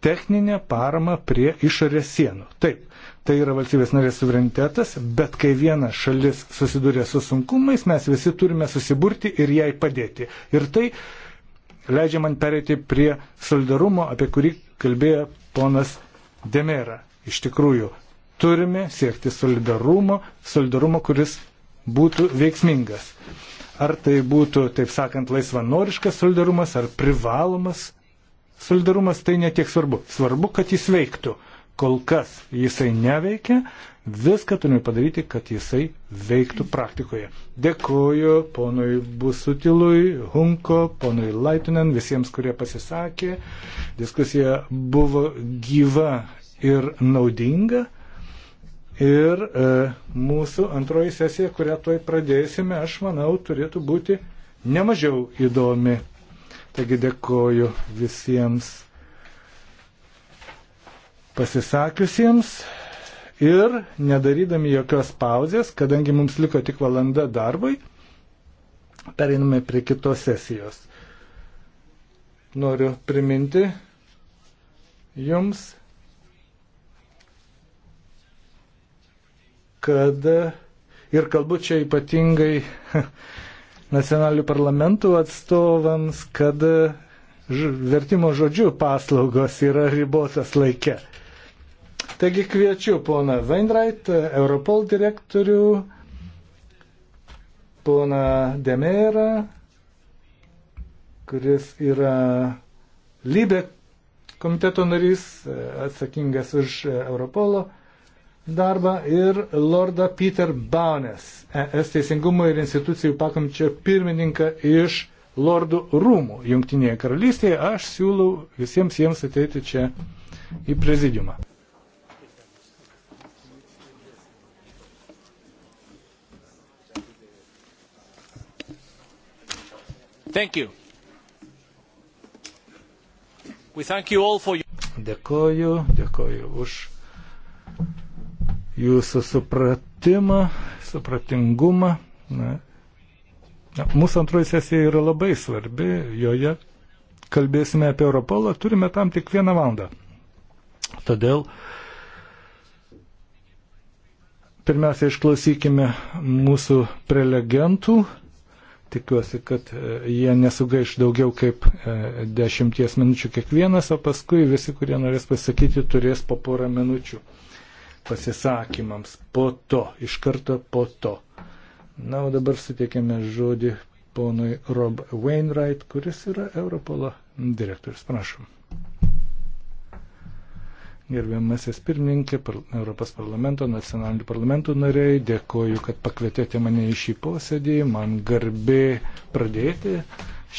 techninę paramą prie išorės sienų. Taip, tai yra valstybės narės suverenitetas, bet kai viena šalis susiduria su sunkumais, mes visi turime susiburti ir jai padėti. Ir tai leidžia man perėti prie solidarumo, apie kurį kalbėjo ponas Demera. Iš tikrųjų, turime siekti solidarumo, solidarumo, kuris būtų veiksmingas. Ar tai būtų, taip sakant, laisvanoriškas solidarumas, ar privalomas solidarumas, tai netiek svarbu. Svarbu, kad jis veiktų kol kas jisai neveikia, viską turime padaryti, kad jisai veiktų praktikoje. Dėkuoju ponui Busutilui, Hunko, ponui Laitinen, visiems, kurie pasisakė. Diskusija buvo gyva ir naudinga. Ir e, mūsų antroji sesija, kurią tuoj pradėsime, aš manau, turėtų būti nemažiau įdomi. Taigi dėkoju visiems pasisakiusiems ir nedarydami jokios pauzės, kadangi mums liko tik valanda darbui, pereiname prie kitos sesijos. Noriu priminti jums, kad ir kalbu čia ypatingai nacionalių parlamentų atstovams, kad vertimo žodžių paslaugos yra ribotas laikė. Taigi kviečiu poną Vainrait, Europol direktorių, poną Demerą, kuris yra Libė komiteto narys, atsakingas už Europolo darbą, ir Lordą Peter Baunes, ES teisingumo ir institucijų pakomčio pirmininką iš Lordų rūmų Junktinėje karalystėje. Aš siūlau visiems jiems ateiti čia į prezidiumą. Thank you. We thank you all for your... Dėkoju, dėkoju už jūsų supratimą, supratingumą. Na, na, mūsų antroji sesija yra labai svarbi, joje kalbėsime apie Europolą, turime tam tik vieną valandą. Todėl pirmiausia išklausykime mūsų prelegentų. Tikiuosi, kad e, jie nesugaiš daugiau kaip e, dešimties minučių kiekvienas, o paskui visi, kurie norės pasakyti, turės po porą minučių pasisakymams. Po to, iš karto po to. Na, o dabar suteikėme žodį ponui Rob Wainwright, kuris yra Europolo direktorius. Prašom gerbiamasis pirmininkė, Europos parlamento, nacionalinių parlamentų nariai, dėkoju, kad pakvietėte mane į šį posėdį, man garbė pradėti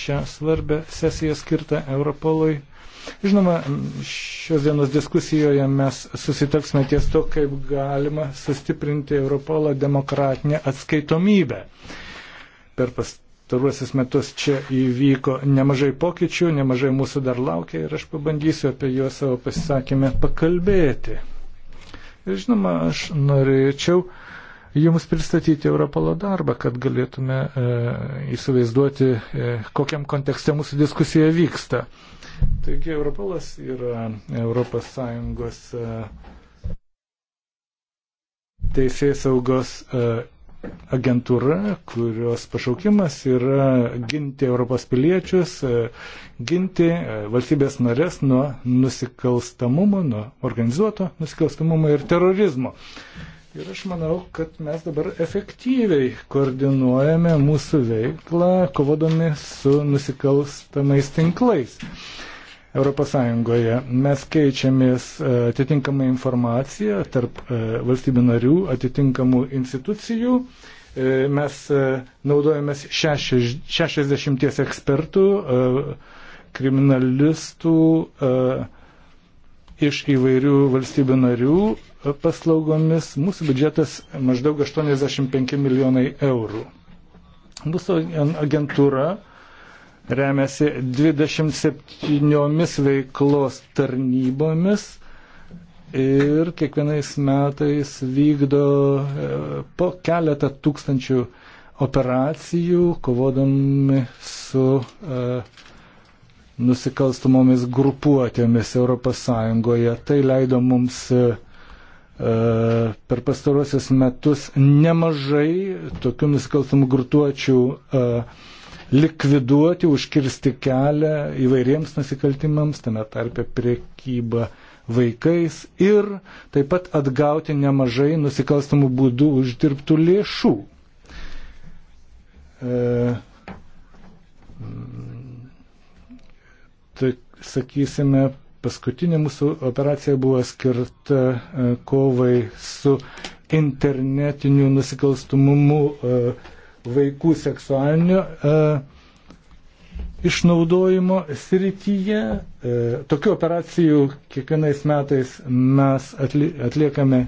šią svarbę sesiją skirtą Europolui. Žinoma, šios dienos diskusijoje mes susitelksime ties to, kaip galima sustiprinti Europolą demokratinę atskaitomybę. Per pastaruosius pastaruosius metus čia įvyko nemažai pokyčių, nemažai mūsų dar laukia ir aš pabandysiu apie juos savo pasisakymę pakalbėti. Ir žinoma, aš norėčiau jums pristatyti Europolo darbą, kad galėtume e, įsivaizduoti, e, kokiam kontekste mūsų diskusija vyksta. Taigi Europolas yra ES e, teisės saugos e, agentūra, kurios pašaukimas yra ginti Europos piliečius, e, ginti e, valstybės narės nuo nusikalstamumo, nuo organizuoto nusikalstamumo ir terorizmo. Ir aš manau, kad mes dabar efektyviai koordinuojame mūsų veiklą, kovodami su nusikalstamais tinklais. ES. Mes keičiamės e, atitinkamą informaciją tarp e, valstybių narių atitinkamų institucijų. E, mes naudojamės 60 ekspertų, kriminalistų iš įvairių valstybių narių paslaugomis. Mūsų biudžetas maždaug 85 milijonai eurų. Mūsų agentūra remiasi 27 veiklos tarnybomis ir kiekvienais metais vykdo e, po keletą tūkstančių operacijų, kovodami su uh, nusikalstamomis grupuotėmis ES. Tai leido mums e, per pastarosius metus nemažai tokių nusikalstamų grupuočių uh, likviduoti, užkirsti kelią įvairiems nusikaltimams, tame tarpe priekyba vaikais ir taip pat atgauti nemažai nusikalstamų būdų uždirbtų lėšų. E, tai, sakysime, paskutinė mūsų operacija buvo skirta e, kovai su internetiniu nusikalstumumu. E, vaikų seksualinio e, išnaudojimo srityje. E, tokių operacijų kiekvienais metais mes atliekame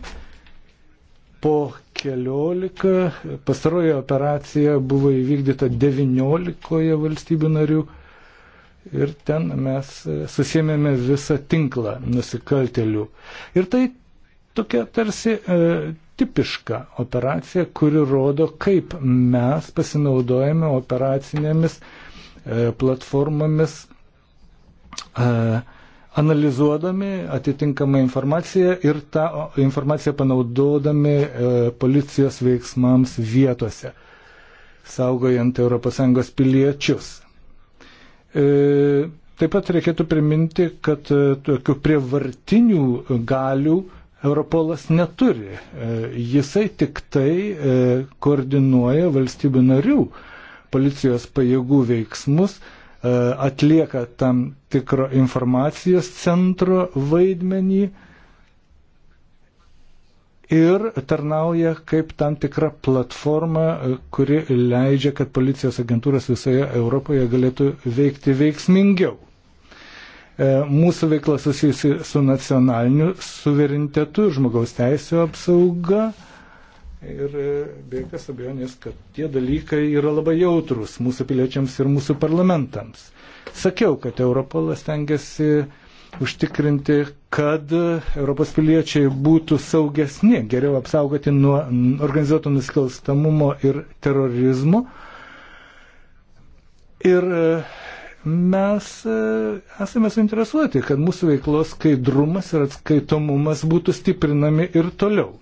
po keliolika. Pastaroji operacija buvo įvykdyta 19 valstybių narių. Ir ten mes e, susėmėme visą tinklą nusikaltelių. Ir tai tokia tarsi e, tipiška operacija, kuri rodo, kaip mes pasinaudojame operacinėmis e, platformomis, e, analizuodami atitinkamą informaciją ir tą informaciją panaudodami e, policijos veiksmams vietose, saugojant ES piliečius. Taip pat reikėtų priminti, kad tokių prievartinių galių Europolas neturi. E, jisai tik tai e, koordinuoja valstybių narių policijos pajėgų veiksmus, e, atlieka tam tikro informacijos centro vaidmenį ir tarnauja kaip tam tikra platforma, kuri leidžia, kad policijos agentūros visoje Europoje galėtų veikti veiksmingiau. E, mūsų veikla susijusi su nacionaliniu suverenitetu, žmogaus teisų apsauga. Ir e, be jokios abejonės, kad tie dalykai yra labai jautrus mūsų piliečiams ir mūsų parlamentams. Sakiau, kad Europolas tengiasi užtikrinti, kad Europos piliečiai būtų saugesni, geriau apsaugoti nuo organizuoto nusikalstamumo ir terorizmo. Ir e, Mes e, esame suinteresuoti, kad mūsų veiklos skaidrumas ir atskaitomumas būtų stiprinami ir toliau.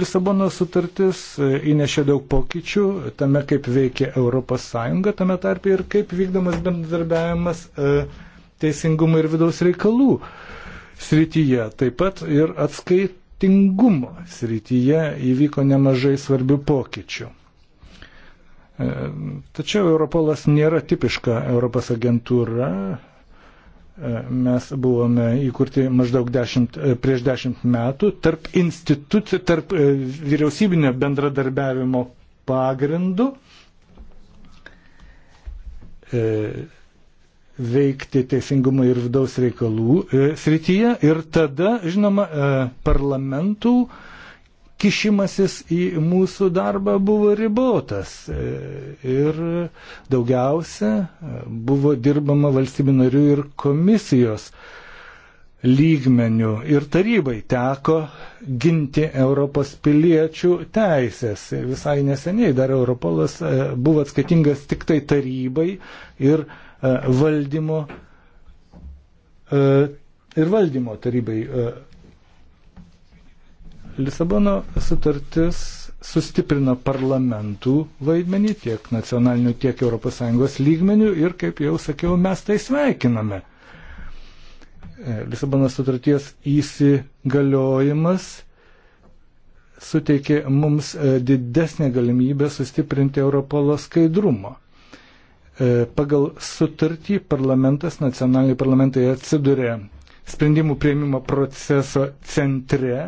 Lisabono sutartis e, įnešė daug pokyčių tame, kaip veikia ES, tame tarpe ir kaip vykdomas bendradarbiavimas e, teisingumo ir vidaus reikalų srityje, taip pat ir atskaitingumo srityje įvyko nemažai svarbių pokyčių. E, tačiau Europolas nėra tipiška Europos agentūra. E, mes buvome įkurti maždaug dešimt, e, prieš dešimt metų tarp institucijų, tarp vyriausybinio bendradarbiavimo pagrindų veikti teisingumo ir vidaus reikalų srityje ir tada, žinoma, parlamentų kišimasis į mūsų darbą buvo ribotas e, ir daugiausia e, buvo dirbama valstybių narių ir komisijos lygmenių ir tarybai teko ginti Europos piliečių teisės. Visai neseniai dar Europolas e, buvo atskaitingas tik tai tarybai ir valdymo, ir valdymo tarybai Lisabono sutartis sustiprina parlamentų vaidmenį tiek nacionalinių, tiek ES lygmenių ir, kaip jau sakiau, mes tai sveikiname. E, Lisabono sutarties įsigaliojimas suteikė mums e, didesnę galimybę sustiprinti Europolo skaidrumą. E, Pagal sutartį parlamentas, nacionaliniai parlamentai atsiduria sprendimų prieimimo proceso centre,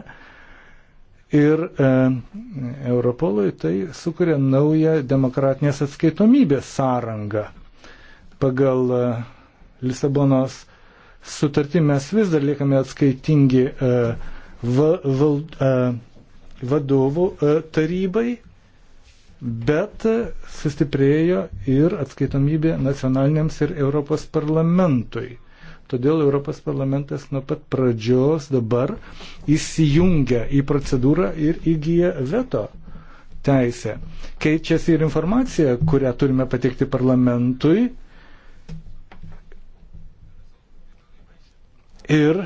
Ir e, Europolui tai sukuria naują demokratinės atskaitomybės sąrangą. Pagal e, Lisabonos sutartį mes vis dar liekame atskaitingi e, va, val, e, vadovų e, tarybai, bet sustiprėjo ir atskaitomybė nacionaliniams ir Europos parlamentui. Todėl Europos parlamentas nuo pat pradžios dabar įsijungia į procedūrą ir įgyja veto teisę. Keičiasi ir informacija, kurią turime patikti parlamentui. Ir,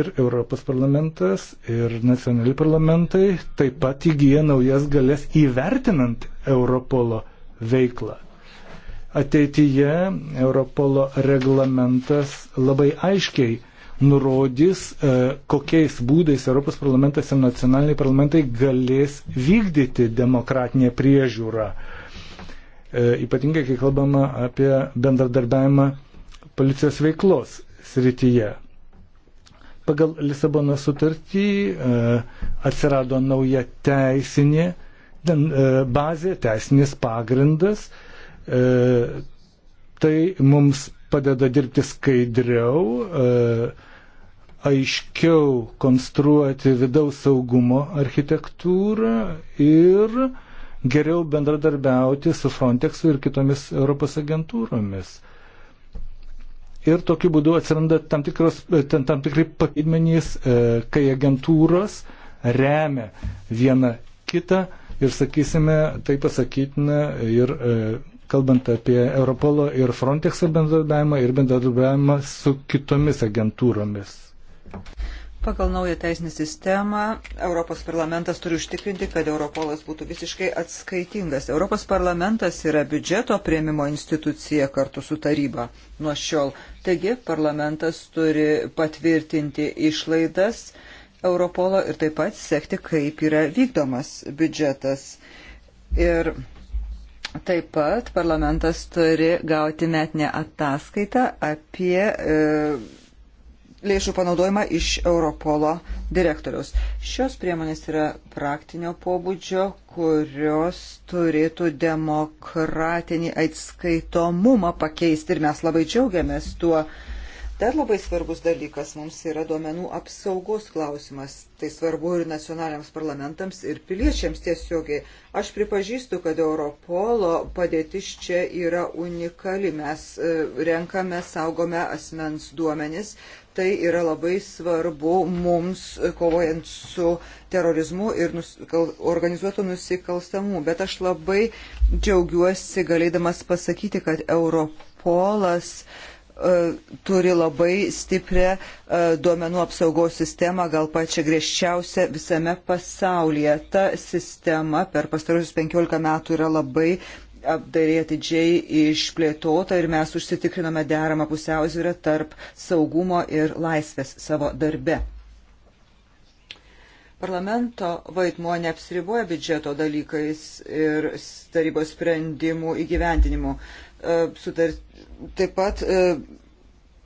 ir Europos parlamentas, ir nacionaliai parlamentai taip pat įgyja naujas galės įvertinant Europolo veiklą. Ateityje Europolo reglamentas labai aiškiai nurodys, e, kokiais būdais Europos parlamentas ir nacionaliniai parlamentai galės vykdyti demokratinę priežiūrą. E, ypatingai, kai kalbama apie bendradarbiavimą policijos veiklos srityje. Pagal Lisabono sutartį e, atsirado nauja teisinė bazė, teisinis pagrindas, E, tai mums padeda dirbti skaidriau, e, aiškiau konstruoti vidaus saugumo architektūrą ir geriau bendradarbiauti su Frontexu ir kitomis Europos agentūromis. Ir tokiu būdu atsiranda tam, tikros, e, tam, tam tikrai papidmenys, kai agentūros remia vieną kitą ir, sakysime, tai pasakytina ir kalbant apie Europolo ir Frontexo bendradarbiavimą ir bendradarbiavimą su kitomis agentūromis. Pagal naują teisinę sistemą Europos parlamentas turi užtikrinti, kad Europolas būtų visiškai atskaitingas. Europos parlamentas yra biudžeto prieimimo institucija kartu su taryba nuo šiol. Taigi parlamentas turi patvirtinti išlaidas Europolo ir taip pat sekti, kaip yra vykdomas biudžetas. Ir Taip pat parlamentas turi gauti metinę ataskaitą apie e, lėšų panaudojimą iš Europolo direktoriaus. Šios priemonės yra praktinio pobūdžio, kurios turėtų demokratinį atskaitomumą pakeisti ir mes labai džiaugiamės tuo. E, Dar labai svarbus dalykas mums yra duomenų apsaugos klausimas. Tai svarbu ir nacionaliams parlamentams, ir piliečiams tiesiogiai. Aš pripažįstu, kad Europolo padėtis čia yra unikali. Mes e, renkame, saugome asmens duomenis. Tai yra labai svarbu mums e, kovojant su terorizmu ir nusikal, organizuotų nusikalstamų. Bet aš labai džiaugiuosi galėdamas pasakyti, kad Europolas. Uh, E, turi labai stiprią e, duomenų apsaugos sistemą, gal pačią griežčiausią visame pasaulyje. Ta sistema per pastarusius 15 metų yra labai apdarė atidžiai išplėtota ir mes užsitikrinome deramą pusiausvyrą tarp saugumo ir laisvės savo darbe. Parlamento vaidmuo neapsiriboja biudžeto dalykais ir tarybos sprendimų įgyventinimu. E, Sutart Taip pat e,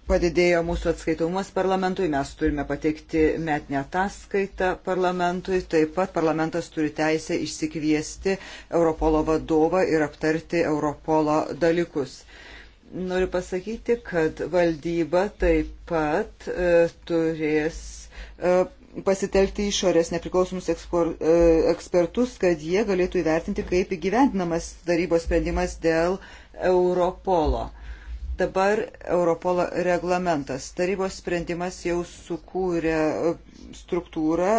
padidėjo mūsų atskaitomumas parlamentui, mes turime pateikti metinę ataskaitą parlamentui, taip pat parlamentas turi teisę išsikviesti Europolo vadovą ir aptarti Europolo dalykus. Noriu pasakyti, kad valdyba taip pat e, turės e, pasitelkti išorės nepriklausomus ekspor, e, ekspertus, kad jie galėtų įvertinti, kaip įgyvendinamas darybos sprendimas dėl Europolo. E, Dabar Europolo reglamentas. Tarybos sprendimas jau sukūrė e, struktūrą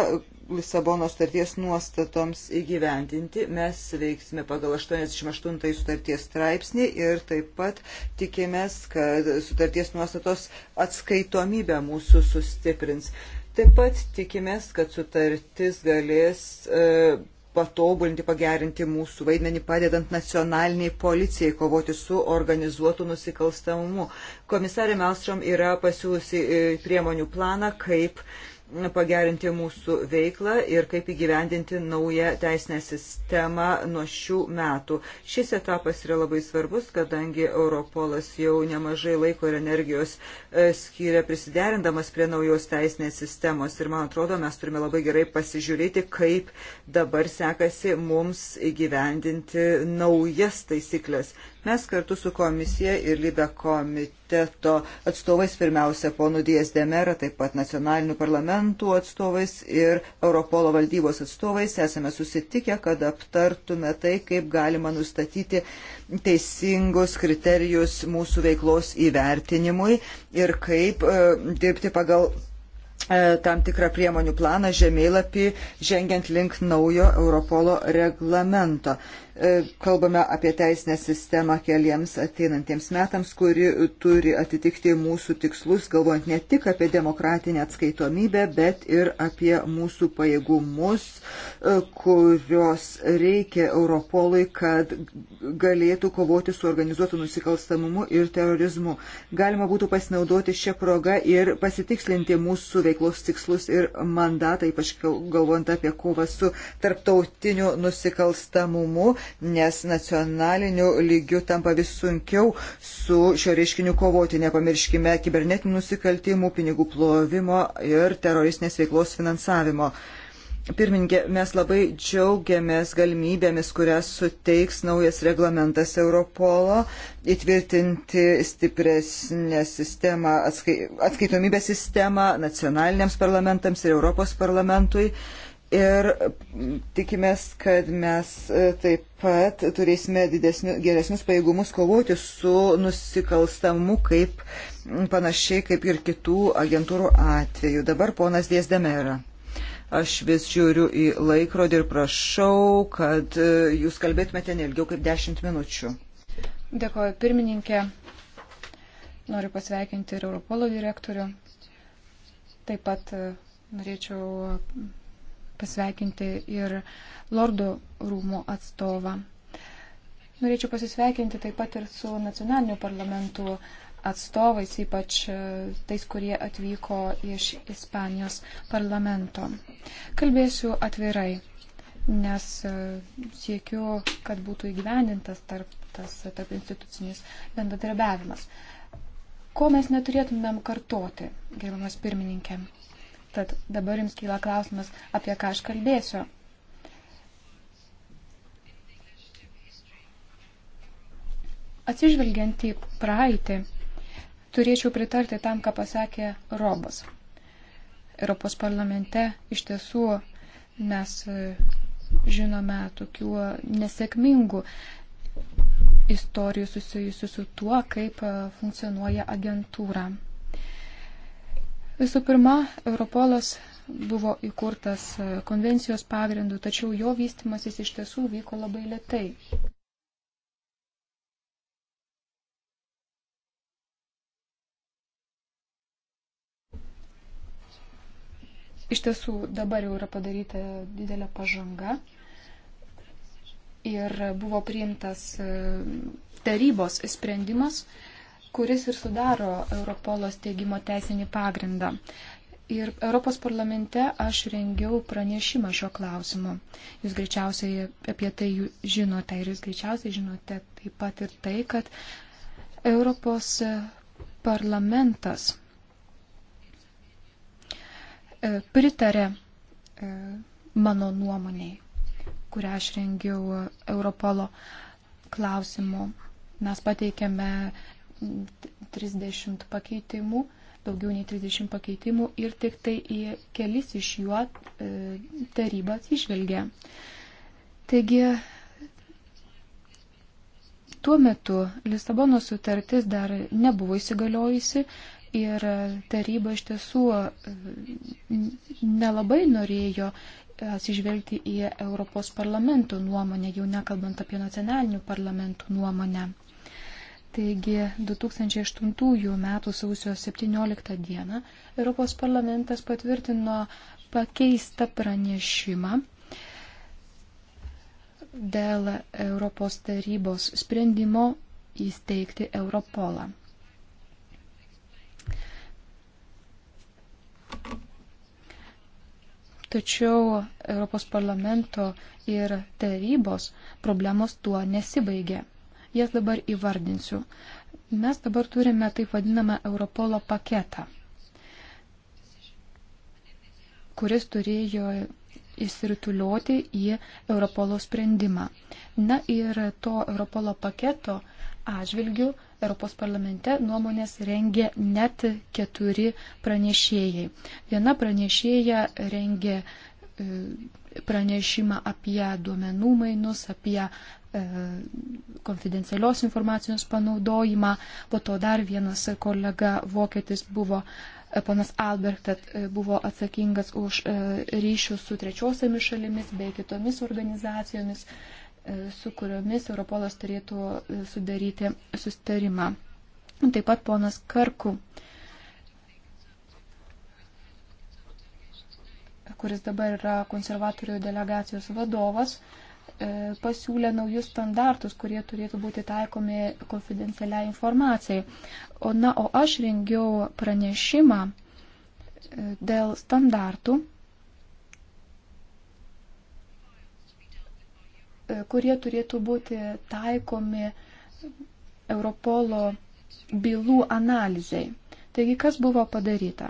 Lisabono starties nuostatoms įgyvendinti. Mes veiksime pagal 88 sutarties straipsnį ir taip pat tikimės, kad sutarties nuostatos atskaitomybę mūsų sustiprins. Taip pat tikimės, kad sutartis galės e, patobulinti, pagerinti mūsų vaidmenį, padedant nacionaliniai policijai kovoti su organizuotu nusikalstamumu. Komisarė Melstrom yra pasiūlusi e, priemonių planą, kaip uh, pagerinti mūsų veiklą ir kaip įgyvendinti naują teisinę sistemą nuo šių metų. Šis etapas yra labai svarbus, kadangi Europolas jau nemažai laiko ir energijos e, skiria prisiderindamas prie naujos teisinės sistemos ir man atrodo, mes turime labai gerai pasižiūrėti, kaip dabar sekasi mums įgyvendinti naujas taisyklės. Mes kartu su komisija ir Libe komiteto atstovais, pirmiausia, ponų Dijas Demera, taip pat nacionalinių parlamentų atstovais ir Europolo valdybos atstovais esame susitikę, kad aptartume tai, kaip galima nustatyti teisingus kriterijus mūsų veiklos įvertinimui ir kaip e, dirbti pagal e, tam tikrą priemonių planą žemėlapį, žengiant link naujo Europolo reglamento. E, kalbame apie teisinę sistemą keliems ateinantiems metams, kuri turi atitikti mūsų tikslus, galvojant ne tik apie demokratinę atskaitomybę, bet ir apie mūsų pajėgumus, e, kurios reikia Europolui, kad galėtų kovoti su organizuotu nusikalstamumu ir terorizmu. Galima būtų pasinaudoti šią progą ir pasitikslinti mūsų veiklos tikslus ir mandatą, ypač galvojant apie kovą su tarptautiniu nusikalstamumu nes nacionaliniu lygiu tampa vis sunkiau su šio reiškiniu kovoti. Nepamirškime kibernetinių nusikaltimų, pinigų plovimo ir teroristinės veiklos finansavimo. Pirmininkė, mes labai džiaugiamės galimybėmis, kurias suteiks naujas reglamentas Europolo įtvirtinti stipresnę sistemą, atskaitomybę sistemą nacionaliniams parlamentams ir Europos parlamentui. Uh, Ir tikimės, kad mes e, taip pat turėsime didesnių, geresnius pajėgumus kovoti su nusikalstamu, kaip panašiai kaip ir kitų agentūrų atveju. Dabar ponas Dėsdemera. Aš vis žiūriu į laikrodį ir prašau, kad e, jūs kalbėtumėte nelgiau kaip 10 minučių. Dėkoju pirmininkė. Noriu pasveikinti ir Europolo direktorių. Taip pat e, norėčiau pasveikinti ir Lordų rūmų atstovą. Norėčiau pasisveikinti taip pat ir su nacionaliniu parlamentu atstovais, ypač e, tais, kurie atvyko iš Ispanijos parlamento. Kalbėsiu atvirai, nes e, siekiu, kad būtų įgyvendintas tarp, tas, tarp institucinis bendradarbiavimas. Ko mes neturėtumėm kartoti, gerbamas pirmininkė? Tad dabar jums kyla klausimas, apie ką aš kalbėsiu. Atsižvelgiant į praeitį, turėčiau pritarti tam, ką pasakė Robas. Europos parlamente iš tiesų mes e, žinome tokių e, nesėkmingų istorijų susijusių su tuo, kaip e, funkcionuoja agentūra. Visų pirma, Europolas buvo įkurtas e, konvencijos pagrindu, tačiau jo vystimasis iš tiesų vyko labai lietai. Iš tiesų dabar jau yra padaryta didelė pažanga ir buvo priimtas e, tarybos sprendimas, kuris ir sudaro Europolo steigimo teisinį pagrindą. Ir Europos parlamente aš rengiau pranešimą šio klausimu. Jūs greičiausiai apie tai žinote ir jūs greičiausiai žinote taip pat ir tai, kad Europos parlamentas e, pritarė e, mano nuomoniai, kurią aš rengiau Europolo klausimu. Mes pateikėme 30 pakeitimų, daugiau nei 30 pakeitimų ir tik tai į kelis iš juo e, taryba atsižvelgia. Taigi, tuo metu Lisabono sutartis dar nebuvo įsigaliojusi ir taryba iš tiesų e, nelabai norėjo atsižvelgti į Europos parlamento nuomonę, jau nekalbant apie nacionalinių parlamentų nuomonę. Taigi 2008 m. sausio 17 d. Europos parlamentas patvirtino pakeistą pranešimą dėl Europos tarybos sprendimo įsteigti Europolą. Tačiau Europos parlamento ir tarybos problemos tuo nesibaigė jas dabar įvardinsiu. Mes dabar turime taip vadinamą Europolo paketą, kuris turėjo įsirituliuoti į Europolo sprendimą. Na ir to Europolo paketo atžvilgių Europos parlamente nuomonės rengė net keturi pranešėjai. Viena pranešėja rengė e, pranešimą apie duomenų mainus, apie E, konfidencialios informacijos panaudojimą. Po to dar vienas kolega vokietis buvo, e, panas Albertat, e, buvo atsakingas už ryšius su trečiosiamis šalimis bei kitomis organizacijomis, su kuriomis Europolas turėtų sudaryti sustarimą. Taip pat ponas Karku, kuris dabar yra konservatorių delegacijos vadovas, uh, E, pasiūlė naujus standartus, kurie turėtų būti taikomi konfidencialiai informacijai. O, na, o aš rengiau pranešimą e, dėl standartų, e, kurie turėtų būti taikomi Europolo bylų analizai. Taigi, kas buvo padaryta?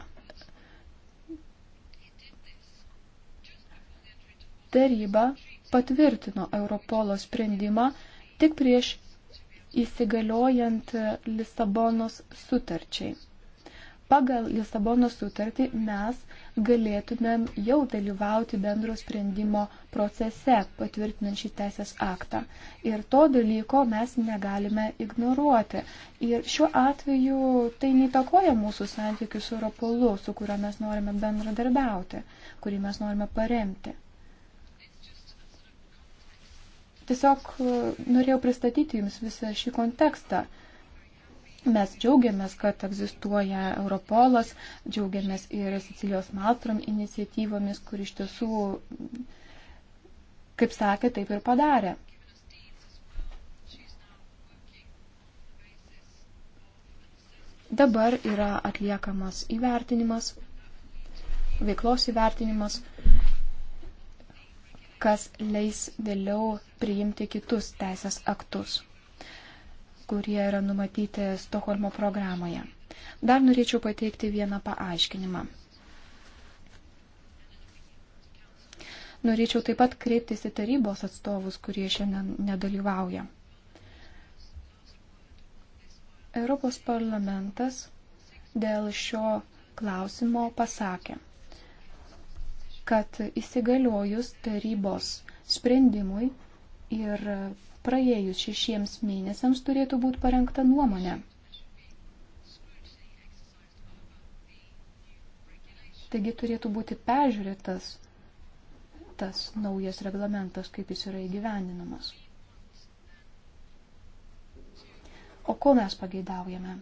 Taryba patvirtino Europolo sprendimą tik prieš įsigaliojant Lisabonos sutarčiai. Pagal Lisabonos sutartį mes galėtumėm jau dalyvauti bendro sprendimo procese, patvirtinant šį teisės aktą. Ir to dalyko mes negalime ignoruoti. Ir šiuo atveju tai neįtakoja mūsų santykių su Europolu, su kuriuo mes norime bendradarbiauti, kurį mes norime paremti. Tiesiog e, norėjau pristatyti Jums visą šį kontekstą. Mes džiaugiamės, kad egzistuoja Europolas, džiaugiamės ir Sicilijos Maltrom iniciatyvomis, kur iš tiesų, kaip sakė, taip ir padarė. Dabar yra atliekamas įvertinimas, veiklos įvertinimas, kas leis vėliau priimti kitus teisės aktus, kurie yra numatyti Stokholmo programoje. Dar norėčiau pateikti vieną paaiškinimą. Norėčiau taip pat kreiptis į tarybos atstovus, kurie šiandien nedalyvauja. Europos parlamentas dėl šio klausimo pasakė, kad įsigaliojus tarybos sprendimui ir praėjus šešiems mėnesiams turėtų būti parengta nuomonė. Taigi turėtų būti peržiūrėtas tas naujas reglamentas, kaip jis yra įgyvendinamas. O ko mes pageidaujame?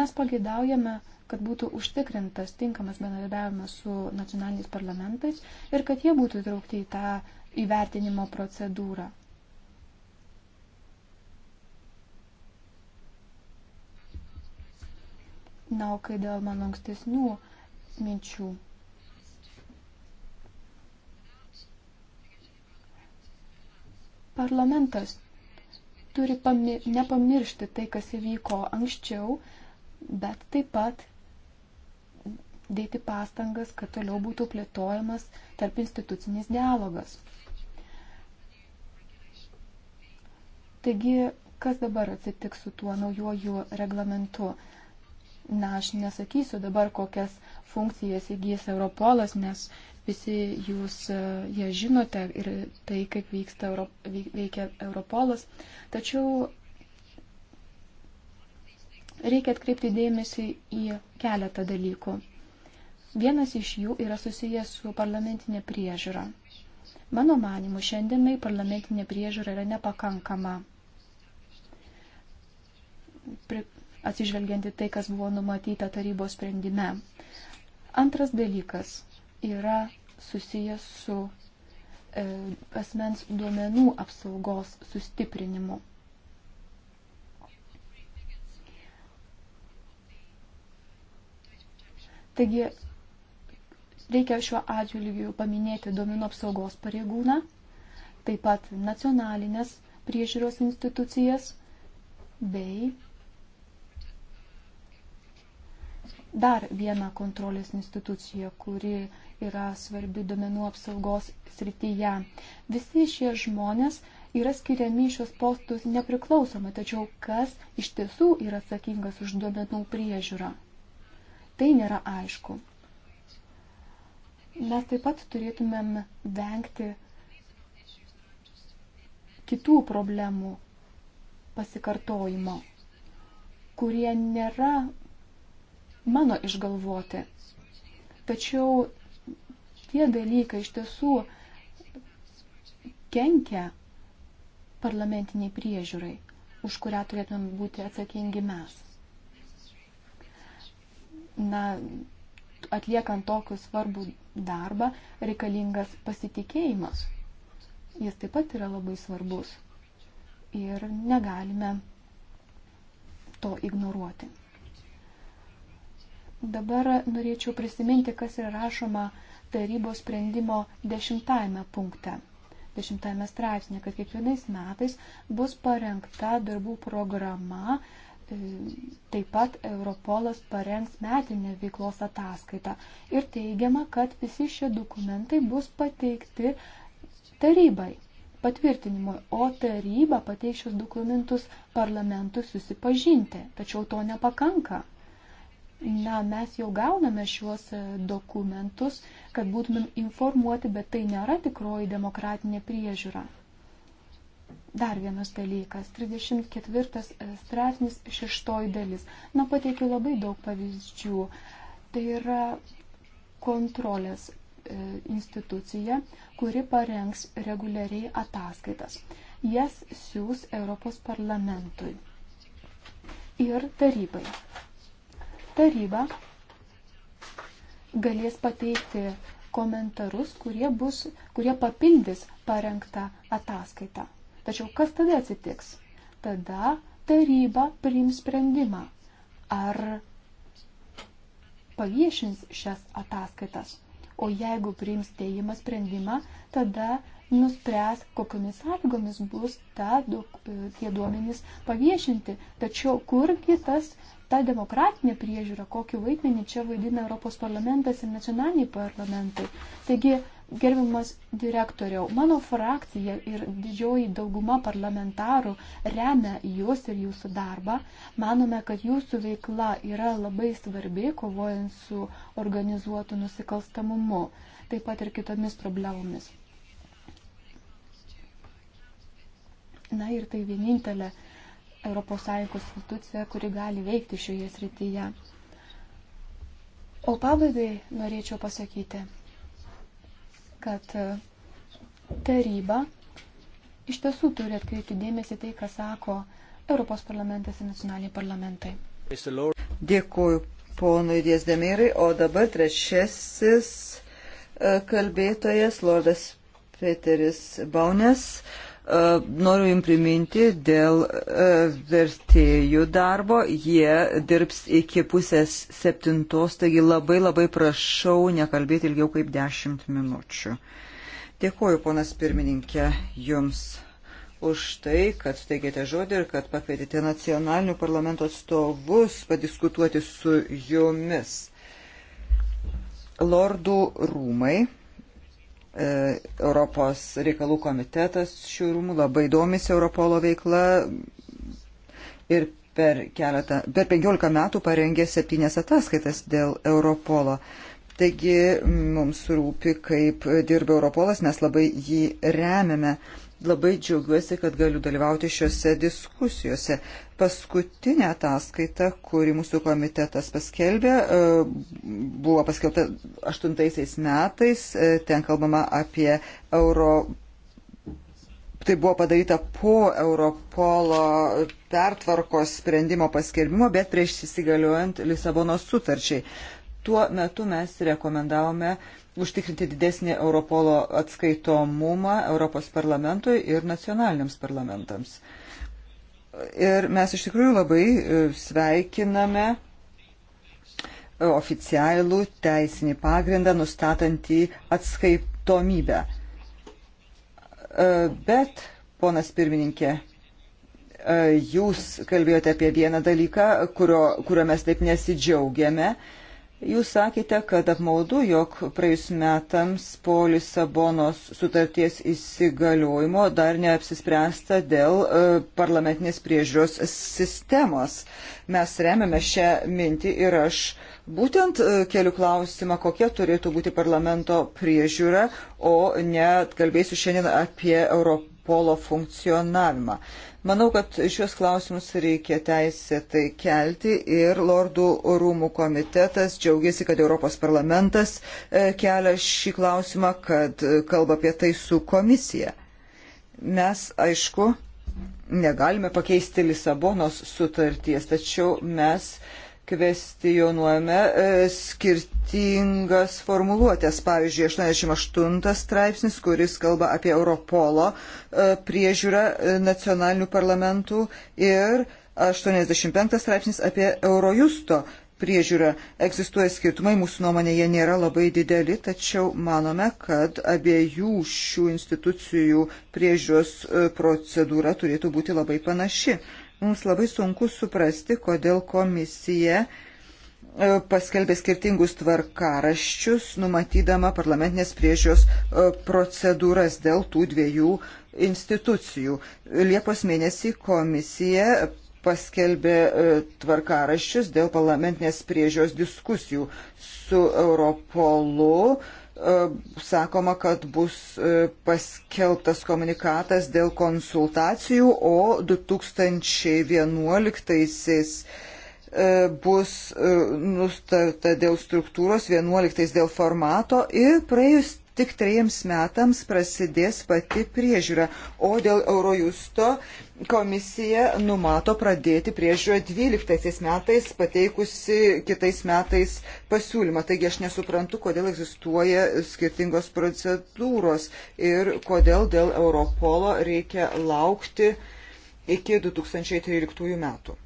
Mes pageidaujame kad būtų užtikrintas tinkamas bendradarbiavimas su nacionaliniais parlamentais ir kad jie būtų įtraukti į tą įvertinimo procedūrą. Na, o kai dėl mano ankstesnių minčių. Parlamentas turi pami nepamiršti tai, kas įvyko anksčiau, bet taip pat dėti pastangas, kad toliau būtų plėtojamas tarp institucinis dialogas. Taigi, kas dabar atsitiks su tuo naujoju reglamentu? Na, aš nesakysiu dabar, kokias funkcijas įgys Europolas, nes visi jūs e, ją žinote ir tai, kaip vyksta, veikia Europolas. Tačiau reikia atkreipti dėmesį į keletą dalykų. Vienas iš jų yra susijęs su parlamentinė priežiūra. Mano manimu, šiandienai parlamentinė priežiūra yra nepakankama. Pri, atsižvelgianti tai, kas buvo numatyta tarybos sprendime. Antras dalykas yra susijęs su e, asmens duomenų apsaugos sustiprinimu. Taigi Reikia šiuo atžvilgiu paminėti domino apsaugos pareigūną, taip pat nacionalinės priežiūros institucijas bei dar vieną kontrolės instituciją, kuri yra svarbi domenų apsaugos srityje. Visi šie žmonės yra skiriami šios postus nepriklausomai, tačiau kas iš tiesų yra atsakingas už duomenų priežiūrą. Tai nėra aišku mes taip pat turėtumėm vengti kitų problemų pasikartojimo, kurie nėra mano išgalvoti. Tačiau tie dalykai iš tiesų kenkia parlamentiniai priežiūrai, už kurią turėtumėm būti atsakingi mes. Na, atliekant tokius svarbų darbą reikalingas pasitikėjimas. Jis taip pat yra labai svarbus ir negalime to ignoruoti. Dabar norėčiau prisiminti, kas yra rašoma tarybos sprendimo dešimtajame punkte, dešimtajame straipsnė, kad kiekvienais metais bus parengta darbų programa Taip pat Europolas parengs metinę veiklos ataskaitą ir teigiama, kad visi šie dokumentai bus pateikti tarybai patvirtinimui, o taryba pateiks šios dokumentus parlamentui susipažinti, tačiau to nepakanka. Na, mes jau gauname šiuos e, dokumentus, kad būtumėm informuoti, bet tai nėra tikroji demokratinė priežiūra. Dar vienas dalykas, 34 e, straipsnis šeštoji dalis. Na, pateikiu labai daug pavyzdžių. Tai yra kontrolės e, institucija, kuri parengs reguliariai ataskaitas. Jas siūs Europos parlamentui ir tarybai. Taryba galės pateikti komentarus, kurie, bus, kurie papildys parengtą ataskaitą. Tačiau kas tada atsitiks? Tada taryba priims sprendimą, ar paviešins šias ataskaitas. O jeigu priims teigiamą sprendimą, tada nuspręs, kokiamis sąlygomis bus ta, e, tie duomenys paviešinti. Tačiau kurgi tas, ta demokratinė priežiūra, kokį vaidmenį čia vaidina Europos parlamentas ir nacionaliniai parlamentai. Taigi Gerbiamas direktoriau, mano frakcija ir didžioji dauguma parlamentarų remia jūs ir jūsų darbą. Manome, kad jūsų veikla yra labai svarbi, kovojant su organizuotu nusikalstamumu, taip pat ir kitomis problemomis. Na ir tai vienintelė ES institucija, kuri gali veikti šioje srityje. O pabaigai norėčiau pasakyti, kad e, taryba iš tiesų turi atkreipti dėmesį tai, ką sako Europos parlamentas ir nacionaliniai parlamentai. Dėkuoju ponui Diezdemirai, o dabar trečiasis e, kalbėtojas, lordas Peteris Baunes. E, noriu jums priminti dėl e, vertėjų darbo. Jie dirbs iki pusės septintos, taigi labai labai prašau nekalbėti ilgiau kaip dešimt minučių. Dėkuoju, ponas pirmininkė, jums už tai, kad steigėte žodį ir kad pakvietėte nacionalinių parlamento atstovus padiskutuoti su jumis. Lordų rūmai E, Europos reikalų komitetas šių rūmų labai domisi Europolo veikla ir per, keletą, per 15 metų parengė septynės ataskaitas dėl Europolo. Taigi mums rūpi, kaip dirba Europolas, mes labai jį remiame. Labai džiaugiuosi, kad galiu dalyvauti šiuose diskusijose. Paskutinė ataskaita, kuri mūsų komitetas paskelbė, e, buvo paskelbta 8 metais. E, ten kalbama apie euro. Tai buvo padaryta po Europolo pertvarkos sprendimo paskelbimo, bet prieš įsigaliojant Lisabono sutarčiai. Tuo metu mes rekomendavome uh, užtikrinti didesnį Europolo atskaitomumą Europos parlamentui ir nacionaliniams parlamentams. Ir mes iš tikrųjų labai e, sveikiname e, oficialų teisinį pagrindą nustatantį atskaitomybę. E, bet, ponas pirmininkė, jūs kalbėjote apie vieną dalyką, kurio, kurio mes taip nesidžiaugiame. Jūs sakėte, kad apmaudu, jog praėjus metams po Lisabonos sutarties įsigaliojimo dar neapsispręsta dėl e, parlamentinės priežiūros sistemos. Mes remiame šią mintį ir aš būtent e, keliu klausimą, kokia turėtų būti parlamento priežiūra, o net kalbėsiu šiandien apie Europolo funkcionavimą. Manau, kad šios klausimus reikia teisėtai kelti ir Lordų rūmų komitetas džiaugiasi, kad Europos parlamentas e, kelia šį klausimą, kad kalba apie tai su komisija. Mes, aišku, negalime pakeisti Lisabonos sutarties, tačiau mes uh, kvestionuojame e, skirtingas formuluotės. Pavyzdžiui, 88 straipsnis, kuris kalba apie Europolo e, priežiūrą e, nacionalinių parlamentų ir 85 straipsnis apie Eurojusto priežiūra. Egzistuoja skirtumai, mūsų nuomonė jie nėra labai dideli, tačiau manome, kad abiejų šių institucijų priežiūros procedūra turėtų būti labai panaši mums labai sunku suprasti, kodėl komisija e, paskelbė skirtingus tvarkaraščius, numatydama parlamentinės priežios e, procedūras dėl tų dviejų institucijų. Liepos mėnesį komisija paskelbė e, tvarkaraščius dėl parlamentinės priežios diskusijų su Europolu E, sakoma, kad bus e, paskelbtas komunikatas dėl konsultacijų, o 2011 e, bus nutarta dėl struktūros, 11 dėl formato ir praėjus tik trejiems metams prasidės pati priežiūra, o dėl Eurojusto komisija numato pradėti priežiūrą 12 metais, pateikusi kitais metais pasiūlymą. Taigi aš nesuprantu, kodėl egzistuoja skirtingos procedūros ir kodėl dėl Europolo reikia laukti iki 2013 metų.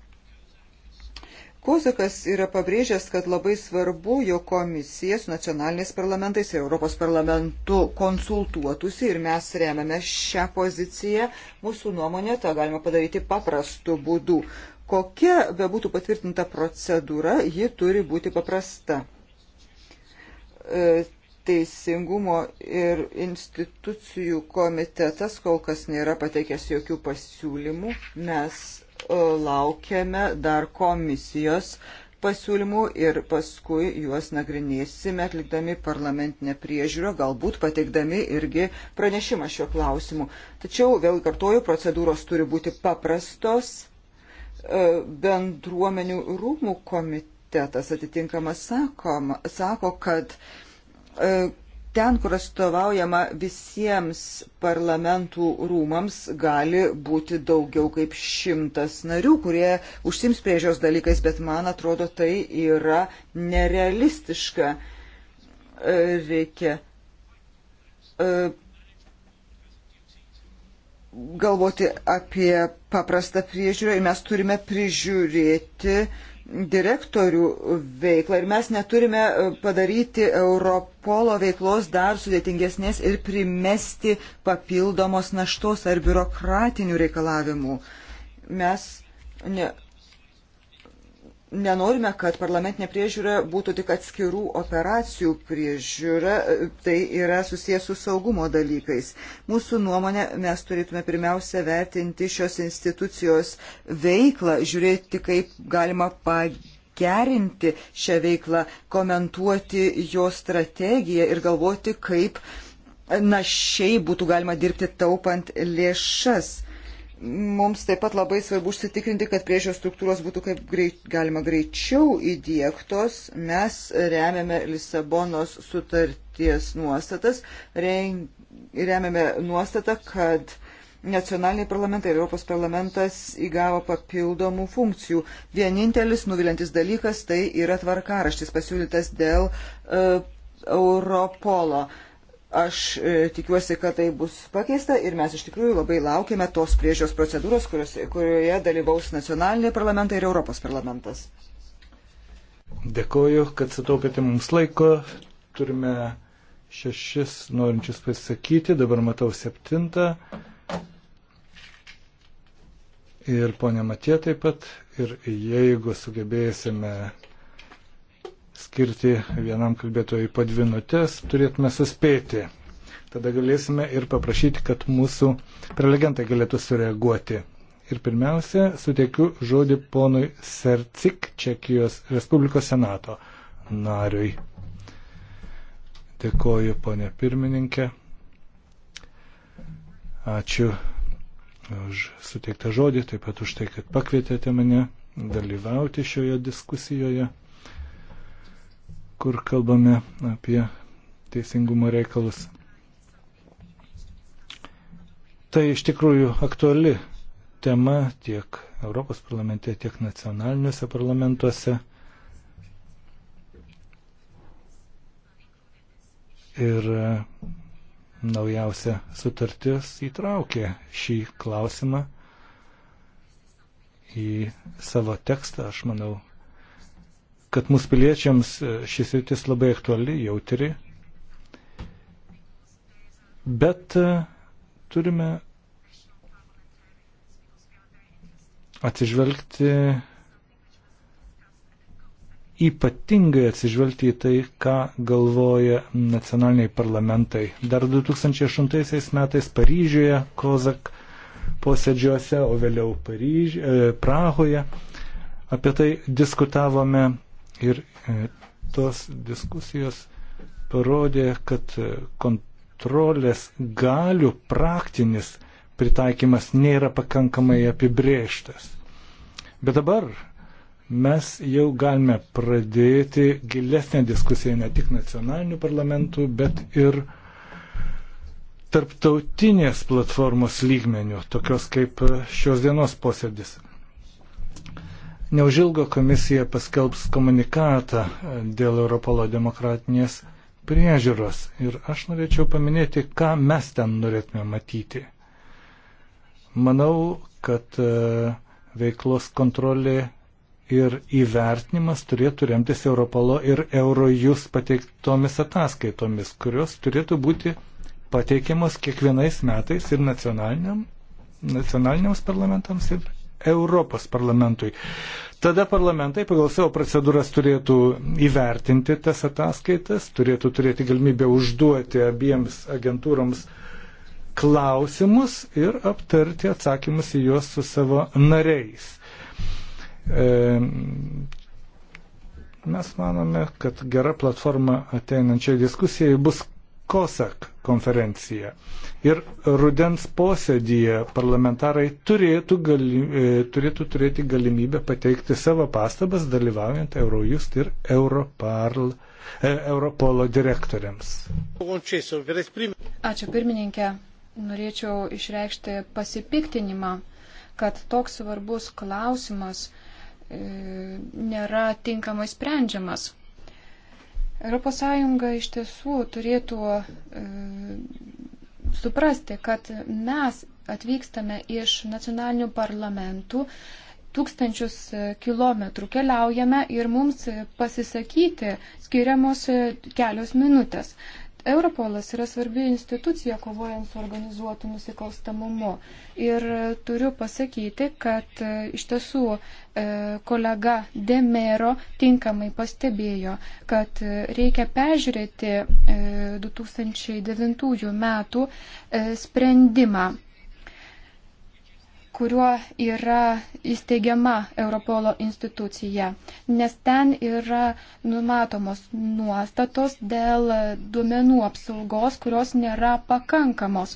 Kozakas yra pabrėžęs, kad labai svarbu, jo komisija su nacionaliniais parlamentais ir Europos parlamentu konsultuotųsi ir mes remiame šią poziciją. Mūsų nuomonė tą galima padaryti paprastu būdu. Kokia bebūtų patvirtinta procedūra, ji turi būti paprasta. E, Teisingumo ir institucijų komitetas kol kas nėra pateikęs jokių pasiūlymų. Mes E, laukiame dar komisijos pasiūlymų ir paskui juos nagrinėsime, atlikdami parlamentinę priežiūrą, galbūt pateikdami irgi pranešimą šiuo klausimu. Tačiau, vėl kartuoju, procedūros turi būti paprastos. E, bendruomenių rūmų komitetas atitinkamas sako, sako kad e, ten, kur atstovaujama visiems parlamentų rūmams, gali būti daugiau kaip šimtas narių, kurie užsims priežios dalykais, bet man atrodo, tai yra nerealistiška. E, reikia e, galvoti apie paprastą priežiūrą ir mes turime prižiūrėti uh, direktorių veiklą ir mes neturime e, padaryti Europolo veiklos dar sudėtingesnės ir primesti papildomos naštos ar biurokratinių reikalavimų. Mes ne, nenorime, kad parlamentinė priežiūra būtų tik atskirų operacijų priežiūra, tai yra susijęs su saugumo dalykais. Mūsų nuomonė, mes turėtume pirmiausia vertinti šios institucijos veiklą, žiūrėti, kaip galima pagerinti šią veiklą, komentuoti jo strategiją ir galvoti, kaip našiai būtų galima dirbti taupant lėšas mums taip pat labai svarbu užsitikrinti, kad priežios struktūros būtų kaip greit, galima greičiau įdėktos. Mes remiame Lisabonos sutarties nuostatas, remiame nuostatą, kad nacionaliniai parlamentai ir Europos parlamentas įgavo papildomų funkcijų. Vienintelis nuvilintis dalykas tai yra tvarkaraštis pasiūlytas dėl uh, Europolo. Uh, Aš e, tikiuosi, kad tai bus pakeista ir mes iš tikrųjų labai laukiame tos priežios procedūros, kurios, kurioje dalyvaus nacionaliniai parlamentai ir Europos parlamentas. Dėkoju, kad sutaupėte mums laiko. Turime šešis norinčius pasisakyti, dabar matau septintą. Ir ponia Matė taip pat. Ir jeigu sugebėsime skirti vienam kalbėtojui po dvi minutės, turėtume suspėti. Tada galėsime ir paprašyti, kad mūsų prelegentai galėtų sureaguoti. Ir pirmiausia, suteikiu žodį ponui Sercik, Čekijos Respublikos Senato nariui. Dėkoju, ponė pirmininkė. Ačiū už suteiktą žodį, taip pat už tai, kad pakvietėte mane dalyvauti šioje diskusijoje kur kalbame apie teisingumo reikalus. Tai iš tikrųjų aktuali tema tiek Europos parlamente, tiek nacionaliniuose parlamentuose. Ir e, naujausia sutartis įtraukė šį klausimą į savo tekstą. Aš manau, kad mūsų piliečiams e, šis rytis labai aktuali, jautri. Bet e, turime atsižvelgti, ypatingai atsižvelgti į tai, ką galvoja nacionaliniai parlamentai. Dar 2008 metais Paryžiuje, Kozak posėdžiuose, o vėliau Paryž, e, Prahoje apie tai diskutavome Ir e, tos diskusijos parodė, kad kontrolės galių praktinis pritaikymas nėra pakankamai apibrėžtas. Bet dabar mes jau galime pradėti gilesnę diskusiją ne tik nacionalinių parlamentų, bet ir tarptautinės platformos lygmenių, tokios kaip šios dienos posėdis. Neužilgo komisija paskelbs komunikatą dėl Europolo demokratinės priežiūros ir aš norėčiau paminėti, ką mes ten norėtume matyti. Manau, kad e, veiklos kontrolė ir įvertinimas turėtų remtis Europolo ir Eurojus pateiktomis ataskaitomis, kurios turėtų būti pateikiamos kiekvienais metais ir nacionaliniam, nacionaliniams parlamentams ir Europos parlamentui. Tada parlamentai pagal savo procedūras turėtų įvertinti tas ataskaitas, turėtų turėti galimybę užduoti abiems agentūroms klausimus ir aptarti atsakymus į juos su savo nariais. E, mes manome, kad gera platforma ateinančiai diskusijai bus COSAC konferenciją. Ir rudens posėdėje parlamentarai turėtų, gali, e, turėtų turėti galimybę pateikti savo pastabas, dalyvaujant Eurojust ir Europarl, e, Europolo direktoriams. Ačiū pirmininkė. Norėčiau išreikšti pasipiktinimą, kad toks svarbus klausimas e, nėra tinkamai sprendžiamas ES iš tiesų turėtų e, suprasti, kad mes atvykstame iš nacionalinių parlamentų, tūkstančius e, kilometrų keliaujame ir mums pasisakyti skiriamos e, kelios minutės. Europolas yra svarbi institucija kovojant su organizuotu nusikalstamumu. Ir turiu pasakyti, kad e, iš tiesų e, kolega Demero tinkamai pastebėjo, kad e, reikia peržiūrėti 2009 metų sprendimą kuriuo yra įsteigiama Europolo institucija, nes ten yra numatomos nuostatos dėl duomenų apsaugos, kurios nėra pakankamos.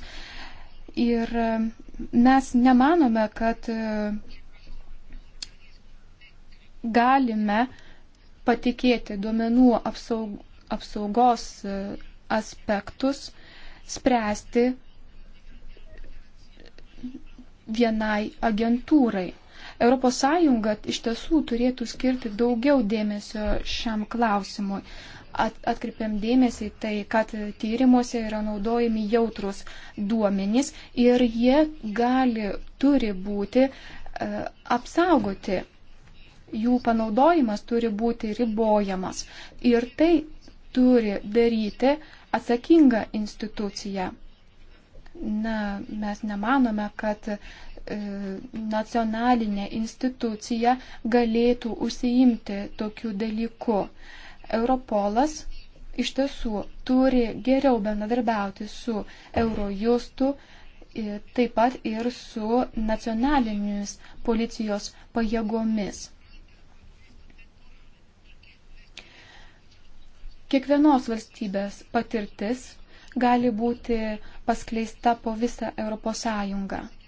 Ir e, mes nemanome, kad e, galime patikėti duomenų apsaugos e, aspektus, spręsti vienai agentūrai. ES iš tiesų turėtų skirti daugiau dėmesio šiam klausimui. At, atkreipiam dėmesį tai, kad tyrimuose yra naudojami jautrus duomenys ir jie gali, turi būti e, apsaugoti. Jų panaudojimas turi būti ribojamas. Ir tai turi daryti atsakinga institucija. Na, mes nemanome, kad e, nacionalinė institucija galėtų užsiimti tokiu dalyku. Europolas iš tiesų turi geriau bendradarbiauti su Eurojustu, e, taip pat ir su nacionalinėmis policijos pajėgomis. Kiekvienos valstybės patirtis gali būti paskleista po visą ES.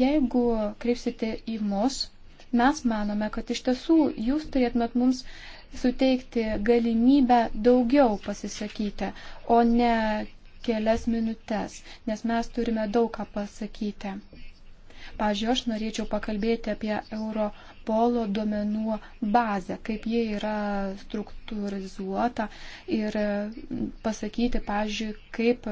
Jeigu kreipsite į mus, mes manome, kad iš tiesų jūs turėtumėt mums suteikti galimybę daugiau pasisakyti, o ne kelias minutės, nes mes turime daug ką pasakyti. Pavyzdžiui, aš norėčiau pakalbėti apie euro Europolo duomenų bazę, kaip jie yra struktūrizuota ir pasakyti, pavyzdžiui, kaip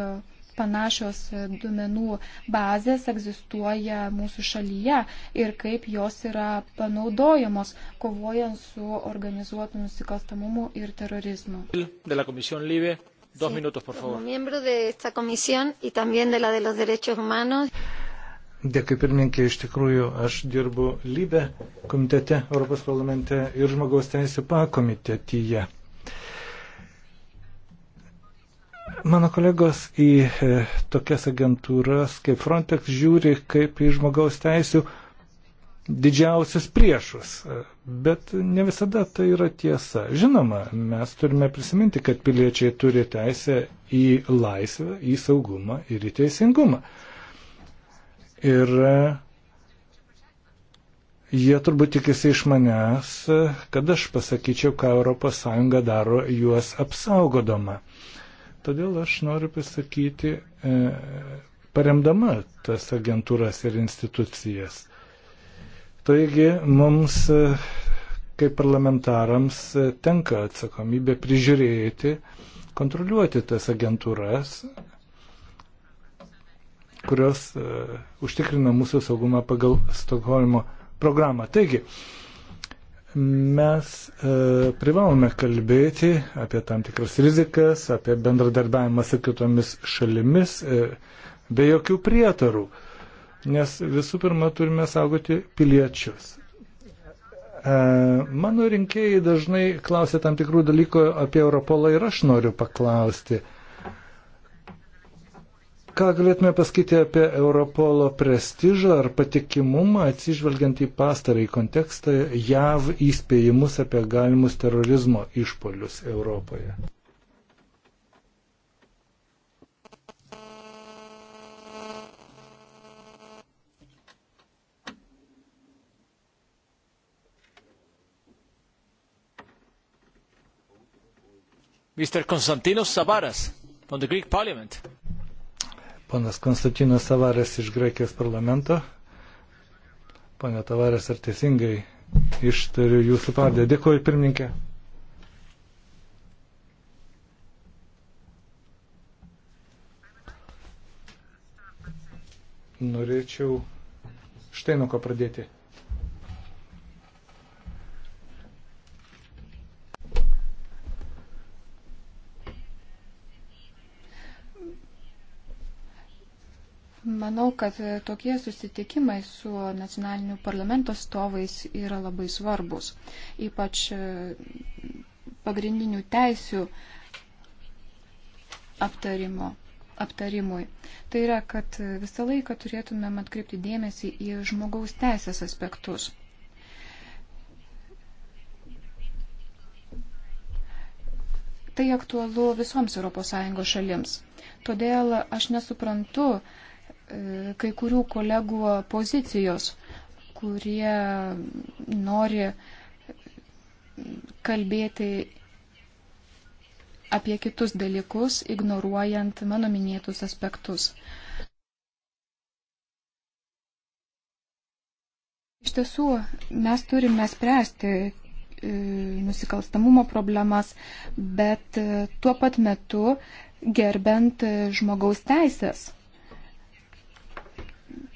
panašios duomenų bazės egzistuoja mūsų šalyje ir kaip jos yra panaudojamos kovojant su organizuotu nusikalstamumu ir terorizmu. Dos sí, minutos, por favor. Como miembro de esta comisión y también de la de los derechos humanos. Dėkui pirmininkė, iš tikrųjų aš dirbu Lybe komitete Europos parlamente ir žmogaus teisų pakomitetyje. Mano kolegos į e, tokias agentūras kaip Frontex žiūri kaip į žmogaus teisų didžiausius priešus, e, bet ne visada tai yra tiesa. Žinoma, mes turime prisiminti, kad piliečiai turi teisę į laisvę, į saugumą ir į teisingumą. Ir jie turbūt tikisi iš manęs, kad aš pasakyčiau, ką ES daro juos apsaugodama. Todėl aš noriu pasakyti, e, paremdama tas agentūras ir institucijas. Taigi mums, e, kaip parlamentarams, e, tenka atsakomybė prižiūrėti, kontroliuoti tas agentūras, kurios uh, užtikrina mūsų saugumą pagal Stokholmo programą. Taigi, mes uh, privalome kalbėti apie tam tikras rizikas, apie bendradarbiavimą su kitomis šalimis uh, be jokių prietarų, nes visų pirma turime saugoti piliečius. Mano rinkėjai dažnai klausia tam tikrų dalykų apie Europolą ir aš noriu paklausti. Uh, Ką galėtume pasakyti apie Europolo prestižą ar patikimumą, atsižvelgiant į pastarąjį kontekstą JAV įspėjimus apie galimus terorizmo išpolius Europoje? Mr. Konstantinos Savaras from the Greek Parliament. Ponas Konstantinas Tavarės iš Graikijos parlamento. Pane Tavarės, ar teisingai ištariu jūsų pavardę? Dėkuoju, pirmininkė. Norėčiau štai nuo ko pradėti. Manau, kad tokie susitikimai su nacionaliniu parlamento stovais yra labai svarbus, ypač e, pagrindinių teisių aptarimo aptarimui. Tai yra, kad visą laiką turėtumėm atkreipti dėmesį į žmogaus teisės aspektus. Tai aktualu visoms ES šalims. Todėl aš nesuprantu, E, kai kurių kolegų pozicijos, kurie nori kalbėti apie kitus dalykus, ignoruojant mano minėtus aspektus. Iš tiesų, mes turime spręsti e, nusikalstamumo problemas, bet e, tuo pat metu gerbent e, žmogaus teisės.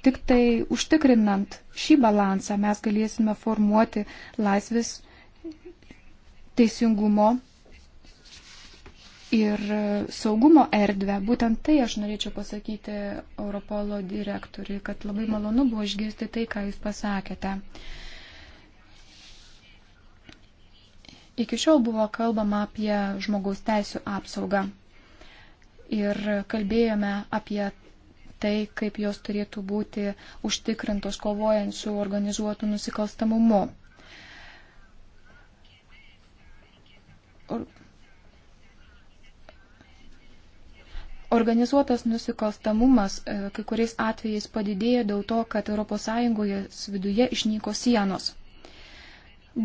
Tik tai užtikrinant šį balansą mes galėsime formuoti laisvės teisingumo ir saugumo erdvę. Būtent tai aš norėčiau pasakyti Europolo direktoriui, kad labai malonu buvo išgirsti tai, ką jūs pasakėte. Iki šiol buvo kalbama apie žmogaus teisų apsaugą ir kalbėjome apie tai, kaip jos turėtų būti užtikrintos kovojant su organizuotu nusikalstamumu. Or... Organizuotas nusikalstamumas e, kai kuriais atvejais padidėjo dėl to, kad ES viduje išnyko sienos.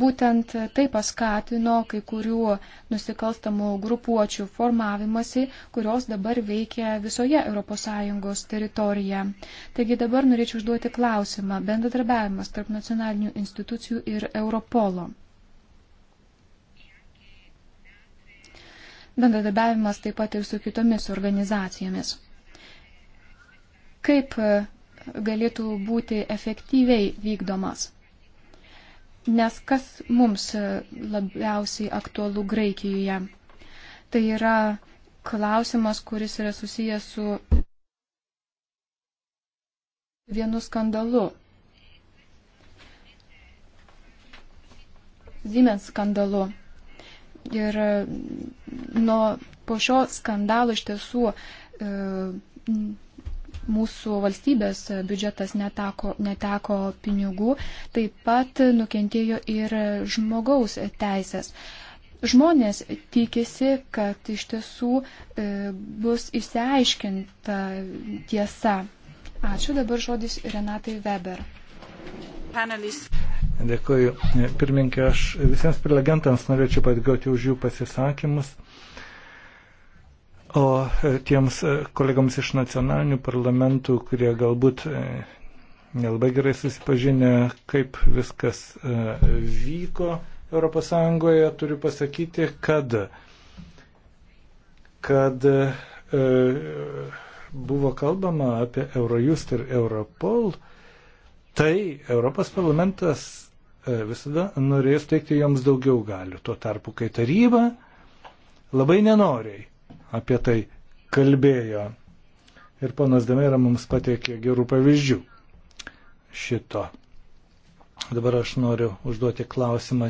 Būtent tai paskatino kai kurių nusikalstamų grupuočių formavimasi, kurios dabar veikia visoje ES teritorijoje. Taigi dabar norėčiau užduoti klausimą - bendradarbiavimas tarp nacionalinių institucijų ir Europolo. Bendradarbiavimas taip pat ir su kitomis organizacijomis. Kaip galėtų būti efektyviai vykdomas? Nes kas mums labiausiai aktualu Graikijoje? Tai yra klausimas, kuris yra susijęs su vienu skandalu. Siemens skandalu. Ir e, nuo po šio skandalo iš tiesų e, mūsų valstybės biudžetas neteko, neteko pinigų, taip pat nukentėjo ir žmogaus teisės. Žmonės tikisi, kad iš tiesų e, bus išsiaiškinta tiesa. Ačiū dabar žodis Renatai Weber. Panelis. Dėkuoju. Pirminkė, aš visiems prelegentams norėčiau padėkoti už jų pasisakymus. O e, tiems e, kolegams iš nacionalinių parlamentų, kurie galbūt e, nelabai gerai susipažinę, kaip viskas vyko ES, turiu pasakyti, kad, kad buvo kalbama apie Eurojust ir Europol, tai Europos parlamentas visada norės teikti joms daugiau galių. Tuo tarpu, kai taryba labai nenoriai apie tai kalbėjo. Ir ponas Demera mums pateikė gerų pavyzdžių šito. Dabar aš noriu užduoti klausimą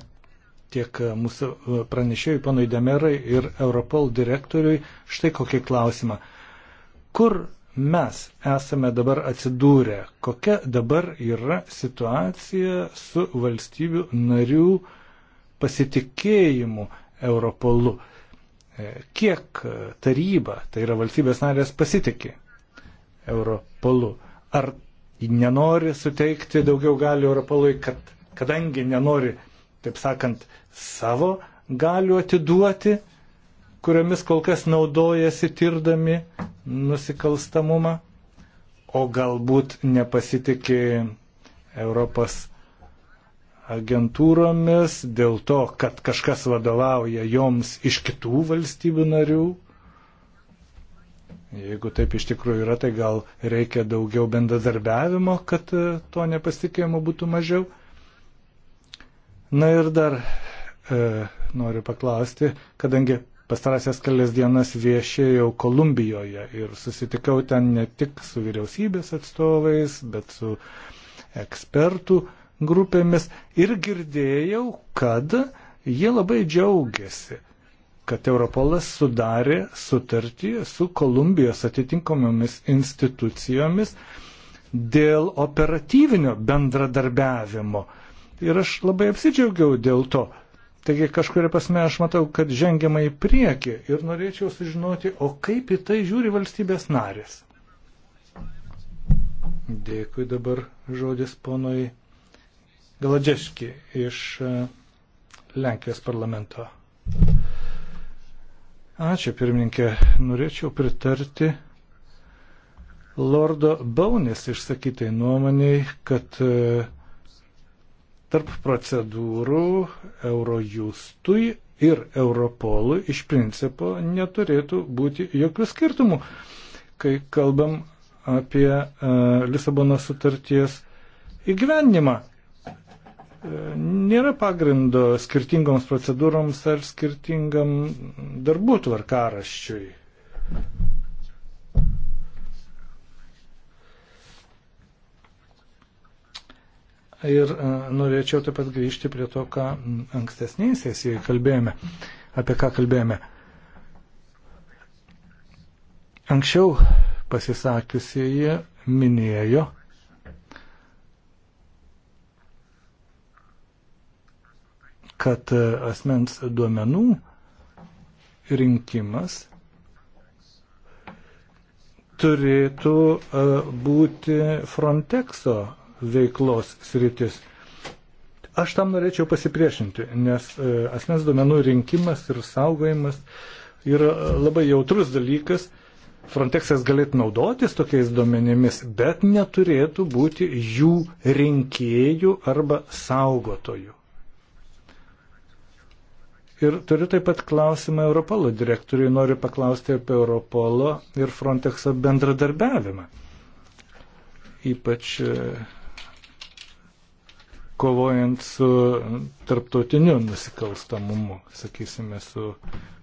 tiek mūsų pranešėjui, ponui Demerai ir Europol direktoriui. Štai kokį klausimą. Kur mes esame dabar atsidūrę? Kokia dabar yra situacija su valstybių narių pasitikėjimu Europolu? kiek taryba, tai yra valstybės narės, pasitikė Europolu. Ar nenori suteikti daugiau galių Europolui, kad, kadangi nenori, taip sakant, savo galių atiduoti, kuriomis kol kas naudojasi tirdami nusikalstamumą, o galbūt nepasitikė Europos agentūromis dėl to, kad kažkas vadovauja joms iš kitų valstybių narių. Jeigu taip iš tikrųjų yra, tai gal reikia daugiau bendradarbiavimo, kad e, to nepasitikėjimo būtų mažiau. Na ir dar e, noriu paklausti, kadangi pastarąsias kelias dienas viešėjau Kolumbijoje ir susitikau ten ne tik su vyriausybės atstovais, bet su ekspertų grupėmis ir girdėjau, kad jie labai džiaugiasi, kad Europolas sudarė sutartį su Kolumbijos atitinkamomis institucijomis dėl operatyvinio bendradarbiavimo. Ir aš labai apsidžiaugiau dėl to. Taigi kažkuria prasme aš matau, kad žengiama į priekį ir norėčiau sužinoti, o kaip į tai žiūri valstybės narės. Dėkui dabar žodis ponui Galadžeški iš e, Lenkijos parlamento. Ačiū, pirmininkė. Norėčiau pritarti Lordo Baunės išsakytai nuomoniai, kad e, tarp procedūrų Eurojustui ir Europolui iš principo neturėtų būti jokių skirtumų, kai kalbam apie e, Lisabono sutarties įgyvendimą nėra pagrindo skirtingoms procedūroms ar skirtingam darbų tvarkaraščiui. Ir e, norėčiau taip pat grįžti prie to, ką ankstesnėje sesijoje kalbėjome, apie ką kalbėjome. Anksčiau pasisakiusieji minėjo, kad e, asmens duomenų rinkimas turėtų e, būti Frontexo veiklos sritis. Aš tam norėčiau pasipriešinti, nes e, asmens duomenų rinkimas ir saugojimas yra labai jautrus dalykas. Frontexas galėtų naudotis tokiais duomenimis, bet neturėtų būti jų rinkėjų arba saugotojų. Ir turiu taip pat klausimą Europolo direktoriui, noriu paklausti apie Europolo ir Frontexo bendradarbiavimą. Ypač e, kovojant su tarptautiniu nusikalstamumu, sakysime, su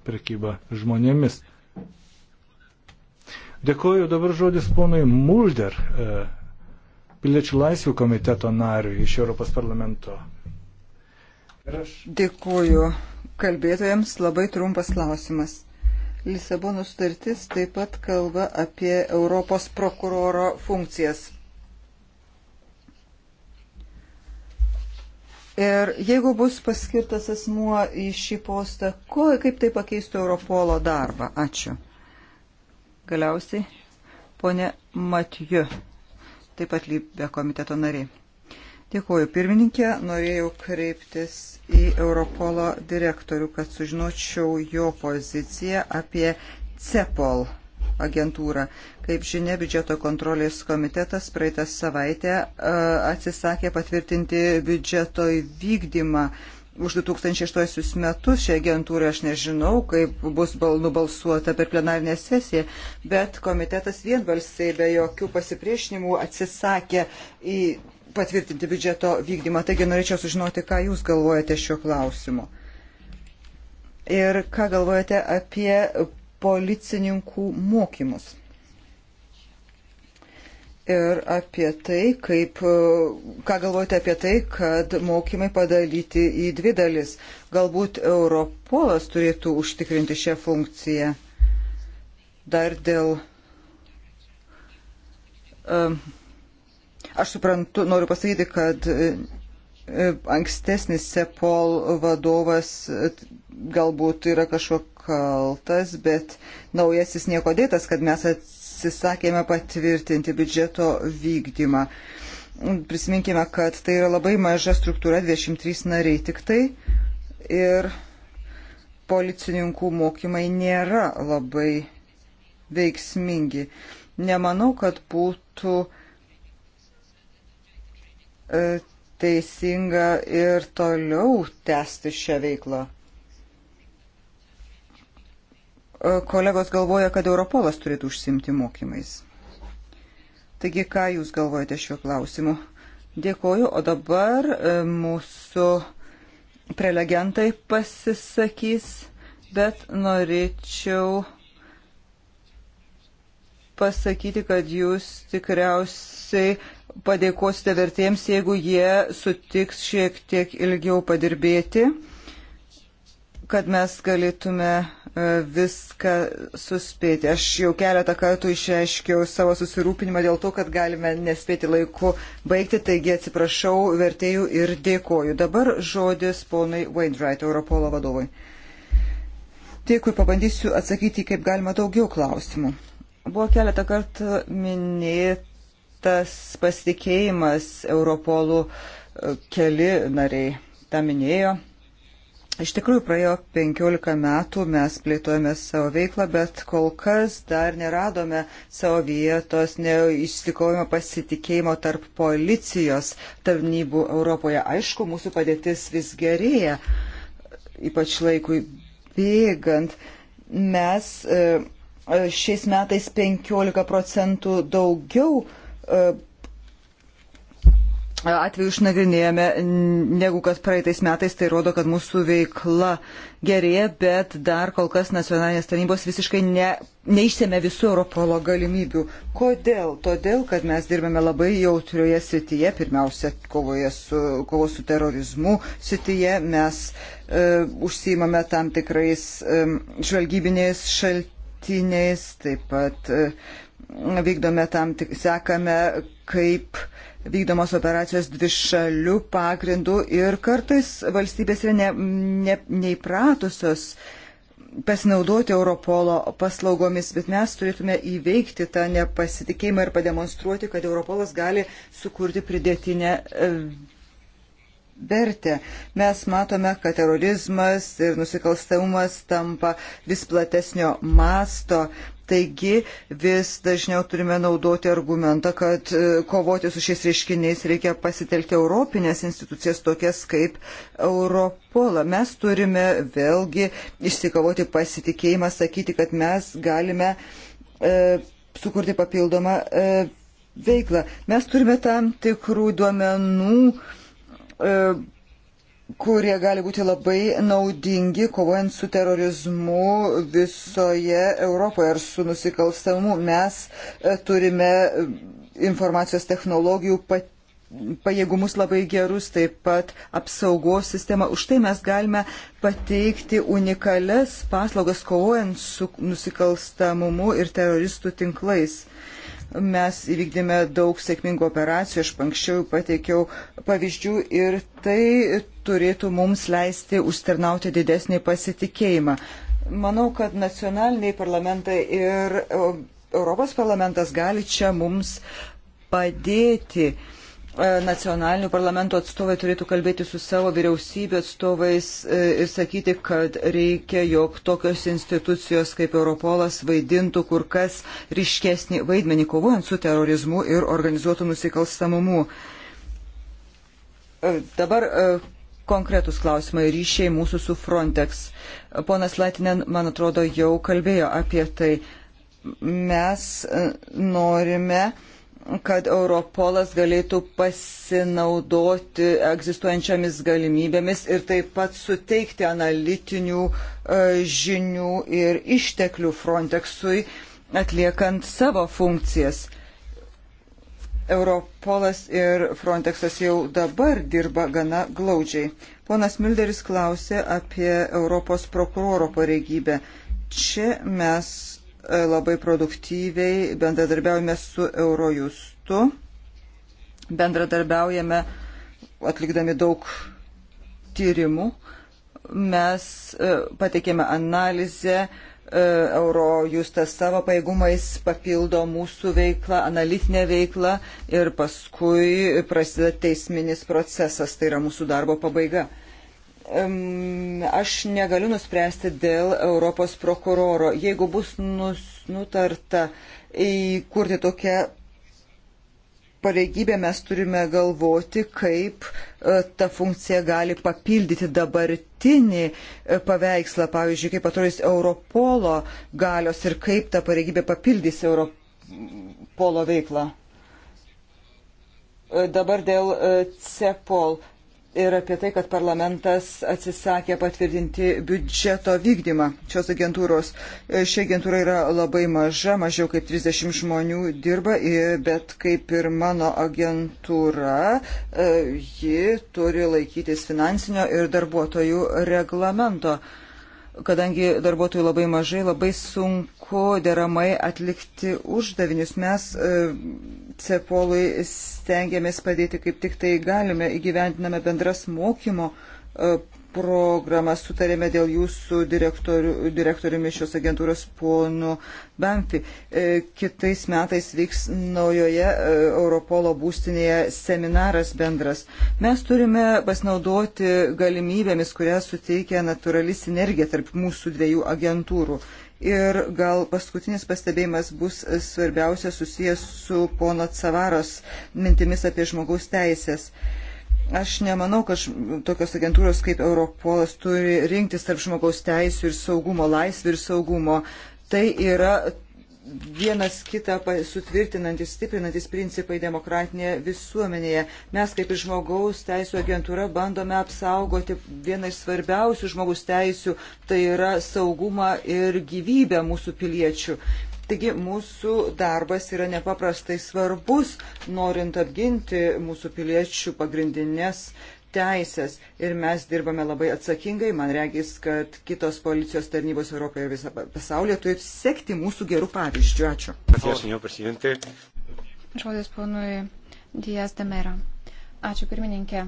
prekyba žmonėmis. Dėkoju dabar žodis ponui Mulder, e, piliečių laisvių komiteto nariui iš Europos parlamento. Aš... Dėkoju kalbėtojams labai trumpas klausimas. Lisabono sutartis taip pat kalba apie Europos prokuroro funkcijas. Ir jeigu bus paskirtas asmuo į šį postą, ko, kaip tai pakeistų Europolo darbą? Ačiū. Galiausiai, ponė Matiju, taip pat lybė komiteto nariai. Dėkuoju pirmininkė, norėjau kreiptis į Europolo direktorių, kad sužinočiau jo poziciją apie CEPOL agentūrą. Kaip žinia, biudžeto kontrolės komitetas praeitą savaitę e, atsisakė patvirtinti biudžeto įvykdymą. Už 2008 metus šią agentūrą aš nežinau, kaip bus nubalsuota per plenarinę sesiją, bet komitetas vienbalsiai be jokių pasipriešinimų atsisakė į patvirtinti biudžeto vykdymą. Taigi norėčiau sužinoti, ką Jūs galvojate šiuo klausimu. Ir ką galvojate apie policininkų mokymus. Ir apie tai, kaip, ką galvojate apie tai, kad mokymai padalyti į dvi dalis. Galbūt Europolas turėtų užtikrinti šią funkciją. Dar dėl. Um, Aš suprantu, noriu pasakyti, kad e, e, ankstesnis Sepol vadovas e, galbūt yra kažko kaltas, bet naujasis nieko dėtas, kad mes atsisakėme patvirtinti biudžeto vykdymą. Prisiminkime, kad tai yra labai maža struktūra, 23 nariai tik tai ir policininkų mokymai nėra labai veiksmingi. Nemanau, kad būtų uh, E, teisinga ir toliau tęsti šią veiklą. E, kolegos galvoja, kad Europolas turėtų užsimti mokymais. Taigi, ką Jūs galvojate šiuo klausimu? Dėkoju, o dabar e, mūsų prelegentai pasisakys, bet norėčiau pasakyti, kad jūs tikriausiai padėkosite vertėjams, jeigu jie sutiks šiek tiek ilgiau padirbėti, kad mes galėtume e, viską suspėti. Aš jau keletą kartų išreiškiau savo susirūpinimą dėl to, kad galime nespėti laiku baigti, taigi atsiprašau vertėjų ir dėkoju. Dabar žodis ponui Wainwright, Europolo vadovui. Dėkui, pabandysiu atsakyti kaip galima daugiau klausimų. Buvo keletą kartų minėta tas pasitikėjimas Europolų e, keli nariai tą minėjo. Iš tikrųjų, praėjo 15 metų, mes plėtojame savo veiklą, bet kol kas dar neradome savo vietos, neišsikovėme pasitikėjimo tarp policijos tarnybų Europoje. Aišku, mūsų padėtis vis gerėja, ypač laikui bėgant. Mes e, e, šiais metais 15 procentų daugiau atveju išnagrinėjome negu kad praeitais metais, tai rodo, kad mūsų veikla gerėja, bet dar kol kas nacionalinės tarnybos visiškai ne, neišsėmė visų Europolo galimybių. Kodėl? Todėl, kad mes dirbame labai jautrioje srityje, pirmiausia, kovoje su, kovo su terorizmu srityje, mes e, užsimame tam tikrais e, žvalgybiniais šaltiniais, taip pat e, vykdome tam tik, sekame, kaip vykdomos operacijos dvišalių pagrindų ir kartais valstybės yra ne, ne, neįpratusios pasinaudoti Europolo paslaugomis, bet mes turėtume įveikti tą nepasitikėjimą ir pademonstruoti, kad Europolas gali sukurti pridėtinę e, vertę. Mes matome, kad terorizmas ir nusikalstamumas tampa vis platesnio masto Taigi vis dažniau turime naudoti argumentą, kad e, kovoti su šiais reiškiniais reikia pasitelkti Europinės institucijas tokias kaip Europola. Mes turime vėlgi išsikavoti pasitikėjimą, sakyti, kad mes galime e, sukurti papildomą e, veiklą. Mes turime tam tikrų duomenų. E, kurie gali būti labai naudingi kovojant su terorizmu visoje Europoje ir su nusikalstamu. Mes e, turime e, informacijos technologijų pat pajėgumus labai gerus, taip pat apsaugos sistemą. Už tai mes galime pateikti unikalias paslaugas kovojant su nusikalstamumu ir teroristų tinklais. Mes įvykdėme daug sėkmingų operacijų, aš anksčiau pateikiau pavyzdžių ir tai turėtų mums leisti užtarnauti didesnį pasitikėjimą. Manau, kad nacionaliniai parlamentai ir Europos parlamentas gali čia mums padėti. Uh, E, nacionalinių parlamentų atstovai turėtų kalbėti su savo vyriausybė atstovais e, ir sakyti, kad reikia, jog tokios institucijos kaip Europolas vaidintų kur kas ryškesnį vaidmenį kovojant su terorizmu ir organizuotų nusikalstamumu. E, dabar konkretus klausimai ryšiai mūsų su Frontex. Ponas Latinen, man atrodo, jau kalbėjo apie tai. Mes norime kad Europolas galėtų pasinaudoti egzistuojančiamis galimybėmis ir taip pat suteikti analitinių e, žinių ir išteklių Frontexui atliekant savo funkcijas. Europolas ir Frontexas jau dabar dirba gana glaudžiai. Ponas Milderis klausė apie Europos prokuroro pareigybę. Čia mes E, labai produktyviai bendradarbiaujame su Eurojustu, bendradarbiaujame atlikdami daug tyrimų, mes e, pateikėme analizę, e, Eurojustas savo paėgumais papildo mūsų veiklą, analitinę veiklą ir paskui prasideda teisminis procesas, tai yra mūsų darbo pabaiga. Aš negaliu nuspręsti dėl Europos prokuroro. Jeigu bus nus, nutarta įkurti tokią pareigybę, mes turime galvoti, kaip e, ta funkcija gali papildyti dabartinį e, paveikslą, pavyzdžiui, kaip atrodys Europolo galios ir kaip ta pareigybė papildys Europolo veiklą e, dabar dėl CEPOL ir apie tai, kad parlamentas atsisakė patvirtinti biudžeto vykdymą šios agentūros. E, Ši agentūra yra labai maža, mažiau kaip 30 žmonių dirba, bet kaip ir mano agentūra, e, ji turi laikytis finansinio ir darbuotojų reglamento. Kadangi darbuotojų labai mažai, labai sunku deramai atlikti uždavinius. Mes e, Cepolui stengiamės padėti kaip tik tai galime, įgyvendiname bendras mokymo e, programą, sutarėme dėl jūsų direktoriu, direktoriumi šios agentūros ponu Bamfi. E, kitais metais vyks naujoje e, Europolo būstinėje seminaras bendras. Mes turime pasinaudoti galimybėmis, kurias suteikia natūrali sinergija tarp mūsų dviejų agentūrų. Ir gal paskutinis pastebėjimas bus svarbiausia susijęs su pono Cavaros mintimis apie žmogaus teisės. Aš nemanau, kad tokios agentūros kaip Europolas turi rinktis tarp žmogaus teisų ir saugumo, laisvių ir saugumo. Tai yra vienas kitą sutvirtinantis, stiprinantis principai demokratinėje visuomenėje. Mes kaip ir žmogaus teisų agentūra bandome apsaugoti vieną iš svarbiausių žmogus teisų, tai yra saugumą ir gyvybę mūsų piliečių. Taigi mūsų darbas yra nepaprastai svarbus, norint apginti mūsų piliečių pagrindinės teisės ir mes dirbame labai atsakingai. Man regis, kad kitos policijos tarnybos Europoje ir visą pasaulyje turi sekti mūsų gerų pavyzdžių. Ačiū. Žodis ponui Dijas Demera. Ačiū pirmininkė.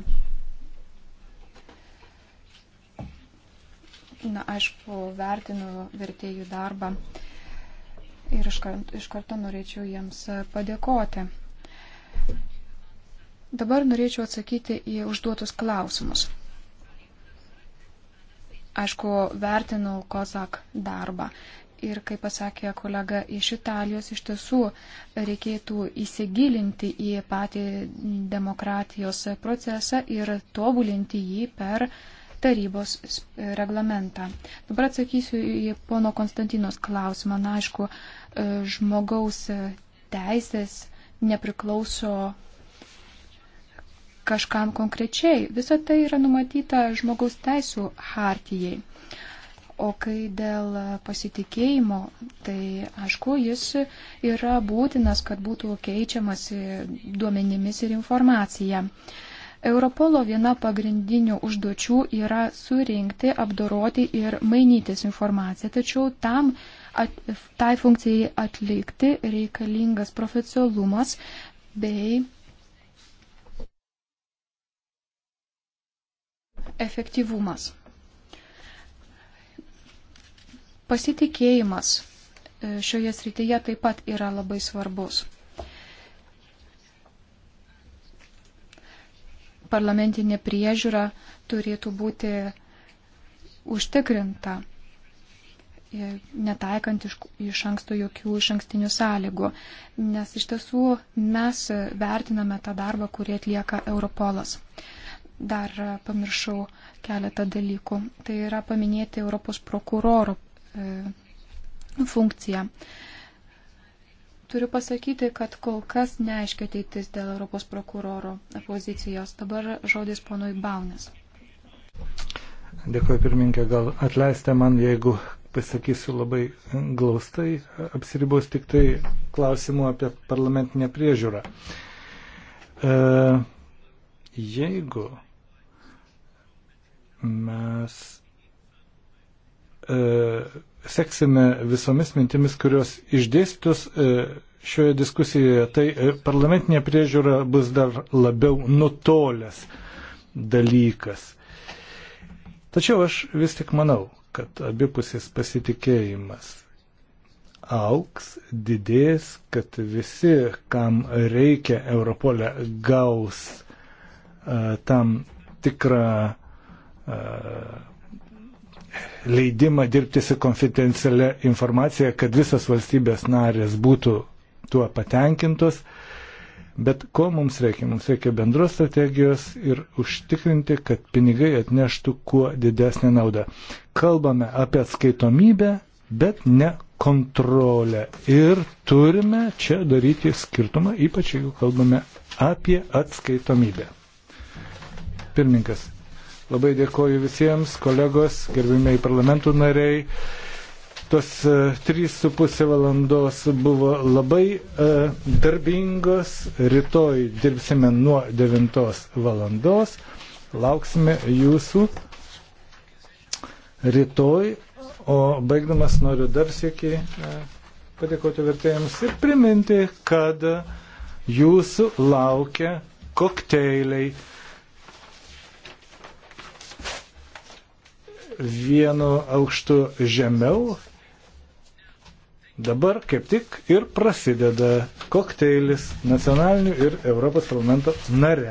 Na, aišku, vertinu vertėjų darbą ir iš karto, iš karto norėčiau jiems padėkoti. Dabar norėčiau atsakyti į užduotus klausimus. Aišku, vertinau Kozak darbą. Ir kaip pasakė kolega iš Italijos, iš tiesų reikėtų įsigilinti į patį demokratijos procesą ir tobulinti jį per tarybos reglamentą. Dabar atsakysiu į pono Konstantinos klausimą. Na, aišku, žmogaus teisės nepriklauso kažkam konkrečiai. Visa tai yra numatyta žmogaus teisų hartijai. O kai dėl pasitikėjimo, tai aišku, jis yra būtinas, kad būtų keičiamasi duomenimis ir informacija. Europolo viena pagrindinių užduočių yra surinkti, apdoroti ir mainytis informaciją, tačiau tam at, tai funkcijai atlikti reikalingas profesionalumas bei efektyvumas. Pasitikėjimas e, šioje srityje taip pat yra labai svarbus. Parlamentinė priežiūra turėtų būti užtikrinta, e, netaikant iš, iš anksto jokių iš ankstinių sąlygų, nes iš tiesų mes vertiname tą darbą, kurį atlieka Europolas dar pamiršau keletą dalykų. Tai yra paminėti Europos prokuroro e, funkciją. Turiu pasakyti, kad kol kas neaiškia ateitis dėl Europos prokuroro pozicijos. Dabar žodis ponui Baunis. Dėkuoju pirmininkė, gal atleistė man, jeigu pasakysiu labai glaustai, apsiribos tik tai klausimu apie parlamentinę priežiūrą. E, jeigu Mes e, seksime visomis mintimis, kurios išdėstus e, šioje diskusijoje. Tai e, parlamentinė priežiūra bus dar labiau nutolęs dalykas. Tačiau aš vis tik manau, kad abipusis pasitikėjimas auks, didės, kad visi, kam reikia Europolė, gaus a, e, tam tikrą E, leidimą dirbti su konfidencialia informacija, kad visas valstybės narės būtų tuo patenkintos. Bet ko mums reikia? Mums reikia bendros strategijos ir užtikrinti, kad pinigai atneštų kuo didesnį naudą. Kalbame apie atskaitomybę, bet ne kontrolę. Ir turime čia daryti skirtumą, ypač jeigu kalbame apie atskaitomybę. Pirmininkas, Labai dėkoju visiems kolegos, gerbimiai parlamentų nariai. Tos e, trys su pusė valandos buvo labai uh, darbingos. Rytoj dirbsime nuo 9 valandos. Lauksime jūsų rytoj. O baigdamas noriu dar sėkiai uh, e, padėkoti vertėjams ir priminti, kad jūsų laukia kokteiliai vienu aukštu žemiau. Dabar kaip tik ir prasideda kokteilis nacionalinių ir Europos parlamento nare.